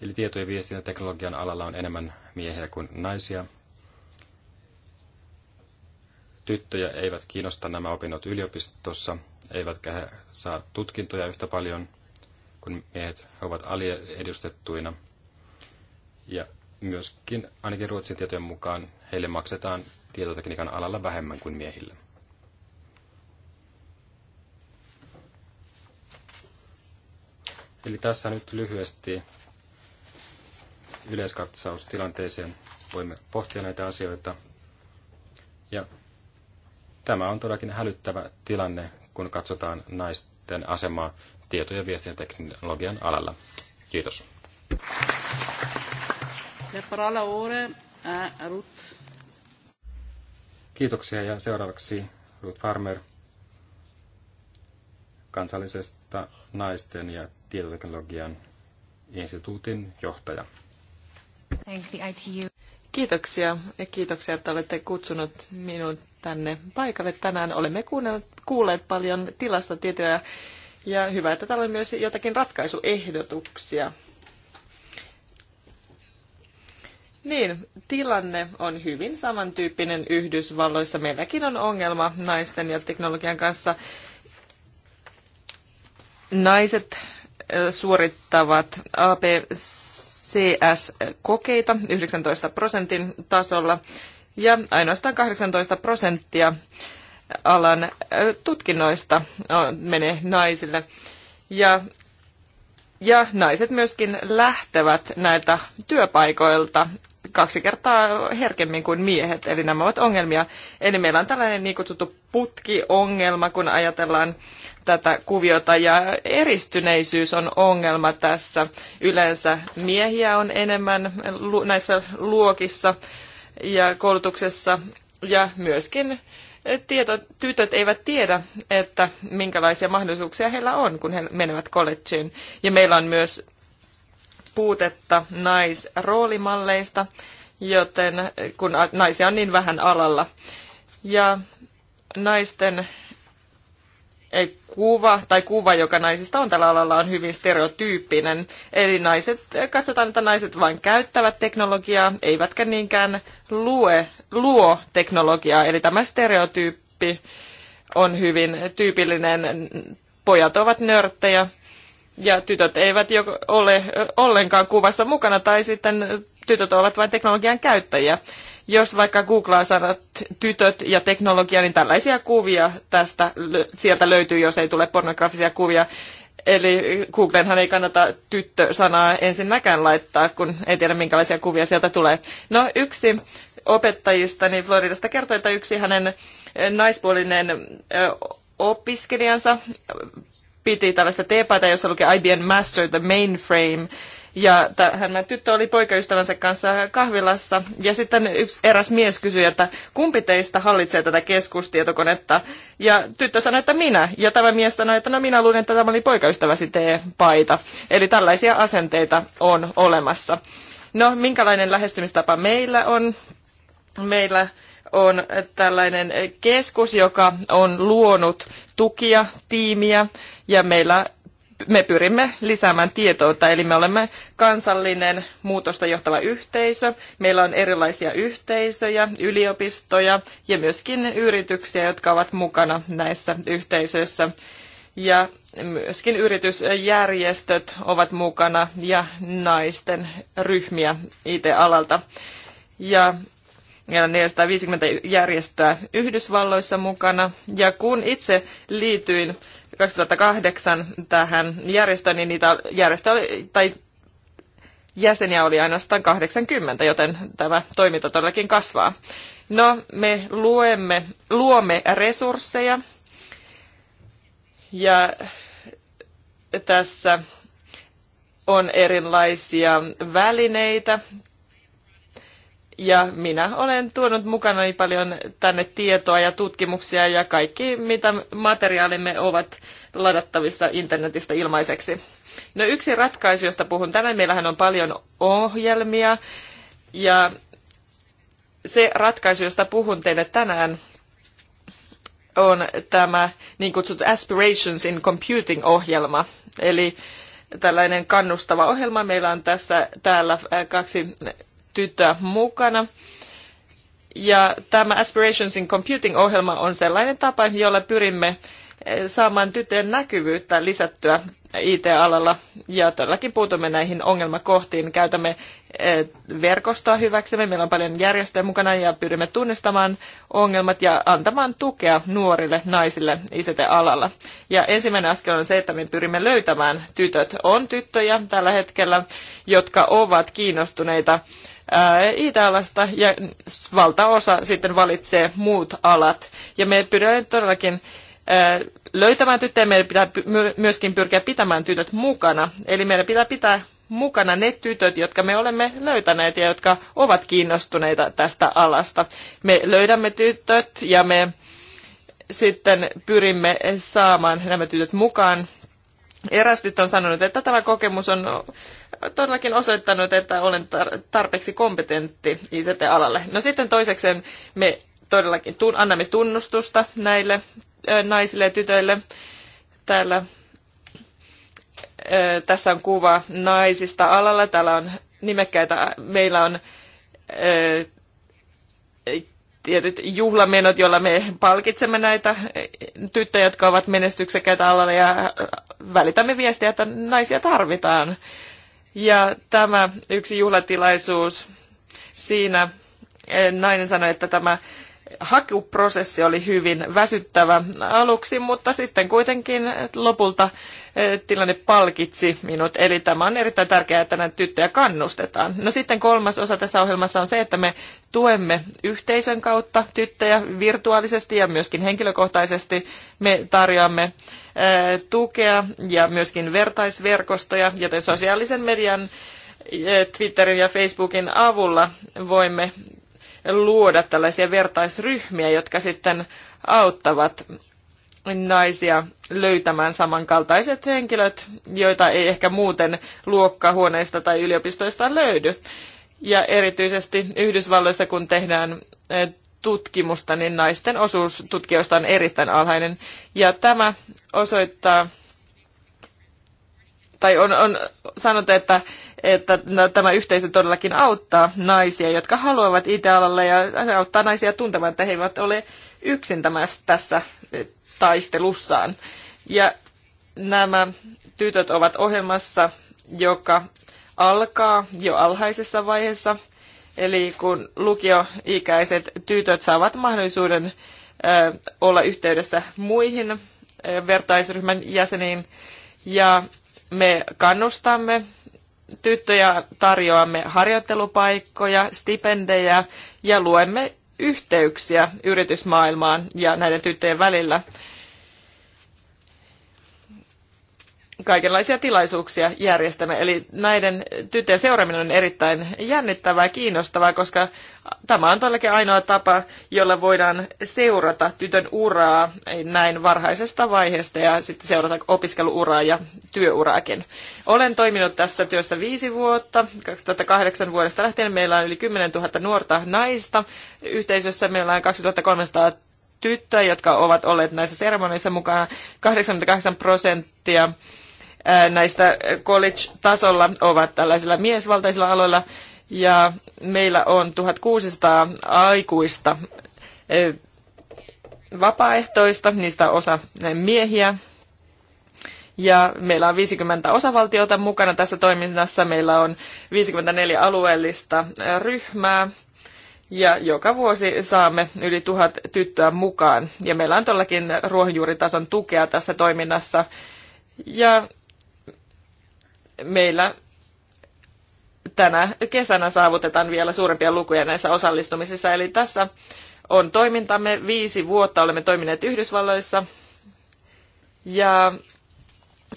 Eli tieto- ja viestintäteknologian alalla on enemmän miehiä kuin naisia. Tyttöjä eivät kiinnosta nämä opinnot yliopistossa, eivätkä he saa tutkintoja yhtä paljon kuin miehet. He ovat aliedustettuina. Ja myöskin, ainakin Ruotsin tietojen mukaan, heille maksetaan tietotekniikan alalla vähemmän kuin miehille. Eli tässä nyt lyhyesti yleiskatsaus tilanteeseen. Voimme pohtia näitä asioita. Ja tämä on todellakin hälyttävä tilanne, kun katsotaan naisten asemaa tieto- ja viestintäteknologian alalla. Kiitos. Kiitoksia ja seuraavaksi Ruth Farmer kansallisesta naisten ja tietoteknologian instituutin johtaja. Kiitoksia ja kiitoksia, että olette kutsunut minut tänne paikalle tänään. Olemme kuulleet paljon tilastotietoja ja hyvä, että täällä on myös jotakin ratkaisuehdotuksia. Niin, tilanne on hyvin samantyyppinen Yhdysvalloissa. Meilläkin on ongelma naisten ja teknologian kanssa. Naiset suorittavat APCS-kokeita 19 prosentin tasolla ja ainoastaan 18 prosenttia alan tutkinnoista menee naisille. Ja, ja naiset myöskin lähtevät näiltä työpaikoilta kaksi kertaa herkemmin kuin miehet, eli nämä ovat ongelmia. Eli meillä on tällainen niin kutsuttu putkiongelma, kun ajatellaan tätä kuviota, ja eristyneisyys on ongelma tässä. Yleensä miehiä on enemmän näissä luokissa ja koulutuksessa, ja myöskin tieto, tytöt eivät tiedä, että minkälaisia mahdollisuuksia heillä on, kun he menevät collegeen. Ja meillä on myös puutetta naisroolimalleista, joten kun naisia on niin vähän alalla. Ja naisten ei kuva tai kuva, joka naisista on tällä alalla, on hyvin stereotyyppinen. Eli naiset, katsotaan, että naiset vain käyttävät teknologiaa, eivätkä niinkään lue, luo teknologiaa. Eli tämä stereotyyppi on hyvin tyypillinen. Pojat ovat nörttejä, ja tytöt eivät jo ole ollenkaan kuvassa mukana, tai sitten tytöt ovat vain teknologian käyttäjiä. Jos vaikka googlaa sanat tytöt ja teknologia, niin tällaisia kuvia tästä sieltä löytyy, jos ei tule pornografisia kuvia. Eli Googlenhan ei kannata tyttö-sanaa ensinnäkään laittaa, kun ei tiedä minkälaisia kuvia sieltä tulee. No yksi opettajista niin Floridasta kertoi, että yksi hänen naispuolinen opiskelijansa piti tällaista teepaita, jossa luki IBM Master, the mainframe. Ja hän tyttö oli poikaystävänsä kanssa kahvilassa. Ja sitten yksi eräs mies kysyi, että kumpi teistä hallitsee tätä keskustietokonetta? Ja tyttö sanoi, että minä. Ja tämä mies sanoi, että no minä luulin, että tämä oli poikaystäväsi teepaita. Eli tällaisia asenteita on olemassa. No, minkälainen lähestymistapa meillä on? Meillä on tällainen keskus, joka on luonut tukia, tiimiä ja meillä me pyrimme lisäämään tietoutta, eli me olemme kansallinen muutosta johtava yhteisö. Meillä on erilaisia yhteisöjä, yliopistoja ja myöskin yrityksiä, jotka ovat mukana näissä yhteisöissä. Ja myöskin yritysjärjestöt ovat mukana ja naisten ryhmiä IT-alalta. Ja Meillä on 450 järjestöä Yhdysvalloissa mukana. Ja kun itse liityin 2008 tähän järjestöön, niin niitä järjestö oli, tai jäseniä oli ainoastaan 80, joten tämä toiminta todellakin kasvaa. No, me luemme, luomme resursseja ja tässä on erilaisia välineitä ja minä olen tuonut mukanani paljon tänne tietoa ja tutkimuksia ja kaikki, mitä materiaalimme ovat ladattavissa internetistä ilmaiseksi. No yksi ratkaisu, josta puhun tänään, meillähän on paljon ohjelmia ja se ratkaisu, josta puhun teille tänään, on tämä niin kutsuttu Aspirations in Computing-ohjelma. Eli tällainen kannustava ohjelma. Meillä on tässä täällä äh, kaksi tytö mukana. Ja tämä Aspirations in Computing-ohjelma on sellainen tapa, jolla pyrimme eh, saamaan tytön näkyvyyttä lisättyä IT-alalla ja todellakin puutumme näihin ongelmakohtiin. Käytämme eh, verkostoa hyväksemme, meillä on paljon järjestöjä mukana ja pyrimme tunnistamaan ongelmat ja antamaan tukea nuorille naisille ICT-alalla. Ja ensimmäinen askel on se, että me pyrimme löytämään tytöt. On tyttöjä tällä hetkellä, jotka ovat kiinnostuneita itä alasta ja valtaosa sitten valitsee muut alat. Ja me pyrimme todellakin löytämään tyttöjä, meidän pitää myöskin pyrkiä pitämään tytöt mukana. Eli meidän pitää pitää mukana ne tytöt, jotka me olemme löytäneet ja jotka ovat kiinnostuneita tästä alasta. Me löydämme tytöt ja me sitten pyrimme saamaan nämä tytöt mukaan. Eräs tyttö on sanonut, että tämä kokemus on todellakin osoittanut, että olen tarpeeksi kompetentti ICT-alalle. No sitten toisekseen me todellakin tun, annamme tunnustusta näille naisille ja tytöille. Täällä, tässä on kuva naisista alalla. Täällä on nimekkäitä. Meillä on tietyt juhlamenot, joilla me palkitsemme näitä tyttöjä, jotka ovat menestyksekkäitä alalla ja välitämme viestiä, että naisia tarvitaan ja tämä yksi juhlatilaisuus, siinä eh, nainen sanoi, että tämä hakuprosessi oli hyvin väsyttävä aluksi, mutta sitten kuitenkin lopulta tilanne palkitsi minut. Eli tämä on erittäin tärkeää, että näitä tyttöjä kannustetaan. No sitten kolmas osa tässä ohjelmassa on se, että me tuemme yhteisön kautta tyttöjä virtuaalisesti ja myöskin henkilökohtaisesti. Me tarjoamme tukea ja myöskin vertaisverkostoja, joten sosiaalisen median Twitterin ja Facebookin avulla voimme luoda tällaisia vertaisryhmiä, jotka sitten auttavat naisia löytämään samankaltaiset henkilöt, joita ei ehkä muuten luokkahuoneista tai yliopistoista löydy. Ja erityisesti Yhdysvalloissa, kun tehdään eh, tutkimusta, niin naisten osuus tutkijoista on erittäin alhainen. Ja tämä osoittaa, tai on, on sanottu, että, että no, tämä yhteisö todellakin auttaa naisia, jotka haluavat itäalalle ja auttaa naisia tuntemaan, että he eivät ole yksin tässä eh, taistelussaan. Ja nämä tytöt ovat ohjelmassa, joka alkaa jo alhaisessa vaiheessa, eli kun lukioikäiset tytöt saavat mahdollisuuden eh, olla yhteydessä muihin eh, vertaisryhmän jäseniin, ja me kannustamme tyttöjä, tarjoamme harjoittelupaikkoja, stipendejä ja luemme yhteyksiä yritysmaailmaan ja näiden tyttöjen välillä. kaikenlaisia tilaisuuksia järjestämme. Eli näiden tyttöjen seuraaminen on erittäin jännittävää ja kiinnostavaa, koska tämä on todellakin ainoa tapa, jolla voidaan seurata tytön uraa näin varhaisesta vaiheesta ja sitten seurata opiskeluuraa ja työuraakin. Olen toiminut tässä työssä viisi vuotta. 2008 vuodesta lähtien meillä on yli 10 000 nuorta naista. Yhteisössä meillä on 2300 tyttöjä, jotka ovat olleet näissä seremonioissa mukana. 88 prosenttia näistä college-tasolla ovat tällaisilla miesvaltaisilla aloilla ja meillä on 1600 aikuista vapaaehtoista, niistä osa miehiä. Ja meillä on 50 osavaltiota mukana tässä toiminnassa. Meillä on 54 alueellista ryhmää. Ja joka vuosi saamme yli tuhat tyttöä mukaan. Ja meillä on todellakin ruohonjuuritason tukea tässä toiminnassa. Ja meillä tänä kesänä saavutetaan vielä suurempia lukuja näissä osallistumisissa. Eli tässä on toimintamme. Viisi vuotta olemme toimineet Yhdysvalloissa. Ja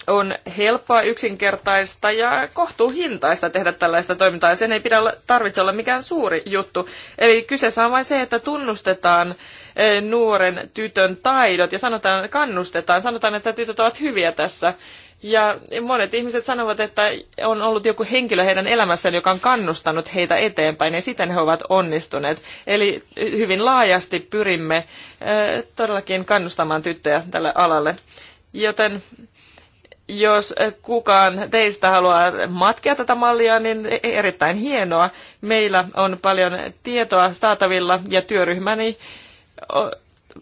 on helppoa, yksinkertaista ja kohtuuhintaista tehdä tällaista toimintaa. sen ei pidä olla, tarvitse olla mikään suuri juttu. Eli kyseessä on vain se, että tunnustetaan eh, nuoren tytön taidot ja sanotaan, kannustetaan, sanotaan, että tytöt ovat hyviä tässä. Ja monet ihmiset sanovat, että on ollut joku henkilö heidän elämässään, joka on kannustanut heitä eteenpäin, ja siten he ovat onnistuneet. Eli hyvin laajasti pyrimme todellakin kannustamaan tyttöjä tälle alalle. Joten jos kukaan teistä haluaa matkia tätä mallia, niin e- e- erittäin hienoa. Meillä on paljon tietoa saatavilla ja työryhmäni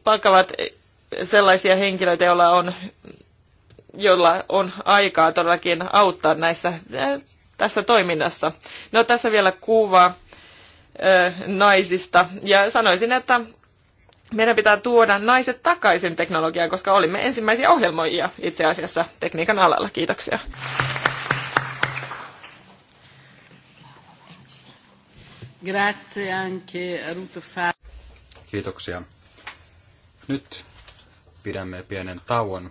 palkavat sellaisia henkilöitä, joilla on jolla on aikaa todellakin auttaa näissä, tässä toiminnassa. No tässä vielä kuva naisista ja sanoisin, että meidän pitää tuoda naiset takaisin teknologiaan, koska olimme ensimmäisiä ohjelmoijia itse asiassa tekniikan alalla. Kiitoksia. Kiitoksia. Nyt pidämme pienen tauon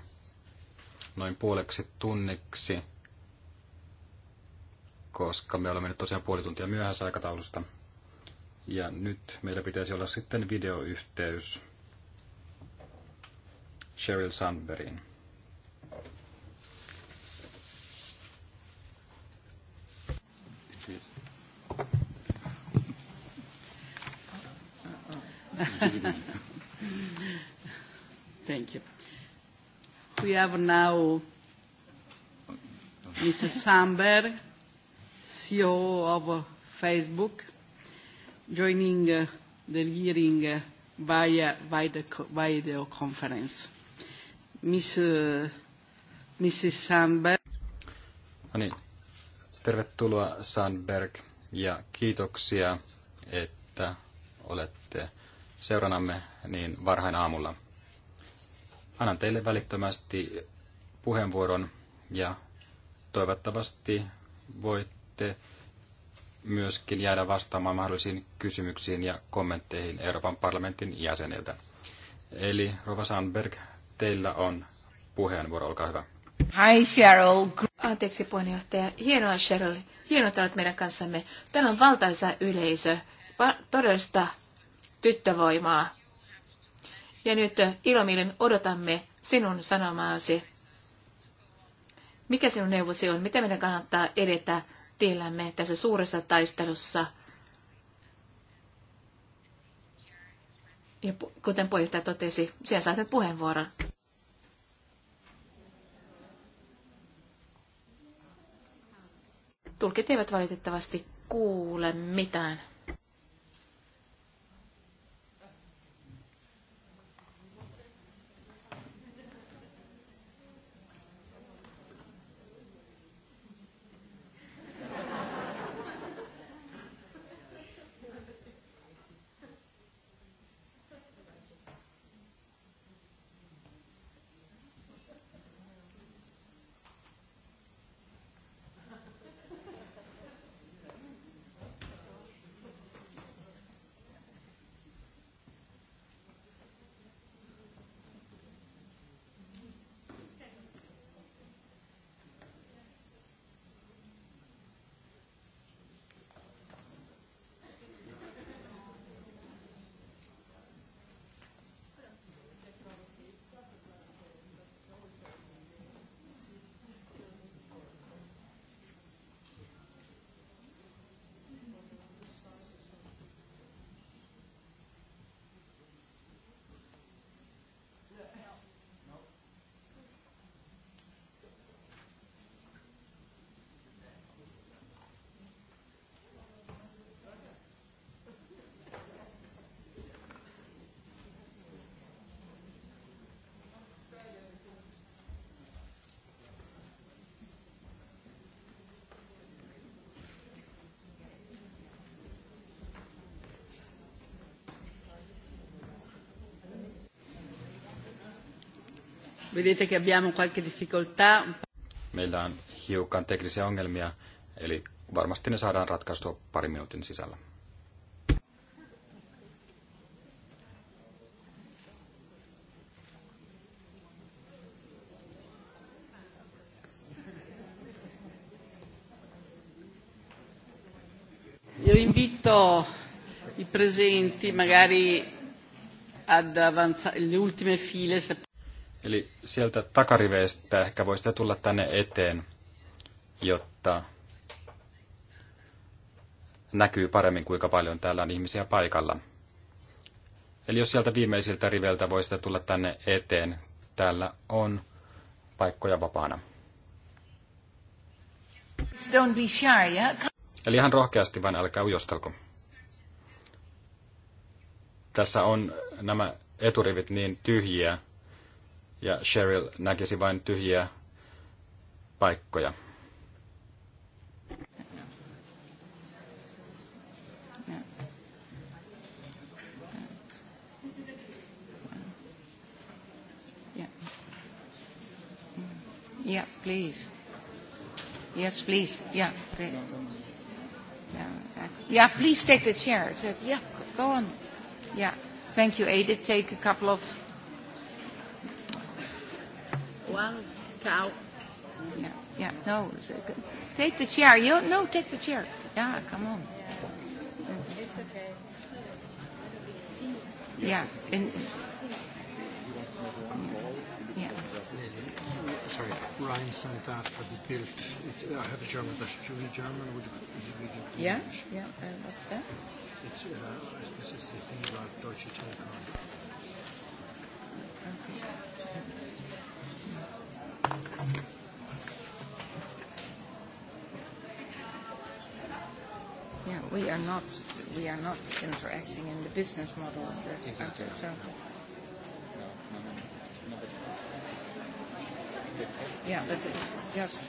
noin puoleksi tunniksi, koska me olemme nyt tosiaan puoli tuntia myöhässä aikataulusta. Ja nyt meillä pitäisi olla sitten videoyhteys Sheryl Sandbergin. Thank you we have now Mrs. Sandberg, CEO of Facebook, joining uh, the hearing uh, via, video conference. Mrs. Uh, Sandberg. No niin. Tervetuloa Sandberg ja kiitoksia, että olette seurannamme niin varhain aamulla annan teille välittömästi puheenvuoron ja toivottavasti voitte myöskin jäädä vastaamaan mahdollisiin kysymyksiin ja kommentteihin Euroopan parlamentin jäseniltä. Eli Rova Sandberg, teillä on puheenvuoro, olkaa hyvä. Hi Cheryl. Anteeksi puheenjohtaja. Hienoa Cheryl. Hienoa, että olet meidän kanssamme. Täällä on valtaisa yleisö. todellista tyttövoimaa. Ja nyt äh, ilomielen odotamme sinun sanomaasi. Mikä sinun neuvosi on? Miten meidän kannattaa edetä tiellämme tässä suuressa taistelussa? Ja kuten puheenjohtaja totesi, siellä saat nyt puheenvuoron. Tulkit eivät valitettavasti kuule mitään. Vedete che abbiamo qualche difficoltà. Meillä on hiukan teknisiä ongelmia, eli varmasti ne saadaan ratkaistua parin minuutin sisällä. Io invito i presenti magari ad avanzare le ultime file se Eli sieltä takariveistä ehkä voisi tulla tänne eteen, jotta näkyy paremmin, kuinka paljon täällä on ihmisiä paikalla. Eli jos sieltä viimeisiltä riveiltä voisi tulla tänne eteen, täällä on paikkoja vapaana. Don't be shy, yeah? Eli ihan rohkeasti vain älkää ujostelko. Tässä on nämä eturivit niin tyhjiä, ja Cheryl näkisi vain tyhjiä paikkoja. Yeah, please. Yes, please. Yeah. Okay. Yeah, please take the chair. Yeah, go on. Yeah. Thank you, Edith. Take a couple of One cow. Yeah, yeah, no. Take the chair. You, no, take the chair. Yeah, come on. It's okay. Yeah. And, yeah. Sorry, Ryan sent that for the built. It's, I have a German version. Do you read German or would you, read it? Yeah, yeah. Uh, what's that? It's, uh, this is the thing about Deutsche Telekom. Okay. Yeah, we are not we are not interacting in the business model of the exactly. so. No, no, no, yeah, but just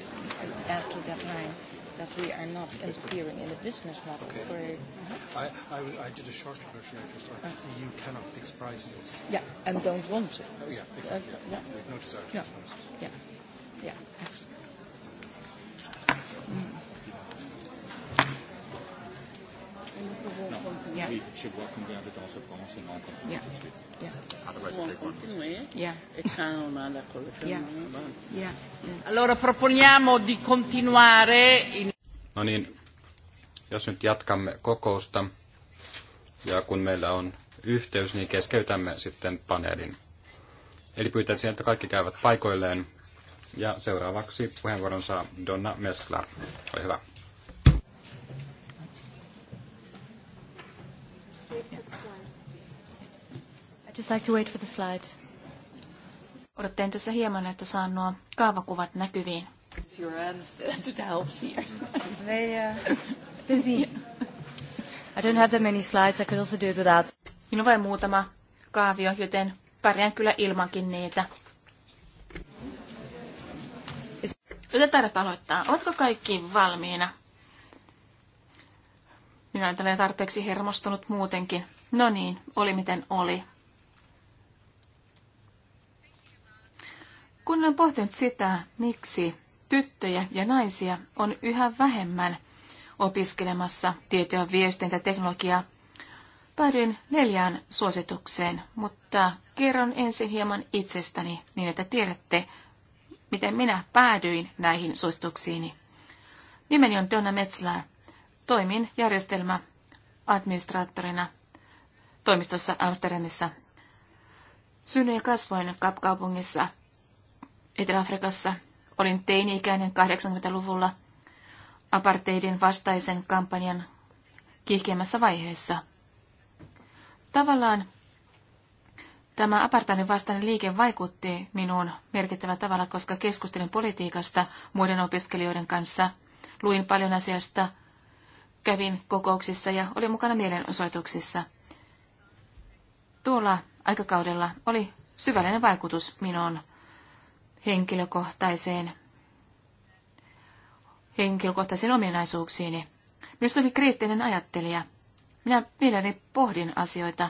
add to that line that we are not interfering in the business model. Okay. For, uh-huh. I, I, I did a short version of just like uh. Uh-huh. you cannot fix prices. Yeah, and don't want to. Oh, yeah, exactly. Uh, yeah. Yeah. no desire to yeah. fix prices. Yeah. Yeah. No, yeah. We should welcome the other also prononcing on Yeah. Yeah. Otherwise, we'll take one. Yeah. Yeah. Yeah. Allora proponiamo di continuare in... No niin, jos nyt jatkamme kokousta ja kun meillä on yhteys, niin keskeytämme sitten paneelin. Eli pyytäisin, että kaikki käyvät paikoilleen. Ja seuraavaksi puheenvuoron saa Donna Mesklar. Ole hyvä. just like to wait for the slides. Odottelen tässä hieman, että saan nuo kaavakuvat näkyviin. That helps here. They, uh, busy. I don't have that many slides. I could also do it without. Minulla on vain muutama kaavio, joten pärjään kyllä ilmankin niitä. Joten tarpepa aloittaa. Oletko kaikki valmiina? Minä olen tarpeeksi hermostunut muutenkin. No niin, oli miten oli. Kun olen pohtinut sitä, miksi tyttöjä ja naisia on yhä vähemmän opiskelemassa tietoja viestintäteknologiaa, päädyin neljään suositukseen, mutta kerron ensin hieman itsestäni niin, että tiedätte, miten minä päädyin näihin suosituksiini. Nimeni on Donna Metzler. Toimin järjestelmäadministraattorina toimistossa Amsterdamissa. Synny ja kasvoin Kapkaupungissa Etelä-Afrikassa. Olin teini-ikäinen 80-luvulla apartheidin vastaisen kampanjan kiihkeimmässä vaiheessa. Tavallaan Tämä apartanin vastainen liike vaikutti minuun merkittävällä tavalla, koska keskustelin politiikasta muiden opiskelijoiden kanssa, luin paljon asiasta, kävin kokouksissa ja olin mukana mielenosoituksissa. Tuolla aikakaudella oli syvällinen vaikutus minun henkilökohtaiseen henkilökohtaisiin ominaisuuksiini. Minusta oli kriittinen ajattelija. Minä mielelläni pohdin asioita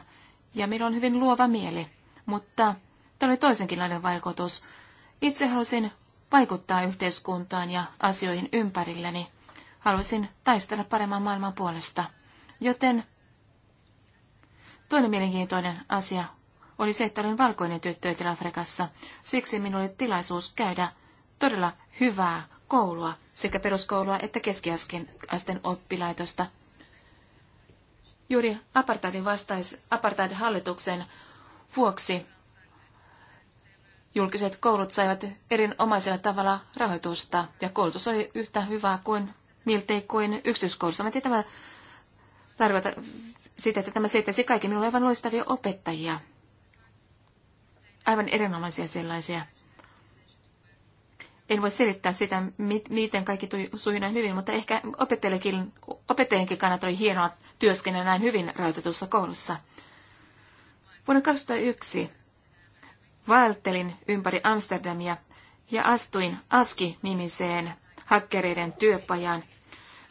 ja minulla on hyvin luova mieli mutta tällä oli toisenkinlainen vaikutus. Itse halusin vaikuttaa yhteiskuntaan ja asioihin ympärilleni. Haluaisin taistella paremman maailman puolesta. Joten toinen mielenkiintoinen asia oli se, että olin valkoinen tyttö Etelä-Afrikassa. Siksi minulla oli tilaisuus käydä todella hyvää koulua, sekä peruskoulua että keskiasteen oppilaitosta. Juuri apartheidin vastais, apartheid-hallituksen vuoksi julkiset koulut saivat erinomaisella tavalla rahoitusta ja koulutus oli yhtä hyvää kuin miltei kuin yksityiskoulussa. Mä tämä tarkoita sitä, että tämä seittäisi kaikki Minulla aivan loistavia opettajia. Aivan erinomaisia sellaisia. En voi selittää sitä, miten kaikki sujui näin hyvin, mutta ehkä opettajienkin kannat oli hienoa työskennellä näin hyvin rahoitetussa koulussa. Vuonna 2001 vaeltelin ympäri Amsterdamia ja astuin ASKI-nimiseen hakkereiden työpajaan.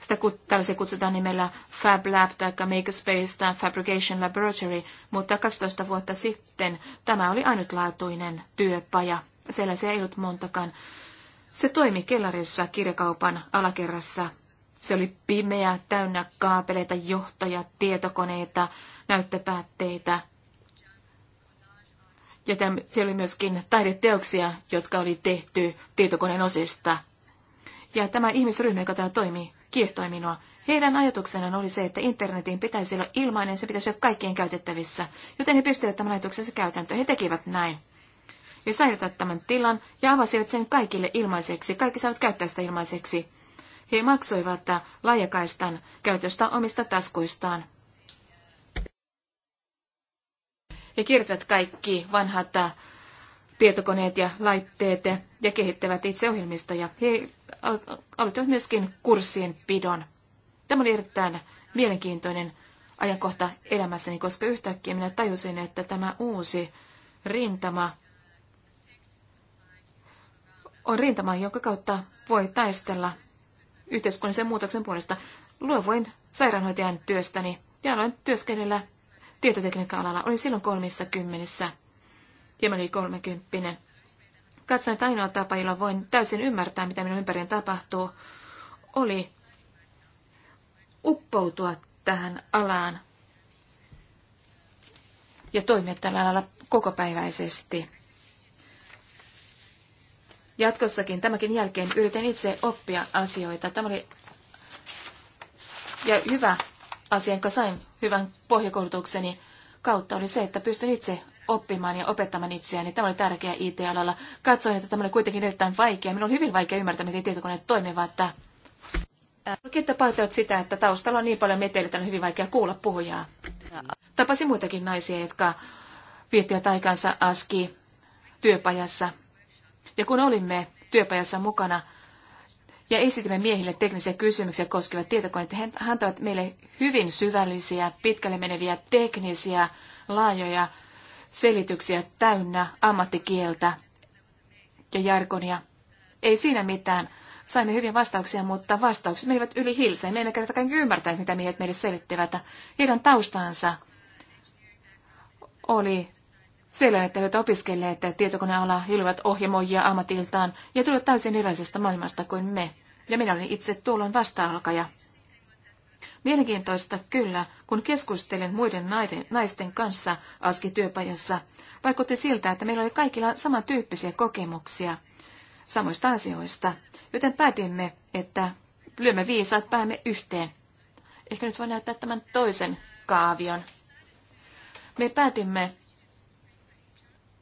Sitä tällaisia kutsutaan nimellä Fab Lab tai Makerspace tai Fabrication Laboratory, mutta 12 vuotta sitten tämä oli ainutlaatuinen työpaja. Sellaisia ei ollut montakaan. Se toimi kellarissa kirjakaupan alakerrassa. Se oli pimeä, täynnä kaapeleita, johtoja, tietokoneita, näyttöpäätteitä, ja tämän, siellä oli myöskin taideteoksia, jotka oli tehty tietokoneen osista. Ja tämä ihmisryhmä, joka täällä toimii, kiehtoi minua. Heidän ajatuksenaan oli se, että internetin pitäisi olla ilmainen, se pitäisi olla kaikkien käytettävissä. Joten he pystyivät tämän ajatuksensa käytäntöön. He tekivät näin. He saivat tämän tilan ja avasivat sen kaikille ilmaiseksi. Kaikki saavat käyttää sitä ilmaiseksi. He maksoivat laajakaistan käytöstä omista taskuistaan. ja kiertävät kaikki vanhat tietokoneet ja laitteet ja kehittävät itse ohjelmista. Ja he aloittavat myöskin kurssien pidon. Tämä oli erittäin mielenkiintoinen ajankohta elämässäni, koska yhtäkkiä minä tajusin, että tämä uusi rintama on rintama, jonka kautta voi taistella yhteiskunnallisen muutoksen puolesta. Luovuin sairaanhoitajan työstäni ja aloin työskennellä tietotekniikan alalla. Olin silloin kolmissa kymmenissä, mä olin kolmekymppinen. Katsoin, että ainoa tapa, jolla voin täysin ymmärtää, mitä minun ympärin tapahtuu, oli uppoutua tähän alaan ja toimia tällä alalla kokopäiväisesti. Jatkossakin tämäkin jälkeen yritän itse oppia asioita. Tämä oli ja hyvä asia, jonka sain hyvän pohjakoulutukseni kautta, oli se, että pystyn itse oppimaan ja opettamaan itseäni. Tämä oli tärkeä IT-alalla. Katsoin, että tämä oli kuitenkin erittäin vaikea. Minun on hyvin vaikea ymmärtää, miten tietokoneet toimivat. Että... Kiittää pahoittelut sitä, että taustalla on niin paljon meteliä, että on hyvin vaikea kuulla puhujaa. Tapasin muitakin naisia, jotka viettivät aikansa ASKI työpajassa. Ja kun olimme työpajassa mukana, ja esitimme miehille teknisiä kysymyksiä koskevat tietokoneet. He antavat meille hyvin syvällisiä, pitkälle meneviä teknisiä, laajoja selityksiä täynnä ammattikieltä ja jargonia. Ei siinä mitään. Saimme hyviä vastauksia, mutta vastaukset menivät yli hilseen. Me emme kertakaan ymmärtäneet, mitä miehet meille selittivät. Heidän taustansa oli siellä että he opiskelleet tietokoneala, hylvät ohjelmoijia ammatiltaan ja tulet täysin erilaisesta maailmasta kuin me. Ja minä olin itse tuolloin vasta-alkaja. Mielenkiintoista kyllä, kun keskustelen muiden naiden, naisten kanssa ASKI-työpajassa, vaikutti siltä, että meillä oli kaikilla samantyyppisiä kokemuksia samoista asioista, joten päätimme, että lyömme viisaat päämme yhteen. Ehkä nyt voi näyttää tämän toisen kaavion. Me päätimme,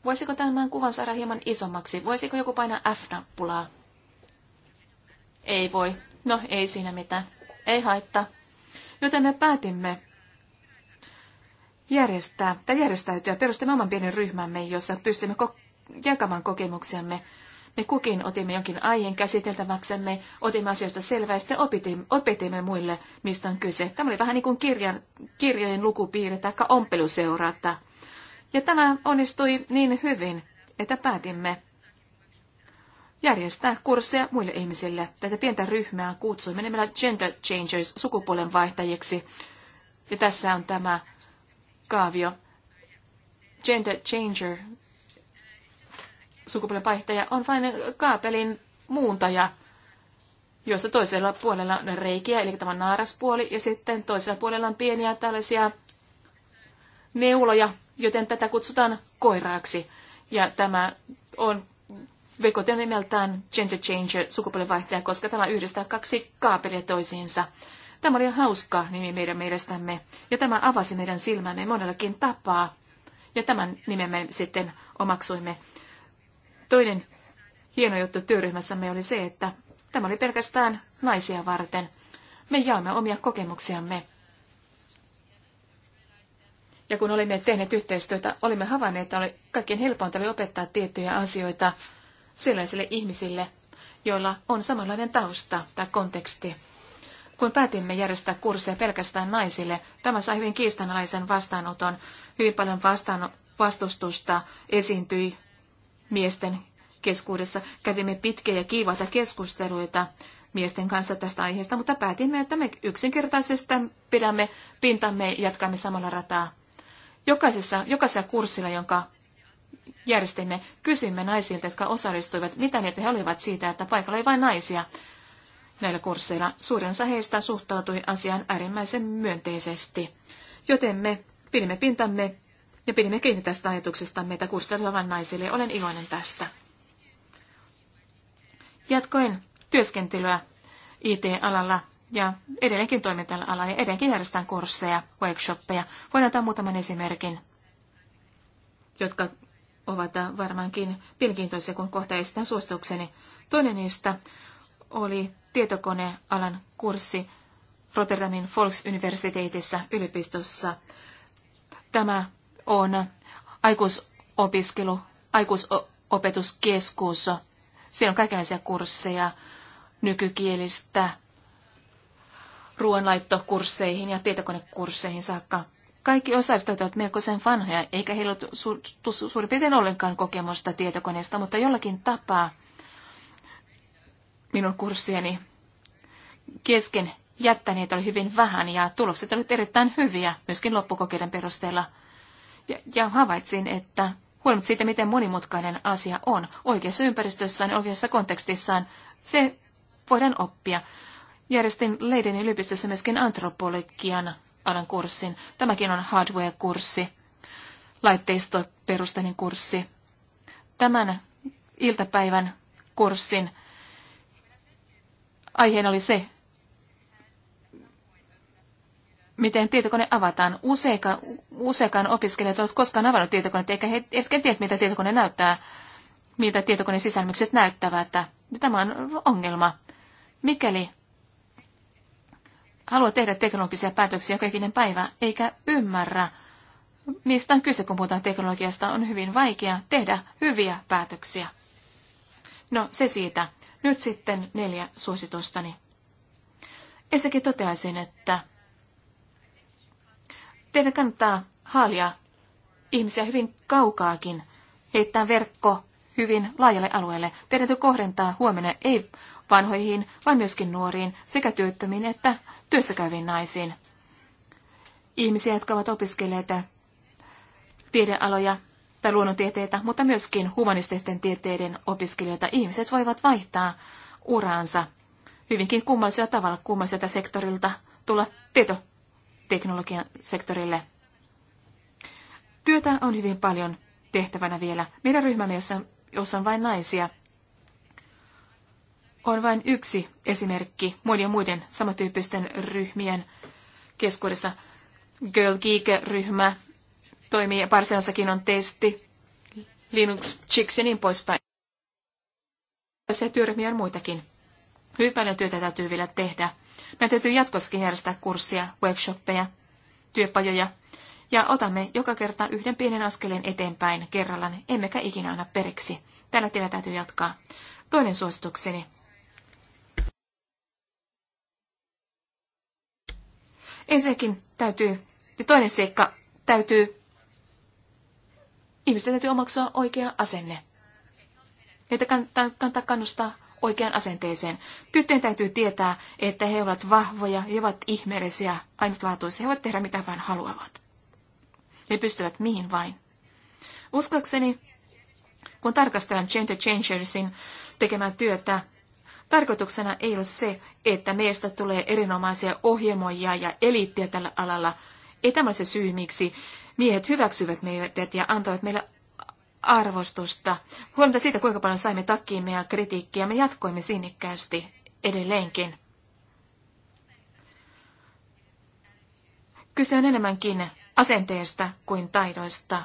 Voisiko tämän kuvan saada hieman isommaksi? Voisiko joku painaa F-nappulaa? Ei voi. No, ei siinä mitään. Ei haittaa. Joten me päätimme järjestää tai järjestäytyä. Perustamme oman pienen ryhmämme, jossa pystymme ko- jakamaan kokemuksiamme. Me kukin otimme jonkin aiheen käsiteltäväksemme, otimme asiasta selvää ja opetimme, opetimme muille, mistä on kyse. Tämä oli vähän niin kuin kirjan, kirjojen lukupiiri tai ompeluseurata. Ja tämä onnistui niin hyvin, että päätimme järjestää kursseja muille ihmisille. Tätä pientä ryhmää kutsuimme nimellä Gender Changers sukupuolen vaihtajiksi. Ja tässä on tämä kaavio. Gender Changer sukupuolen vaihtaja on vain kaapelin muuntaja, jossa toisella puolella on reikiä, eli tämä naaraspuoli, ja sitten toisella puolella on pieniä tällaisia neuloja, joten tätä kutsutaan koiraaksi. Ja tämä on vekoten nimeltään Gender Changer sukupuolenvaihtaja, koska tämä yhdistää kaksi kaapelia toisiinsa. Tämä oli hauska nimi meidän mielestämme, ja tämä avasi meidän silmämme monellakin tapaa. Ja tämän me sitten omaksuimme. Toinen hieno juttu työryhmässämme oli se, että tämä oli pelkästään naisia varten. Me jaamme omia kokemuksiamme. Ja kun olimme tehneet yhteistyötä, olimme havainneet, että oli kaikkein helpointa oli opettaa tiettyjä asioita sellaisille ihmisille, joilla on samanlainen tausta tai konteksti. Kun päätimme järjestää kursseja pelkästään naisille, tämä sai hyvin kiistanalaisen vastaanoton. Hyvin paljon vastaan vastustusta esiintyi miesten keskuudessa. Kävimme pitkiä ja kiivaita keskusteluita miesten kanssa tästä aiheesta, mutta päätimme, että me yksinkertaisesti pidämme pintamme ja jatkamme samalla rataa. Jokaisessa, jokaisella kurssilla, jonka järjestimme, kysymme naisilta, jotka osallistuivat, mitä mieltä he olivat siitä, että paikalla oli vain naisia. Näillä kursseilla suurin osa heistä suhtautui asiaan äärimmäisen myönteisesti. Joten me pidimme pintamme ja pidimme kiinni tästä ajatuksesta meitä kurssilla vain naisille. Olen iloinen tästä. Jatkoin työskentelyä IT-alalla ja edelleenkin toimin tällä alalla ja edelleenkin järjestän kursseja, workshoppeja. Voin antaa muutaman esimerkin, jotka ovat varmaankin mielenkiintoisia, kun kohta esitän suositukseni. Toinen niistä oli tietokonealan kurssi Rotterdamin Volksuniversiteetissä yliopistossa. Tämä on aikuisopiskelu, aikuisopetuskeskus. Siellä on kaikenlaisia kursseja nykykielistä ruoanlaittokursseihin ja tietokonekursseihin saakka. Kaikki osallistujat ovat melkoisen vanhoja, eikä heillä ole su- su- suurin piirtein ollenkaan kokemusta tietokoneesta, mutta jollakin tapaa minun kurssieni kesken jättäneet oli hyvin vähän ja tulokset olivat erittäin hyviä myöskin loppukokeiden perusteella. Ja, ja havaitsin, että huolimatta siitä, miten monimutkainen asia on oikeassa ympäristössään ja oikeassa kontekstissaan, se voidaan oppia. Järjestin Leiden yliopistossa myöskin antropologian alan kurssin. Tämäkin on hardware-kurssi, laitteistoperustainen kurssi. Tämän iltapäivän kurssin aiheena oli se, miten tietokone avataan. Useika, useakaan opiskelijat ovat koskaan avannut tietokoneet, eikä he eivätkä tiedä, mitä tietokone näyttää, mitä tietokoneen sisälmykset näyttävät. Tämä on ongelma. Mikäli halua tehdä teknologisia päätöksiä kaikinen päivä, eikä ymmärrä, mistä on kyse, kun puhutaan teknologiasta. On hyvin vaikea tehdä hyviä päätöksiä. No, se siitä. Nyt sitten neljä suositustani. Ensinnäkin toteaisin, että teidän kannattaa haalia ihmisiä hyvin kaukaakin, heittää verkko hyvin laajalle alueelle. Teidän täytyy kohdentaa huomenna ei vanhoihin, vaan myöskin nuoriin, sekä työttömiin että työssäkäyviin naisiin. Ihmisiä, jotka ovat opiskelleet tiedealoja tai luonnontieteitä, mutta myöskin humanististen tieteiden opiskelijoita. Ihmiset voivat vaihtaa uraansa hyvinkin kummallisella tavalla kummalliselta sektorilta tulla tietoteknologian sektorille. Työtä on hyvin paljon tehtävänä vielä. Meidän ryhmämme, jossa, jossa on vain naisia, on vain yksi esimerkki muiden muiden samantyyppisten ryhmien keskuudessa. Girl Geek-ryhmä toimii, Barcelonassakin on testi, Linux Chicks ja niin poispäin. Se työryhmiä on muitakin. Hyvin paljon työtä täytyy vielä tehdä. Meidän täytyy jatkossakin järjestää kurssia, workshoppeja, työpajoja. Ja otamme joka kerta yhden pienen askeleen eteenpäin kerrallaan, emmekä ikinä aina periksi. Tällä tiellä täytyy jatkaa. Toinen suositukseni Ensinnäkin täytyy, ja toinen seikka täytyy, ihmisten täytyy omaksua oikea asenne. Heitä kannattaa, kannattaa kannustaa oikeaan asenteeseen. Tyttöjen täytyy tietää, että he ovat vahvoja, he ovat ihmeellisiä, ainutlaatuisia, he voivat tehdä mitä vain haluavat. He pystyvät mihin vain. Uskoakseni, kun tarkastellaan Gender Changersin tekemää työtä, Tarkoituksena ei ole se, että meistä tulee erinomaisia ohjelmoijia ja eliittiä tällä alalla. Ei tämä ole se syy, miksi miehet hyväksyvät meidät ja antavat meille arvostusta. Huolimatta siitä, kuinka paljon saimme takkiimme ja kritiikkiä, me jatkoimme sinnikkäästi edelleenkin. Kyse on enemmänkin asenteesta kuin taidoista.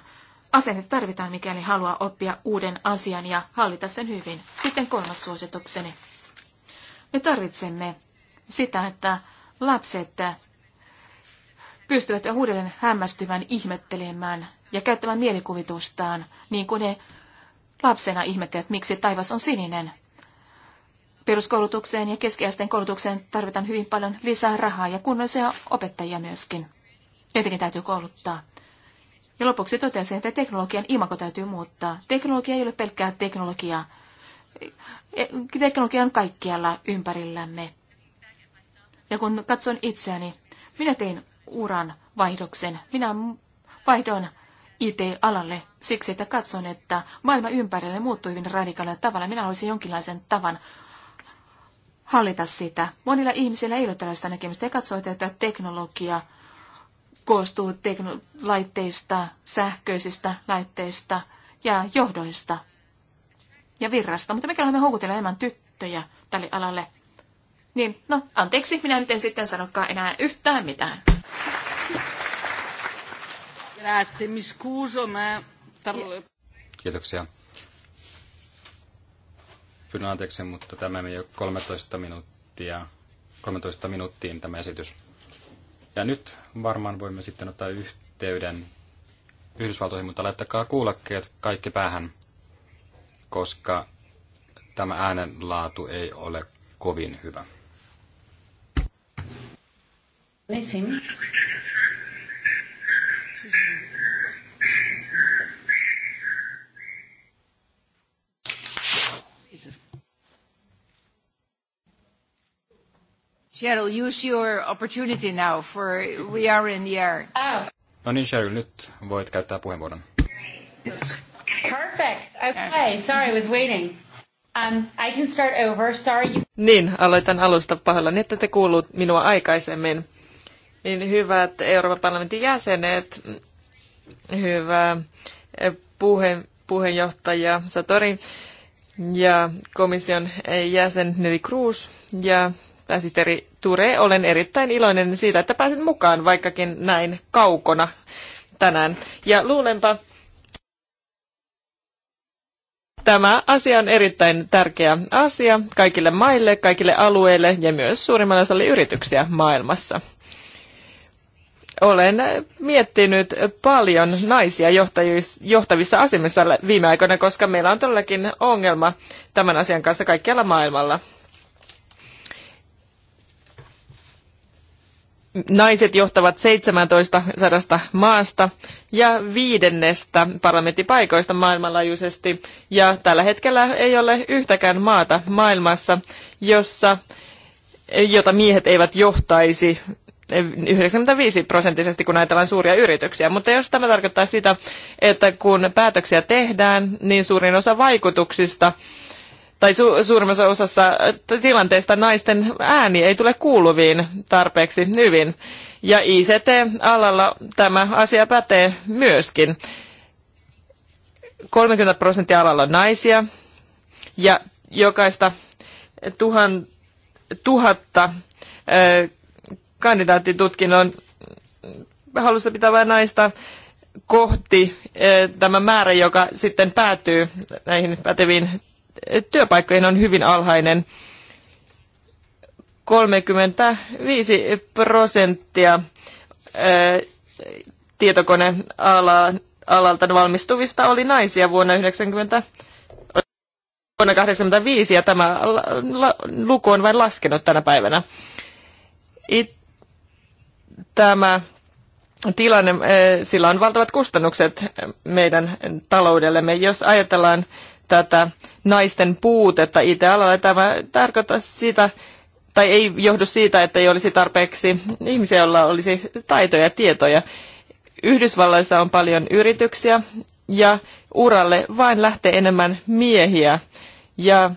Asenne tarvitaan, mikäli haluaa oppia uuden asian ja hallita sen hyvin. Sitten kolmas suositukseni. Me tarvitsemme sitä, että lapset pystyvät uudelleen hämmästymään, ihmettelemään ja käyttämään mielikuvitustaan, niin kuin ne lapsena ihmettelevät, miksi taivas on sininen. Peruskoulutukseen ja keskiasteen koulutukseen tarvitaan hyvin paljon lisää rahaa ja kunnollisia opettajia myöskin. Etenkin täytyy kouluttaa. Ja lopuksi totesin, että teknologian imako täytyy muuttaa. Teknologia ei ole pelkkää teknologiaa. Teknologia on kaikkialla ympärillämme. Ja kun katson itseäni, minä tein uran vaihdoksen. Minä vaihdoin IT-alalle siksi, että katson, että maailma ympärillä muuttui hyvin radikaalilla tavalla. Minä haluaisin jonkinlaisen tavan hallita sitä. Monilla ihmisillä ei ole tällaista näkemystä. Ja katsovat, että teknologia koostuu tekno- laitteista, sähköisistä laitteista ja johdoista ja virrasta, mutta mikä me houkutella enemmän tyttöjä tälle alalle, niin no anteeksi, minä nyt en sitten sanokaan enää yhtään mitään. Grazie, mi scuso, ma... Kiitoksia. Pyydän anteeksi, mutta tämä meni jo 13 minuuttia, 13 minuuttiin tämä esitys. Ja nyt varmaan voimme sitten ottaa yhteyden Yhdysvaltoihin, mutta laittakaa kuulokkeet kaikki päähän koska tämä äänenlaatu ei ole kovin hyvä. Esim. Cheryl, use your opportunity now, for we are in the air. No niin, Cheryl, nyt voit käyttää puheenvuoron. Yes. Perfect. Okay. Sorry, I was waiting. Um, I can start over. Sorry. You... Niin, aloitan alusta pahalla. Niin, että te kuulut minua aikaisemmin. Niin hyvät Euroopan parlamentin jäsenet, hyvä eh, puhe, puheenjohtaja Satori ja komission eh, jäsen Neli Cruz ja pääsiteri Ture, olen erittäin iloinen siitä, että pääsit mukaan, vaikkakin näin kaukona tänään. Ja luulenpa, Tämä asia on erittäin tärkeä asia kaikille maille, kaikille alueille ja myös suurimmalle osalle yrityksiä maailmassa. Olen miettinyt paljon naisia johtavissa asemissa viime aikoina, koska meillä on todellakin ongelma tämän asian kanssa kaikkialla maailmalla. naiset johtavat 17 sadasta maasta ja viidennestä parlamenttipaikoista maailmanlaajuisesti. Ja tällä hetkellä ei ole yhtäkään maata maailmassa, jossa, jota miehet eivät johtaisi 95 prosenttisesti, kun ajatellaan suuria yrityksiä. Mutta jos tämä tarkoittaa sitä, että kun päätöksiä tehdään, niin suurin osa vaikutuksista tai su, suurimmassa osassa äh, tilanteista naisten ääni ei tule kuuluviin tarpeeksi hyvin. Ja ICT-alalla tämä asia pätee myöskin. 30 prosenttia alalla on naisia ja jokaista tuhan, tuhatta ö, äh, kandidaattitutkinnon halussa pitävää naista kohti ö, äh, tämä määrä, joka sitten päätyy näihin päteviin työpaikkojen on hyvin alhainen. 35 prosenttia tietokonealalta valmistuvista oli naisia vuonna 90 vuonna ja tämä luku on vain laskenut tänä päivänä. It, tämä tilanne, sillä on valtavat kustannukset meidän taloudellemme. Jos ajatellaan tätä naisten puutetta IT-alalla. Tämä tarkoittaa sitä, tai ei johdu siitä, että ei olisi tarpeeksi ihmisiä, joilla olisi taitoja ja tietoja. Yhdysvalloissa on paljon yrityksiä ja uralle vain lähtee enemmän miehiä. Ja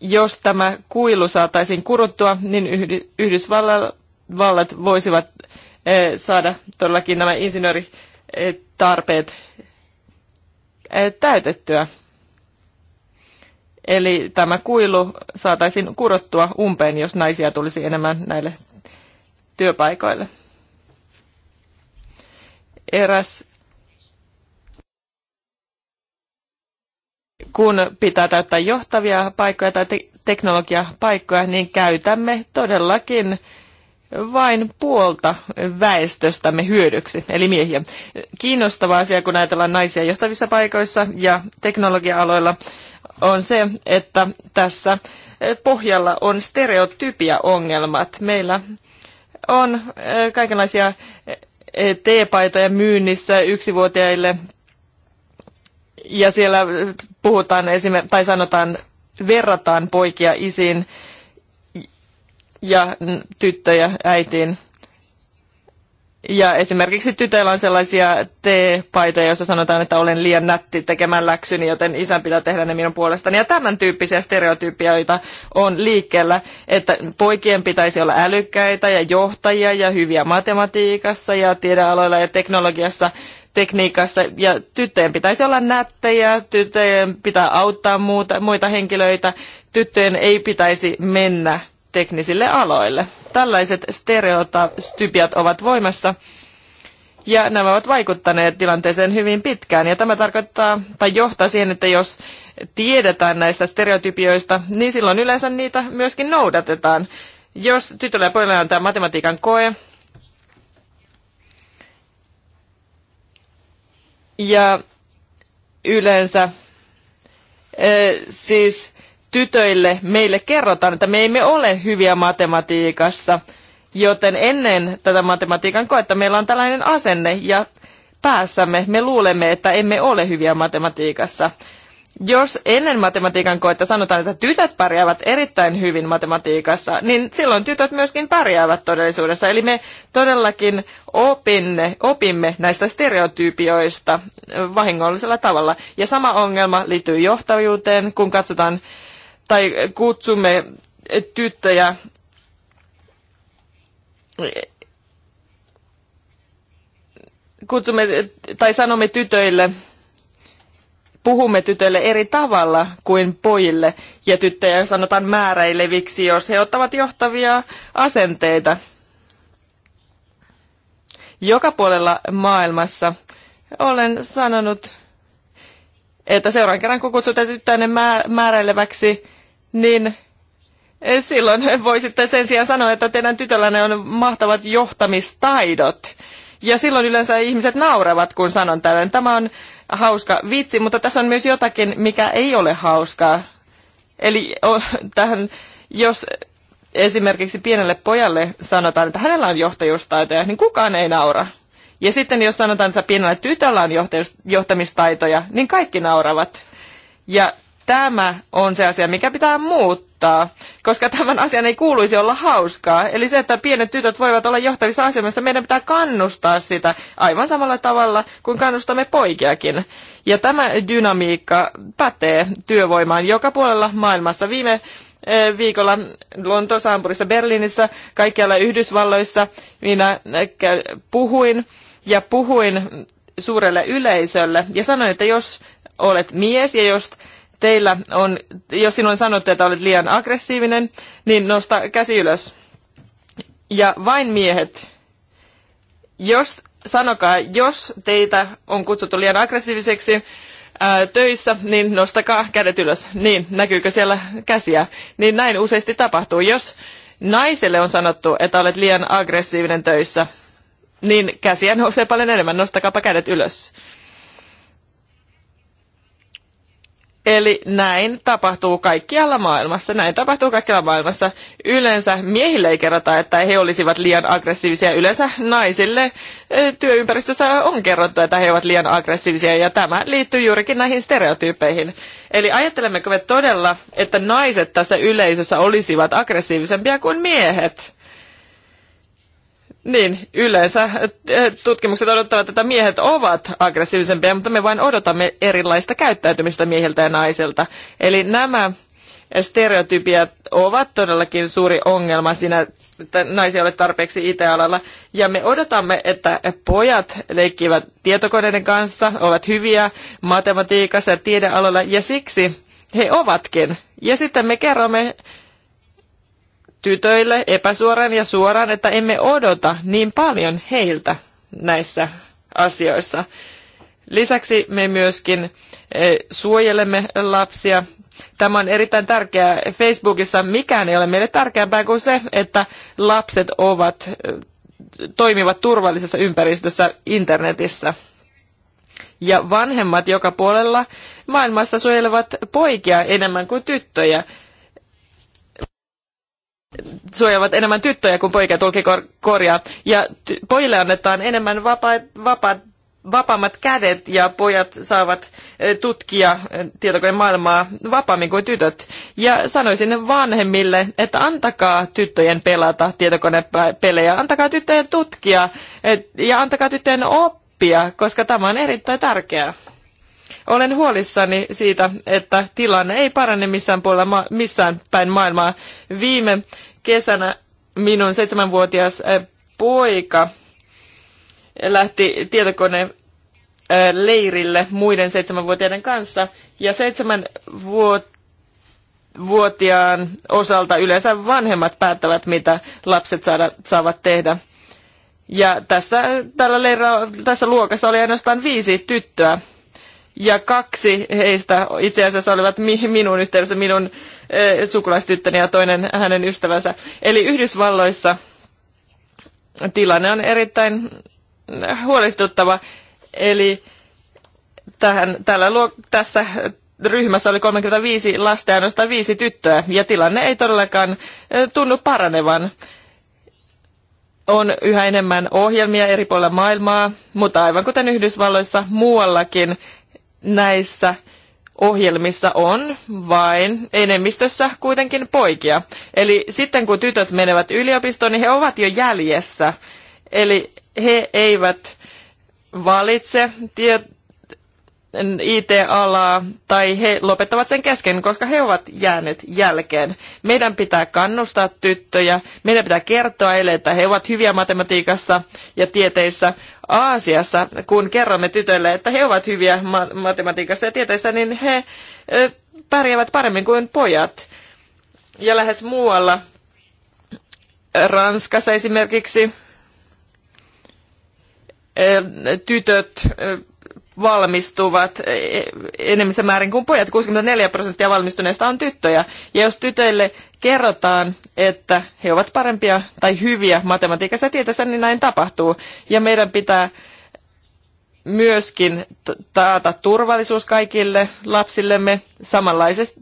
jos tämä kuilu saataisiin kuruttua, niin Yhdysvallat voisivat eh, saada todellakin nämä insinööritarpeet eh, täytettyä. Eli tämä kuilu saataisiin kurottua umpeen, jos naisia tulisi enemmän näille työpaikoille. Eräs kun pitää täyttää johtavia paikkoja tai te- teknologiapaikkoja, niin käytämme todellakin vain puolta väestöstämme hyödyksi, eli miehiä. Kiinnostava asia, kun ajatellaan naisia johtavissa paikoissa ja teknologia-aloilla, on se, että tässä pohjalla on stereotypiaongelmat. Meillä on kaikenlaisia teepaitoja myynnissä yksivuotiaille ja siellä puhutaan esimerkiksi, tai sanotaan, verrataan poikia isiin ja tyttöjä äitiin. Ja esimerkiksi tytöillä on sellaisia T-paitoja, joissa sanotaan, että olen liian nätti tekemään läksyni, joten isän pitää tehdä ne minun puolestani. Ja tämän tyyppisiä stereotypioita on liikkeellä, että poikien pitäisi olla älykkäitä ja johtajia ja hyviä matematiikassa ja tiedealoilla ja teknologiassa tekniikassa ja tyttöjen pitäisi olla nättejä, tyttöjen pitää auttaa muuta, muita henkilöitä, tyttöjen ei pitäisi mennä teknisille aloille. Tällaiset stereotypiat ovat voimassa ja nämä ovat vaikuttaneet tilanteeseen hyvin pitkään. Ja tämä tarkoittaa tai johtaa siihen, että jos tiedetään näistä stereotypioista, niin silloin yleensä niitä myöskin noudatetaan. Jos tytölle ja pojalle on tämä matematiikan koe, ja yleensä eh, siis tytöille meille kerrotaan, että me emme ole hyviä matematiikassa, joten ennen tätä matematiikan koetta meillä on tällainen asenne ja päässämme me luulemme, että emme ole hyviä matematiikassa. Jos ennen matematiikan koetta sanotaan, että tytöt pärjäävät erittäin hyvin matematiikassa, niin silloin tytöt myöskin pärjäävät todellisuudessa. Eli me todellakin opinne, opimme näistä stereotypioista vahingollisella tavalla. Ja sama ongelma liittyy johtajuuteen, kun katsotaan tai kutsumme tyttöjä kutsumme tai sanomme tytöille, puhumme tytöille eri tavalla kuin pojille ja tyttöjä sanotaan määräileviksi, jos he ottavat johtavia asenteita. Joka puolella maailmassa olen sanonut, että seuraavan kerran kun kutsutte tyttöjä määräileväksi, niin eh, silloin voi sitten sen sijaan sanoa, että teidän tytöllänne on mahtavat johtamistaidot. Ja silloin yleensä ihmiset nauravat, kun sanon tällöin. Tämä on hauska vitsi, mutta tässä on myös jotakin, mikä ei ole hauskaa. Eli tähän, jos esimerkiksi pienelle pojalle sanotaan, että hänellä on johtajuustaitoja, niin kukaan ei naura. Ja sitten jos sanotaan, että pienellä tytöllä on johtamistaitoja, niin kaikki nauravat. Ja Tämä on se asia, mikä pitää muuttaa, koska tämän asian ei kuuluisi olla hauskaa. Eli se, että pienet tytöt voivat olla johtavissa asemissa, meidän pitää kannustaa sitä aivan samalla tavalla kuin kannustamme poikiakin. Ja tämä dynamiikka pätee työvoimaan joka puolella maailmassa. Viime eh, viikolla Lontoossa, Hampurissa, Berliinissä, kaikkialla Yhdysvalloissa minä eh, puhuin ja puhuin suurelle yleisölle ja sanoin, että jos olet mies ja jos teillä on, jos sinun sanotte, että olet liian aggressiivinen, niin nosta käsi ylös. Ja vain miehet, jos, sanokaa, jos teitä on kutsuttu liian aggressiiviseksi ää, äh, töissä, niin nostakaa kädet ylös. Niin, näkyykö siellä käsiä? Niin näin useasti tapahtuu. Jos naiselle on sanottu, että olet liian aggressiivinen töissä, niin käsiä nousee paljon enemmän. Nostakaapa kädet ylös. Eli näin tapahtuu kaikkialla maailmassa. Näin tapahtuu kaikkialla maailmassa. Yleensä miehille ei kerrota, että he olisivat liian aggressiivisia. Yleensä naisille e, työympäristössä on kerrottu, että he ovat liian aggressiivisia. Ja tämä liittyy juurikin näihin stereotyypeihin. Eli ajattelemmeko me todella, että naiset tässä yleisössä olisivat aggressiivisempia kuin miehet? Niin, yleensä eh, tutkimukset odottavat, että miehet ovat aggressiivisempia, mutta me vain odotamme erilaista käyttäytymistä miehiltä ja naisilta. Eli nämä stereotypiat ovat todellakin suuri ongelma siinä, että naisia ei ole tarpeeksi IT-alalla. Ja me odotamme, että pojat leikkivät tietokoneiden kanssa, ovat hyviä matematiikassa ja tiedealalla, ja siksi he ovatkin. Ja sitten me kerromme tytöille epäsuoraan ja suoraan, että emme odota niin paljon heiltä näissä asioissa. Lisäksi me myöskin e, suojelemme lapsia. Tämä on erittäin tärkeää. Facebookissa mikään ei ole meille tärkeämpää kuin se, että lapset ovat, e, toimivat turvallisessa ympäristössä internetissä. Ja vanhemmat joka puolella maailmassa suojelevat poikia enemmän kuin tyttöjä suojaavat enemmän tyttöjä kuin poikia, tulkikorjaa Ja pojille annetaan enemmän vapaat, vapa- vapaammat kädet ja pojat saavat tutkia tietokoneen maailmaa vapaammin kuin tytöt. Ja sanoisin vanhemmille, että antakaa tyttöjen pelata tietokonepelejä, antakaa tyttöjen tutkia ja antakaa tyttöjen oppia, koska tämä on erittäin tärkeää. Olen huolissani siitä, että tilanne ei parane missään, puolella, missään päin maailmaa. Viime kesänä minun seitsemänvuotias äh, poika lähti tietokone äh, leirille muiden seitsemänvuotiaiden kanssa. Ja seitsemänvuotiaan osalta yleensä vanhemmat päättävät, mitä lapset saada, saavat tehdä. Ja tässä, tällä leira, tässä luokassa oli ainoastaan viisi tyttöä ja kaksi heistä itse asiassa olivat minun yhteydessä, minun e, sukulaistyttöni ja toinen hänen ystävänsä. Eli Yhdysvalloissa tilanne on erittäin huolestuttava. Eli tähän, tällä luo, tässä ryhmässä oli 35 lasta ja ainoastaan viisi tyttöä, ja tilanne ei todellakaan tunnu paranevan. On yhä enemmän ohjelmia eri puolilla maailmaa, mutta aivan kuten Yhdysvalloissa muuallakin, näissä ohjelmissa on vain enemmistössä kuitenkin poikia. Eli sitten kun tytöt menevät yliopistoon, niin he ovat jo jäljessä. Eli he eivät valitse IT-alaa tai he lopettavat sen kesken, koska he ovat jääneet jälkeen. Meidän pitää kannustaa tyttöjä, meidän pitää kertoa heille, että he ovat hyviä matematiikassa ja tieteissä. Aasiassa, kun kerromme tytöille, että he ovat hyviä ma- matematiikassa ja tieteissä, niin he ö, pärjäävät paremmin kuin pojat. Ja lähes muualla, Ranskassa esimerkiksi, tytöt valmistuvat enemmän määrin kuin pojat. 64 prosenttia valmistuneista on tyttöjä. Ja jos tytöille kerrotaan, että he ovat parempia tai hyviä matematiikassa ja tieteessä, niin näin tapahtuu. Ja meidän pitää myöskin taata turvallisuus kaikille lapsillemme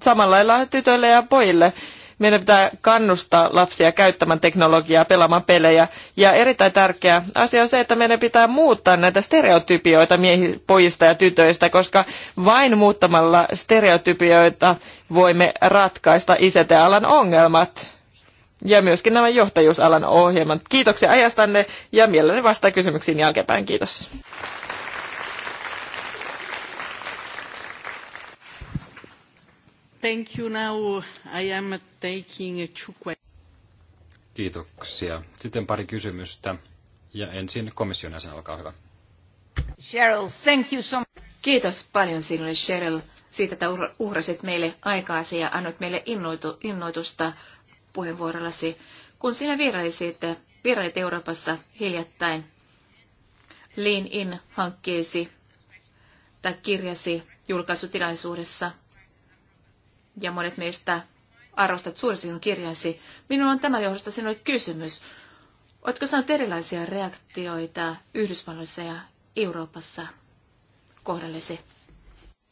samanlailla tytöille ja pojille. Meidän pitää kannustaa lapsia käyttämään teknologiaa, pelaamaan pelejä. Ja erittäin tärkeä asia on se, että meidän pitää muuttaa näitä stereotypioita miehi, pojista ja tytöistä, koska vain muuttamalla stereotypioita voimme ratkaista ICT-alan ongelmat ja myöskin nämä johtajuusalan ohjelmat. Kiitoksia ajastanne ja mielelläni vastaan kysymyksiin jälkeenpäin. Kiitos. Thank you now. I am taking two questions. Kiitoksia. Sitten pari kysymystä. Ja ensin komission jäsen, olkaa hyvä. Cheryl, thank you so much. Kiitos paljon sinulle, Cheryl, siitä, että uhrasit meille aikaasi ja annoit meille innoitu, innoitusta puheenvuorollasi. Kun sinä vierailit, vierailit Euroopassa hiljattain Lean In-hankkeesi tai kirjasi julkaisutilaisuudessa – ja monet meistä arvostat suuresti sinun kirjasi. Minulla on tämän johdosta sinulle kysymys. Oletko saanut erilaisia reaktioita Yhdysvalloissa ja Euroopassa kohdallesi?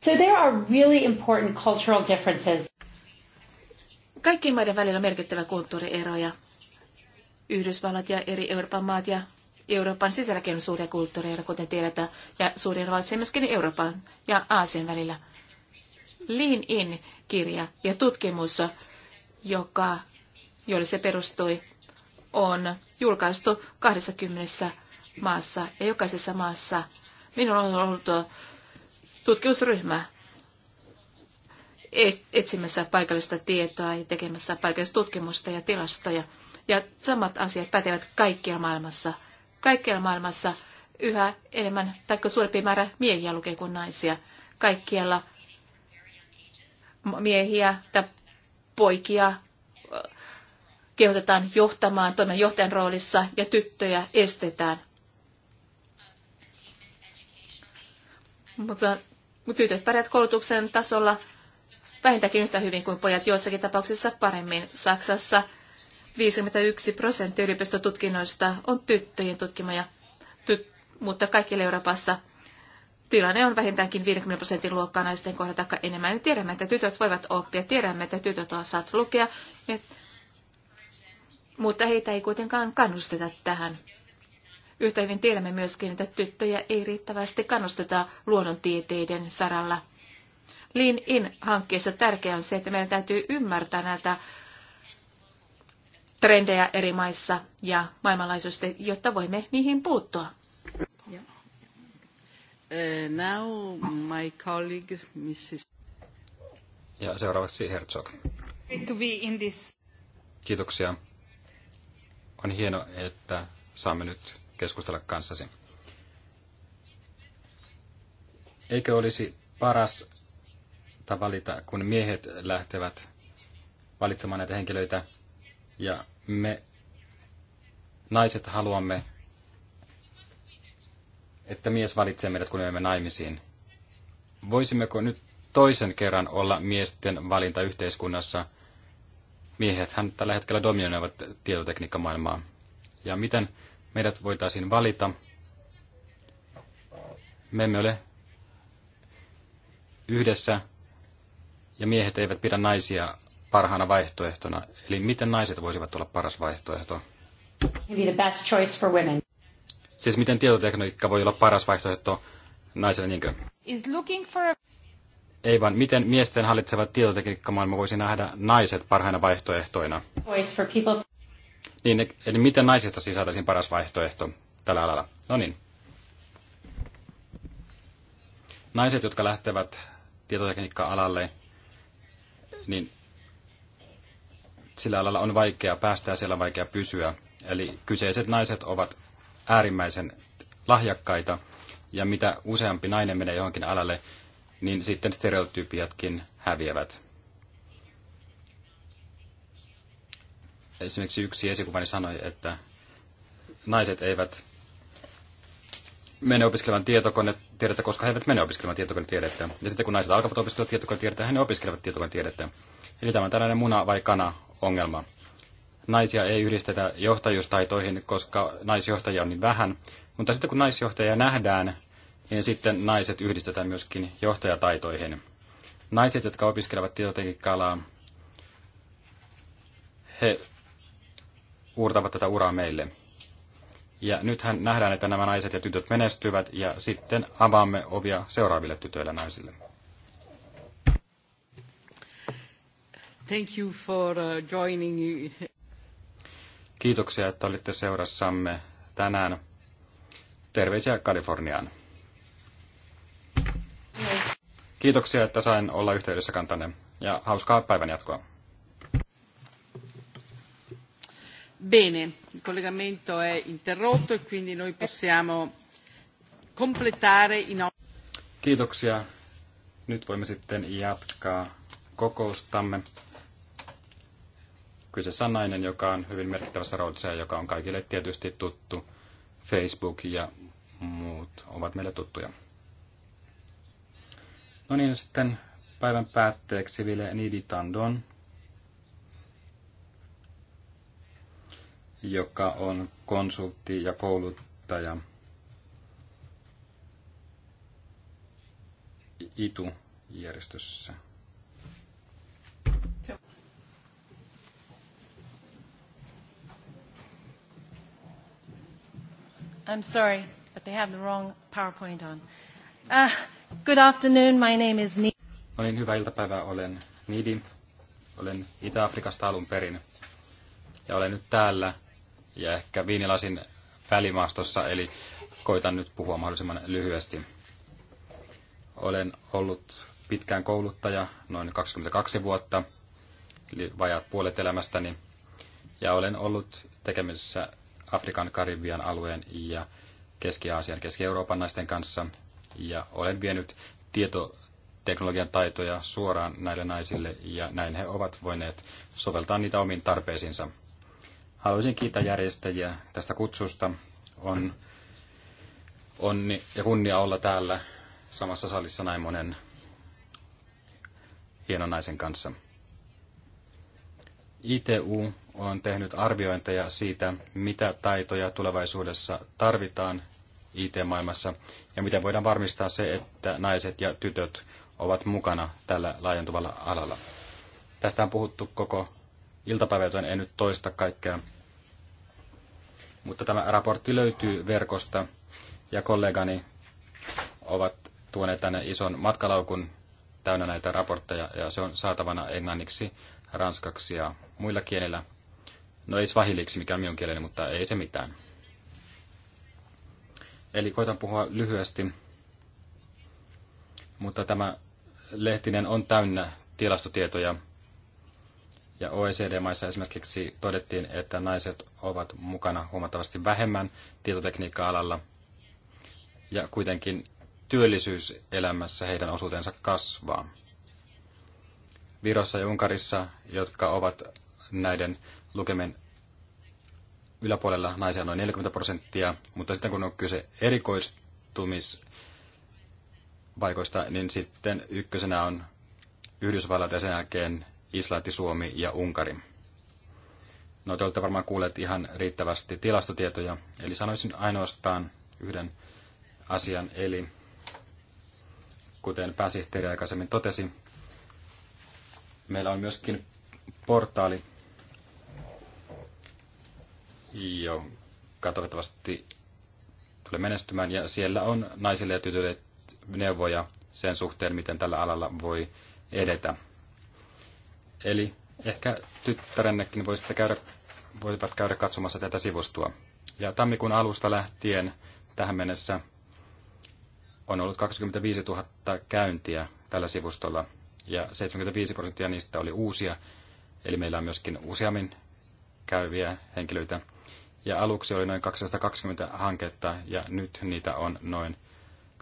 So there are really important cultural differences. Kaikkien maiden välillä on merkittävä kulttuurieroja. Yhdysvallat ja eri Euroopan maat ja Euroopan sisälläkin on suuria kulttuurieroja, kuten tiedetään, ja suuri ero myöskin Euroopan ja Aasian välillä – Lean In-kirja ja tutkimus, joka, jolle se perustui, on julkaistu 20 maassa ja jokaisessa maassa. Minulla on ollut tutkimusryhmä etsimässä paikallista tietoa ja tekemässä paikallista tutkimusta ja tilastoja. Ja samat asiat pätevät kaikkialla maailmassa. Kaikkialla maailmassa yhä enemmän tai suurempi määrä miehiä lukee kuin naisia. Kaikkialla miehiä tai poikia kehotetaan johtamaan toimen johtajan roolissa ja tyttöjä estetään. Mutta tytöt pärjät koulutuksen tasolla vähintäänkin yhtä hyvin kuin pojat, joissakin tapauksissa paremmin. Saksassa 51 prosenttia yliopistotutkinnoista on tyttöjen tutkimoja, ty- mutta kaikille Euroopassa – tilanne on vähintäänkin 50 prosentin luokkaa naisten kohdalla tai enemmän. Tiedämme, että tytöt voivat oppia, tiedämme, että tytöt osaavat lukea, mutta heitä ei kuitenkaan kannusteta tähän. Yhtä hyvin tiedämme myöskin, että tyttöjä ei riittävästi kannusteta luonnontieteiden saralla. Lean In-hankkeessa tärkeää on se, että meidän täytyy ymmärtää näitä trendejä eri maissa ja maailmanlaajuisesti, jotta voimme niihin puuttua. Uh, now my colleague, Mrs. Ja seuraavaksi Herzog. To be in this. Kiitoksia. On hieno, että saamme nyt keskustella kanssasi. Eikö olisi paras tapa valita, kun miehet lähtevät valitsemaan näitä henkilöitä ja me naiset haluamme että mies valitsee meidät, kun menemme naimisiin. Voisimmeko nyt toisen kerran olla miesten valinta yhteiskunnassa? Miehethän tällä hetkellä dominoivat tietotekniikkamaailmaa. Ja miten meidät voitaisiin valita? Me emme ole yhdessä ja miehet eivät pidä naisia parhaana vaihtoehtona. Eli miten naiset voisivat olla paras vaihtoehto? Be the best choice for women. Siis miten tietotekniikka voi olla paras vaihtoehto naiselle, niinkö? Is looking for a... Ei vaan, miten miesten hallitseva tietotekniikkamaailma voisi nähdä naiset parhaina vaihtoehtoina? For people... Niin, e- eli miten naisista siis paras vaihtoehto tällä alalla? No niin. Naiset, jotka lähtevät tietotekniikka-alalle, niin sillä alalla on vaikea päästä ja siellä on vaikea pysyä. Eli kyseiset naiset ovat äärimmäisen lahjakkaita, ja mitä useampi nainen menee johonkin alalle, niin sitten stereotypiatkin häviävät. Esimerkiksi yksi esikuvani sanoi, että naiset eivät mene opiskelemaan tietokonetiedettä, koska he eivät mene opiskelemaan tietokonetiedettä. Ja sitten kun naiset alkavat opiskella tietokonetiedettä, he opiskelevat tietokonetiedettä. Eli tämä on tällainen muna vai kana ongelma naisia ei yhdistetä johtajuustaitoihin, koska naisjohtajia on niin vähän. Mutta sitten kun naisjohtajia nähdään, niin sitten naiset yhdistetään myöskin johtajataitoihin. Naiset, jotka opiskelevat tietotekniikkalaa, he uurtavat tätä uraa meille. Ja nythän nähdään, että nämä naiset ja tytöt menestyvät ja sitten avaamme ovia seuraaville tytöille naisille. Thank you for uh, joining. Kiitoksia, että olitte seurassamme tänään. Terveisiä Kaliforniaan. Kiitoksia, että sain olla yhteydessä kantanne ja hauskaa päivän jatkoa. Bene, il collegamento è interrotto e quindi noi possiamo completare i nostri... Kiitoksia. Nyt voimme sitten jatkaa kokoustamme. Kyseessä on nainen, joka on hyvin merkittävässä roolissa ja joka on kaikille tietysti tuttu. Facebook ja muut ovat meille tuttuja. No niin, sitten päivän päätteeksi Nidi Tandon, joka on konsultti ja kouluttaja ITU-järjestössä. I'm sorry, but they have the wrong PowerPoint on. Uh, good afternoon, my name is Nidi. No niin, hyvää iltapäivää, olen Nidi. Olen Itä-Afrikasta alun perin. Ja olen nyt täällä ja ehkä viinilasin välimaastossa, eli koitan nyt puhua mahdollisimman lyhyesti. Olen ollut pitkään kouluttaja, noin 22 vuotta, eli vajaat puolet elämästäni, ja olen ollut tekemisissä Afrikan, Karibian alueen ja Keski-Aasian, Keski-Euroopan naisten kanssa. Ja olen vienyt tietoteknologian taitoja suoraan näille naisille ja näin he ovat voineet soveltaa niitä omiin tarpeisiinsa. Haluaisin kiittää järjestäjiä tästä kutsusta. On onni ja kunnia olla täällä samassa salissa näin monen hienon naisen kanssa. ITU on tehnyt arviointeja siitä, mitä taitoja tulevaisuudessa tarvitaan IT-maailmassa ja miten voidaan varmistaa se, että naiset ja tytöt ovat mukana tällä laajentuvalla alalla. Tästä on puhuttu koko iltapäivä, joten en nyt toista kaikkea. Mutta tämä raportti löytyy verkosta ja kollegani ovat tuoneet tänne ison matkalaukun täynnä näitä raportteja ja se on saatavana englanniksi, ranskaksi ja muilla kielillä. No ei svahiliksi, mikä on minun kieleni, mutta ei se mitään. Eli koitan puhua lyhyesti, mutta tämä lehtinen on täynnä tilastotietoja. Ja OECD-maissa esimerkiksi todettiin, että naiset ovat mukana huomattavasti vähemmän tietotekniikka-alalla. Ja kuitenkin työllisyyselämässä heidän osuutensa kasvaa. Virossa ja Unkarissa, jotka ovat näiden lukemen yläpuolella naisia noin 40 prosenttia, mutta sitten kun on kyse erikoistumispaikoista, niin sitten ykkösenä on Yhdysvallat ja sen jälkeen Islanti, Suomi ja Unkari. No te olette varmaan kuulleet ihan riittävästi tilastotietoja, eli sanoisin ainoastaan yhden asian, eli kuten pääsihteeri aikaisemmin totesi, meillä on myöskin portaali, joka toivottavasti tulee menestymään. Ja siellä on naisille ja tytöille neuvoja sen suhteen, miten tällä alalla voi edetä. Eli ehkä tyttärennekin voisitte käydä, voivat käydä katsomassa tätä sivustoa. Ja tammikuun alusta lähtien tähän mennessä on ollut 25 000 käyntiä tällä sivustolla ja 75 prosenttia niistä oli uusia. Eli meillä on myöskin useammin käyviä henkilöitä. Ja aluksi oli noin 220 hanketta ja nyt niitä on noin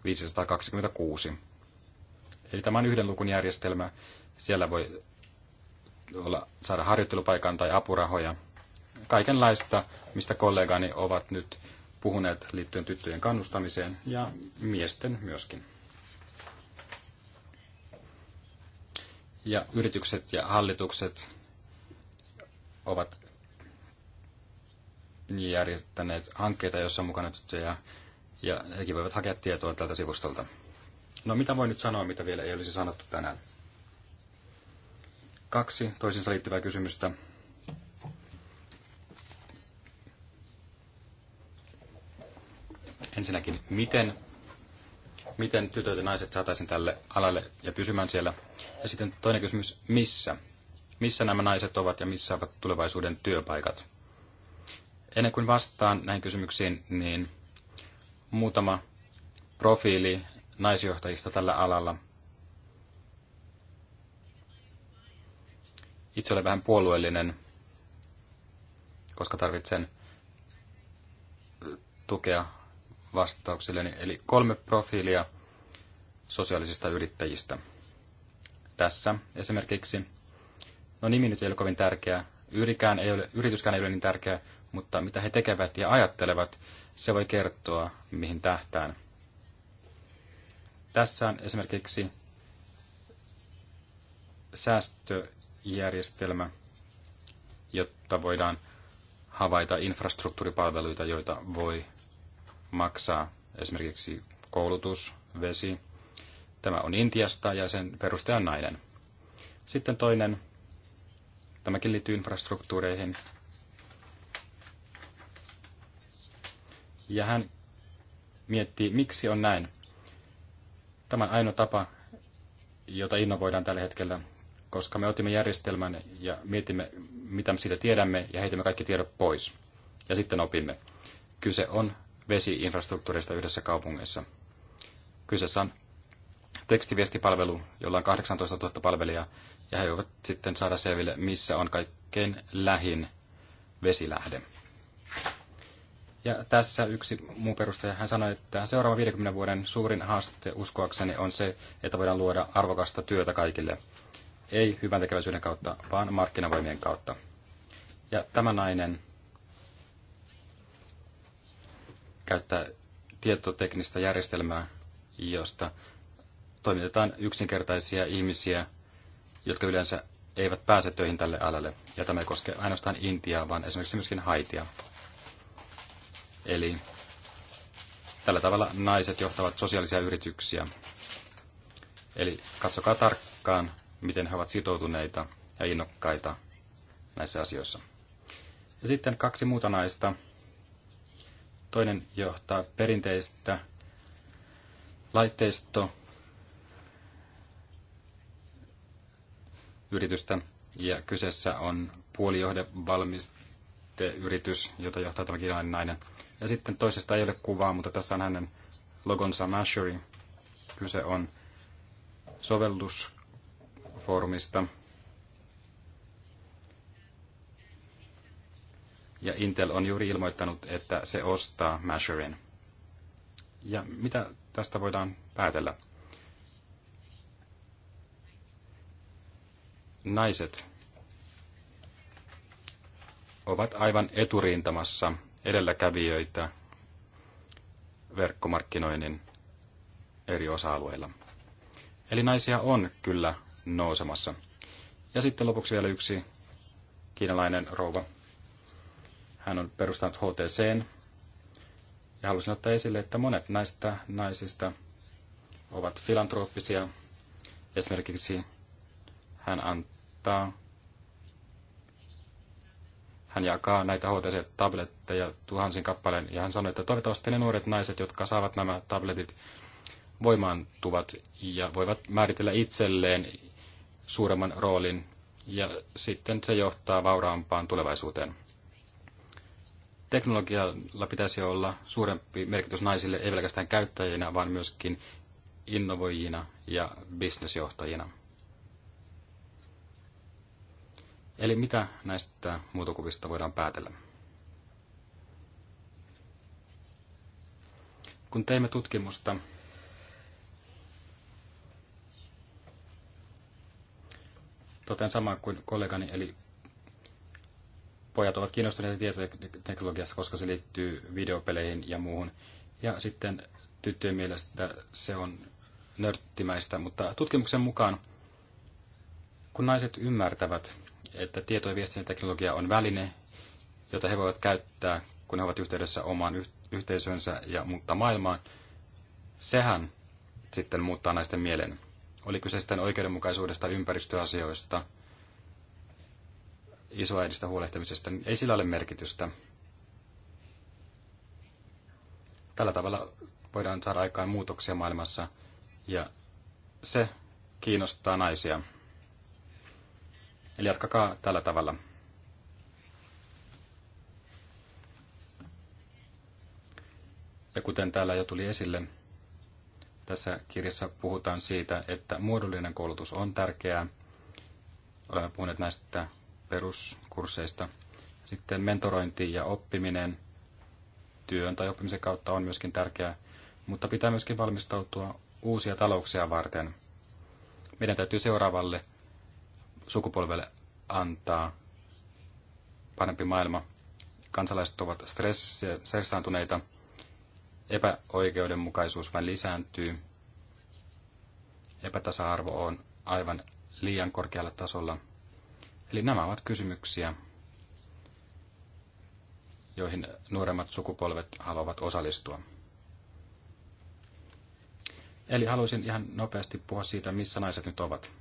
526. Eli tämä on yhden lukun järjestelmä. Siellä voi olla, saada harjoittelupaikan tai apurahoja. Kaikenlaista, mistä kollegani ovat nyt puhuneet liittyen tyttöjen kannustamiseen ja miesten myöskin. Ja yritykset ja hallitukset ovat järjestäneet hankkeita, joissa on mukana tyttöjä, ja hekin voivat hakea tietoa tältä sivustolta. No mitä voi nyt sanoa, mitä vielä ei olisi sanottu tänään? Kaksi toisinsa liittyvää kysymystä. Ensinnäkin, miten, miten tytöt ja naiset saataisiin tälle alalle ja pysymään siellä? Ja sitten toinen kysymys, missä? Missä nämä naiset ovat ja missä ovat tulevaisuuden työpaikat? Ennen kuin vastaan näihin kysymyksiin, niin muutama profiili naisjohtajista tällä alalla. Itse olen vähän puolueellinen, koska tarvitsen tukea vastauksilleni. Eli kolme profiilia sosiaalisista yrittäjistä. Tässä esimerkiksi, no nimi nyt ei ole kovin tärkeä, Yrikään ei ole, yrityskään ei ole niin tärkeä, mutta mitä he tekevät ja ajattelevat, se voi kertoa, mihin tähtään. Tässä on esimerkiksi säästöjärjestelmä, jotta voidaan havaita infrastruktuuripalveluita, joita voi maksaa, esimerkiksi koulutus, vesi. Tämä on Intiasta ja sen perustaja on nainen. Sitten toinen, tämäkin liittyy infrastruktuureihin, Ja hän miettii, miksi on näin. Tämä on ainoa tapa, jota innovoidaan tällä hetkellä, koska me otimme järjestelmän ja mietimme, mitä me siitä tiedämme, ja heitämme kaikki tiedot pois. Ja sitten opimme. Kyse on vesiinfrastruktuurista yhdessä kaupungeissa. Kyseessä on tekstiviestipalvelu, jolla on 18 000 palvelijaa, ja he voivat sitten saada selville, missä on kaikkein lähin vesilähde. Ja tässä yksi muu perustaja, hän sanoi, että seuraava 50 vuoden suurin haaste uskoakseni on se, että voidaan luoda arvokasta työtä kaikille. Ei hyvän tekeväisyyden kautta, vaan markkinavoimien kautta. Ja tämä nainen käyttää tietoteknistä järjestelmää, josta toimitetaan yksinkertaisia ihmisiä, jotka yleensä eivät pääse töihin tälle alalle. Ja tämä ei koske ainoastaan Intiaa, vaan esimerkiksi myöskin Haitia. Eli tällä tavalla naiset johtavat sosiaalisia yrityksiä. Eli katsokaa tarkkaan, miten he ovat sitoutuneita ja innokkaita näissä asioissa. Ja sitten kaksi muuta naista. Toinen johtaa perinteistä laitteisto yritystä ja kyseessä on puolijohdevalmistaja IT-yritys, jota johtaa tämä kiinalainen nainen. Ja sitten toisesta ei ole kuvaa, mutta tässä on hänen logonsa Mashery. Kyse on sovellusfoorumista. Ja Intel on juuri ilmoittanut, että se ostaa Masherin. Ja mitä tästä voidaan päätellä? Naiset ovat aivan eturintamassa edelläkävijöitä verkkomarkkinoinnin eri osa-alueilla. Eli naisia on kyllä nousemassa. Ja sitten lopuksi vielä yksi kiinalainen rouva. Hän on perustanut HTC. Ja halusin ottaa esille, että monet näistä naisista ovat filantrooppisia. Esimerkiksi hän antaa hän jakaa näitä HTC-tabletteja tuhansin kappaleen ja hän sanoi, että toivottavasti ne nuoret naiset, jotka saavat nämä tabletit, voimaantuvat ja voivat määritellä itselleen suuremman roolin ja sitten se johtaa vauraampaan tulevaisuuteen. Teknologialla pitäisi olla suurempi merkitys naisille ei pelkästään käyttäjinä, vaan myöskin innovoijina ja bisnesjohtajina. Eli mitä näistä muutokuvista voidaan päätellä? Kun teimme tutkimusta, toten sama kuin kollegani, eli pojat ovat kiinnostuneita tietoteknologiasta, koska se liittyy videopeleihin ja muuhun. Ja sitten tyttöjen mielestä se on nörttimäistä, mutta tutkimuksen mukaan, kun naiset ymmärtävät, että tieto- ja viestintäteknologia on väline, jota he voivat käyttää, kun he ovat yhteydessä omaan yhteisönsä ja muuttaa maailmaan, sehän sitten muuttaa naisten mielen. Oli kyse sitten oikeudenmukaisuudesta, ympäristöasioista, isoäidistä huolehtimisesta, niin ei sillä ole merkitystä. Tällä tavalla voidaan saada aikaan muutoksia maailmassa, ja se kiinnostaa naisia. Eli jatkakaa tällä tavalla. Ja kuten täällä jo tuli esille, tässä kirjassa puhutaan siitä, että muodollinen koulutus on tärkeää. Olemme puhuneet näistä peruskursseista. Sitten mentorointi ja oppiminen työn tai oppimisen kautta on myöskin tärkeää, mutta pitää myöskin valmistautua uusia talouksia varten. Meidän täytyy seuraavalle sukupolvelle antaa parempi maailma. Kansalaiset ovat stressaantuneita, epäoikeudenmukaisuus vain lisääntyy, epätasa-arvo on aivan liian korkealla tasolla. Eli nämä ovat kysymyksiä, joihin nuoremmat sukupolvet haluavat osallistua. Eli haluaisin ihan nopeasti puhua siitä, missä naiset nyt ovat.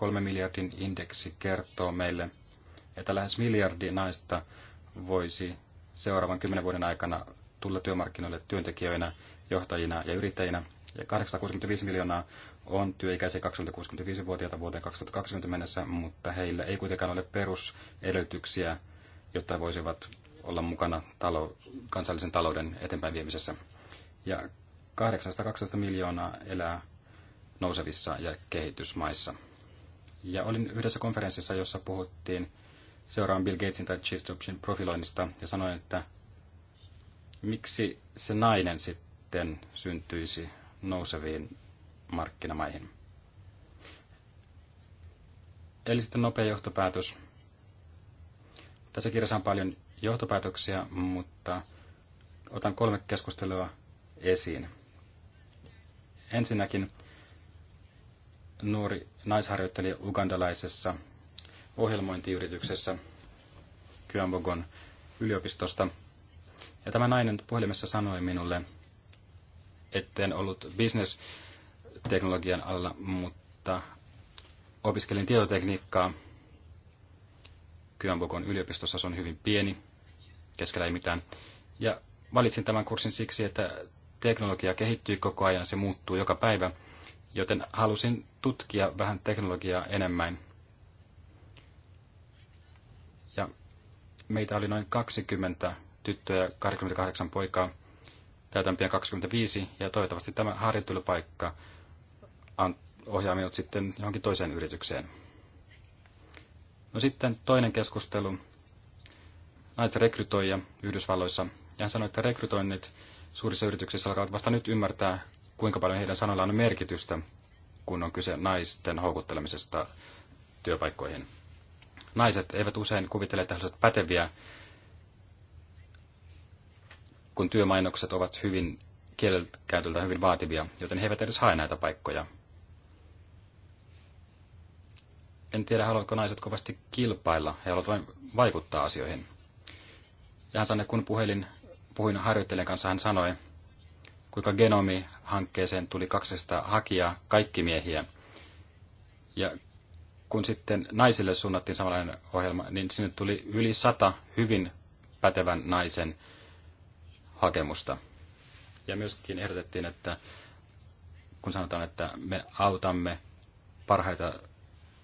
Kolme miljardin indeksi kertoo meille, että lähes miljardi naista voisi seuraavan kymmenen vuoden aikana tulla työmarkkinoille työntekijöinä, johtajina ja yrittäjinä. Ja 865 miljoonaa on työikäisiä 20 vuotiaita vuoteen 2020 mennessä, mutta heillä ei kuitenkaan ole perusedellytyksiä, jotta voisivat olla mukana talou- kansallisen talouden eteenpäin viemisessä. Ja 812 miljoonaa elää nousevissa ja kehitysmaissa. Ja olin yhdessä konferenssissa, jossa puhuttiin seuraavan Bill Gatesin tai Chief Jobsin profiloinnista ja sanoin, että miksi se nainen sitten syntyisi nouseviin markkinamaihin. Eli sitten nopea johtopäätös. Tässä kirjassa on paljon johtopäätöksiä, mutta otan kolme keskustelua esiin. Ensinnäkin nuori naisharjoittelija ugandalaisessa ohjelmointiyrityksessä Kyambogon yliopistosta. Ja tämä nainen puhelimessa sanoi minulle, etten ollut bisnesteknologian alla, mutta opiskelin tietotekniikkaa Kyambogon yliopistossa. Se on hyvin pieni, keskellä ei mitään. Ja valitsin tämän kurssin siksi, että teknologia kehittyy koko ajan, se muuttuu joka päivä – joten halusin tutkia vähän teknologiaa enemmän. Ja meitä oli noin 20 tyttöä ja 28 poikaa, täytän pian 25, ja toivottavasti tämä harjoittelupaikka ohjaa minut sitten johonkin toiseen yritykseen. No sitten toinen keskustelu. rekrytoija Yhdysvalloissa. Ja hän sanoi, että rekrytoinnit suurissa yrityksissä alkavat vasta nyt ymmärtää, kuinka paljon heidän sanoillaan on merkitystä, kun on kyse naisten houkuttelemisesta työpaikkoihin. Naiset eivät usein kuvittele, että he päteviä, kun työmainokset ovat hyvin kielikäytöltä hyvin vaativia, joten he eivät edes hae näitä paikkoja. En tiedä, haluatko naiset kovasti kilpailla, he haluavat vain vaikuttaa asioihin. Ja hän sanoi, kun puhelin, puhuin harjoittelijan kanssa, hän sanoi, kuinka genomihankkeeseen tuli 200 hakijaa, kaikki miehiä. Ja kun sitten naisille suunnattiin samanlainen ohjelma, niin sinne tuli yli sata hyvin pätevän naisen hakemusta. Ja myöskin ehdotettiin, että kun sanotaan, että me autamme parhaita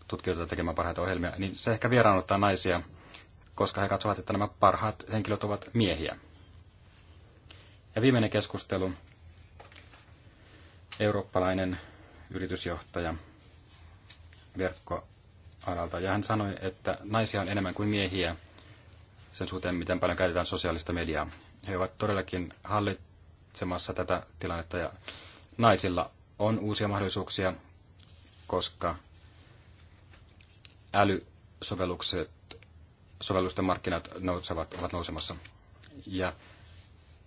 tutkijoita tekemään parhaita ohjelmia, niin se ehkä vieraanottaa naisia, koska he katsovat, että nämä parhaat henkilöt ovat miehiä. Ja viimeinen keskustelu eurooppalainen yritysjohtaja verkkoalalta, ja hän sanoi, että naisia on enemmän kuin miehiä sen suhteen, miten paljon käytetään sosiaalista mediaa. He ovat todellakin hallitsemassa tätä tilannetta, ja naisilla on uusia mahdollisuuksia, koska älysovellukset, sovellusten markkinat nousevat, ovat nousemassa. Ja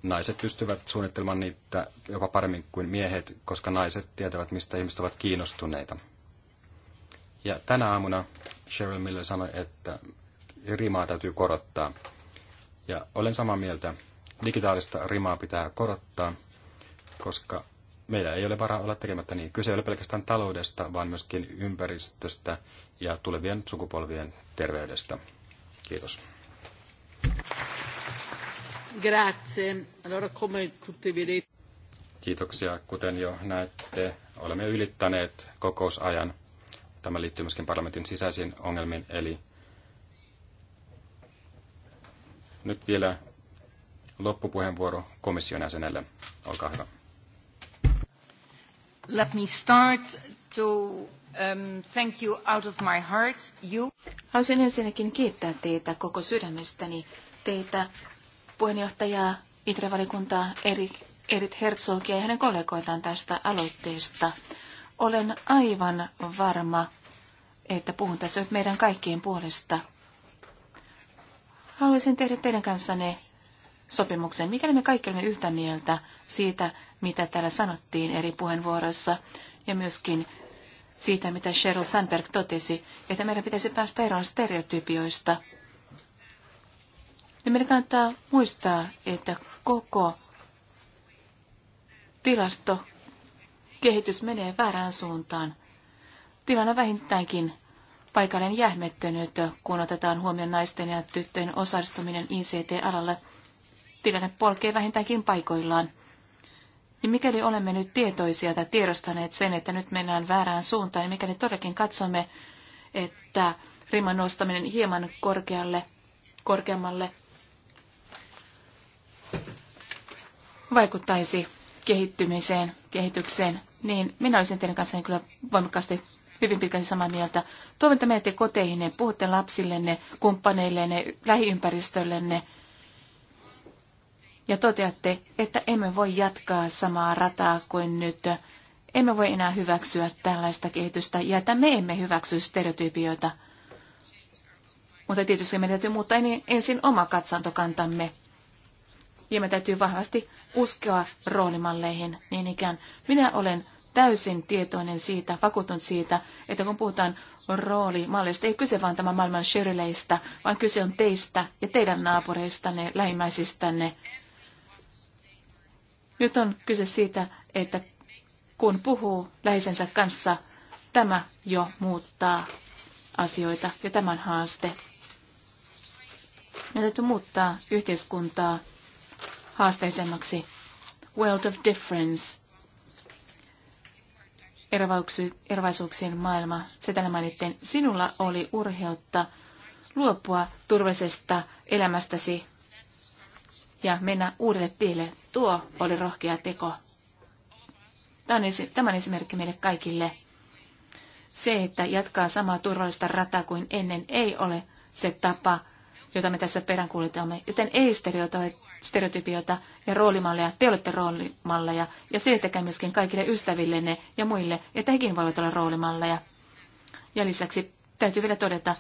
naiset pystyvät suunnittelemaan niitä jopa paremmin kuin miehet, koska naiset tietävät, mistä ihmiset ovat kiinnostuneita. Ja tänä aamuna Cheryl Miller sanoi, että rimaa täytyy korottaa. Ja olen samaa mieltä. Digitaalista rimaa pitää korottaa, koska meillä ei ole varaa olla tekemättä niin. Kyse ei ole pelkästään taloudesta, vaan myöskin ympäristöstä ja tulevien sukupolvien terveydestä. Kiitos. Kiitoksia. Kuten jo näette, olemme ylittäneet kokousajan. Tämä liittyy myöskin parlamentin sisäisiin ongelmiin, eli nyt vielä loppupuheenvuoro komission jäsenelle. Olkaa hyvä. Let me start to um, thank you out of my heart, you. Haluaisin ensinnäkin kiittää teitä koko sydämestäni, teitä Puheenjohtaja Itrevalikunta Erik, Erit Herzog ja hänen kollegoitaan tästä aloitteesta. Olen aivan varma, että puhun tässä nyt meidän kaikkien puolesta. Haluaisin tehdä teidän kanssanne sopimuksen, mikäli me kaikki olemme yhtä mieltä siitä, mitä täällä sanottiin eri puheenvuoroissa, ja myöskin siitä, mitä Sheryl Sandberg totesi, että meidän pitäisi päästä eroon stereotypioista – niin meidän kannattaa muistaa, että koko tilasto kehitys menee väärään suuntaan. Tilanne vähintäänkin paikallinen jähmettynyt, kun otetaan huomioon naisten ja tyttöjen osallistuminen ICT-alalle. Tilanne polkee vähintäänkin paikoillaan. Ja niin mikäli olemme nyt tietoisia tai tiedostaneet sen, että nyt mennään väärään suuntaan, niin mikäli todellakin katsomme, että riman nostaminen hieman korkealle, korkeammalle vaikuttaisi kehittymiseen, kehitykseen, niin minä olisin teidän kanssa kyllä voimakkaasti hyvin pitkälti samaa mieltä. Toivon, että menette koteihin, puhutte lapsillenne, kumppaneillenne, lähiympäristöllenne ja toteatte, että emme voi jatkaa samaa rataa kuin nyt. Emme voi enää hyväksyä tällaista kehitystä ja että me emme hyväksy stereotypioita. Mutta tietysti meidän täytyy muuttaa niin ensin oma katsantokantamme. Ja me täytyy vahvasti uskoa roolimalleihin niin ikään. Minä olen täysin tietoinen siitä, vakuutunut siitä, että kun puhutaan roolimalleista, ei kyse vain tämän maailman Shirleystä, vaan kyse on teistä ja teidän naapureistanne, lähimmäisistänne. Nyt on kyse siitä, että kun puhuu läheisensä kanssa, tämä jo muuttaa asioita ja tämän haaste. Meidän täytyy muuttaa yhteiskuntaa haasteisemmaksi. World of Difference, ervaisuuksien maailma, se tänne mainittiin. Sinulla oli urheutta luopua turvallisesta elämästäsi ja mennä uudelle tielle. Tuo oli rohkea teko. Tämä on esimerkki meille kaikille. Se, että jatkaa samaa turvallista rataa kuin ennen, ei ole se tapa, jota me tässä peräänkuulitamme. Joten ei stereotoi stereotypioita ja roolimalleja, te olette roolimalleja, ja selittäkää myöskin kaikille ystävillenne ja muille, että hekin voivat olla roolimalleja. Ja lisäksi täytyy vielä todeta,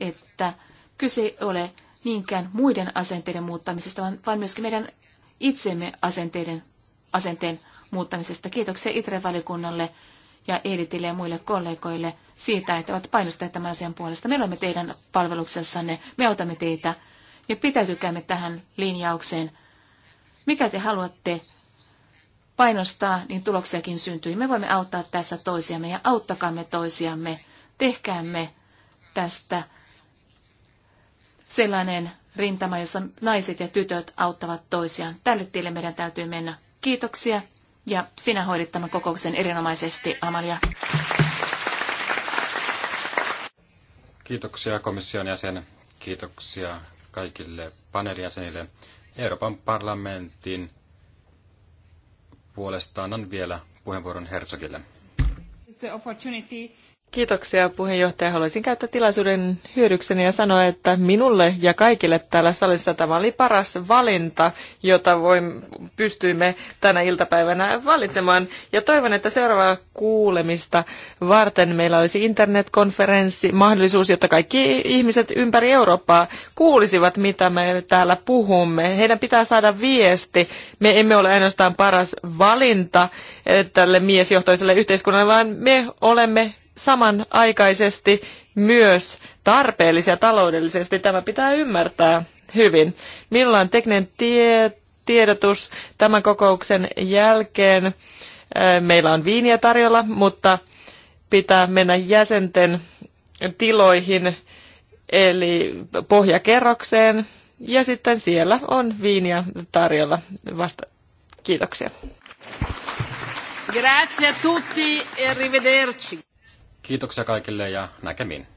että kyse ei ole niinkään muiden asenteiden muuttamisesta, vaan, vaan myöskin meidän itsemme asenteiden, asenteen muuttamisesta. Kiitoksia ITRE-valikunnalle ja Eilitille ja muille kollegoille siitä, että ovat painostaneet tämän asian puolesta. Me olemme teidän palveluksessanne, me autamme teitä ja pitäytykäämme tähän linjaukseen. Mikä te haluatte painostaa, niin tuloksiakin syntyy. Me voimme auttaa tässä toisiamme ja auttakaamme toisiamme. Tehkäämme tästä sellainen rintama, jossa naiset ja tytöt auttavat toisiaan. Tälle tielle meidän täytyy mennä. Kiitoksia ja sinä hoidit tämän kokouksen erinomaisesti, Amalia. Kiitoksia komission jäsen. Kiitoksia kaikille paneelijäsenille. Euroopan parlamentin puolesta annan vielä puheenvuoron Herzogille. Kiitoksia puheenjohtaja. Haluaisin käyttää tilaisuuden hyödykseni ja sanoa, että minulle ja kaikille täällä salissa tämä oli paras valinta, jota voim, pystyimme tänä iltapäivänä valitsemaan. Ja toivon, että seuraavaa kuulemista varten meillä olisi internetkonferenssi, mahdollisuus, jotta kaikki ihmiset ympäri Eurooppaa kuulisivat, mitä me täällä puhumme. Heidän pitää saada viesti. Me emme ole ainoastaan paras valinta eh, tälle miesjohtoiselle yhteiskunnalle, vaan me olemme samanaikaisesti myös tarpeellisia taloudellisesti. Tämä pitää ymmärtää hyvin. Milloin tekninen tie, tiedotus tämän kokouksen jälkeen? Äh, meillä on viiniä tarjolla, mutta pitää mennä jäsenten tiloihin, eli pohjakerrokseen, ja sitten siellä on viiniä tarjolla vasta. Kiitoksia. Grazie a tutti e arrivederci. Kiitoksia kaikille ja näkemiin.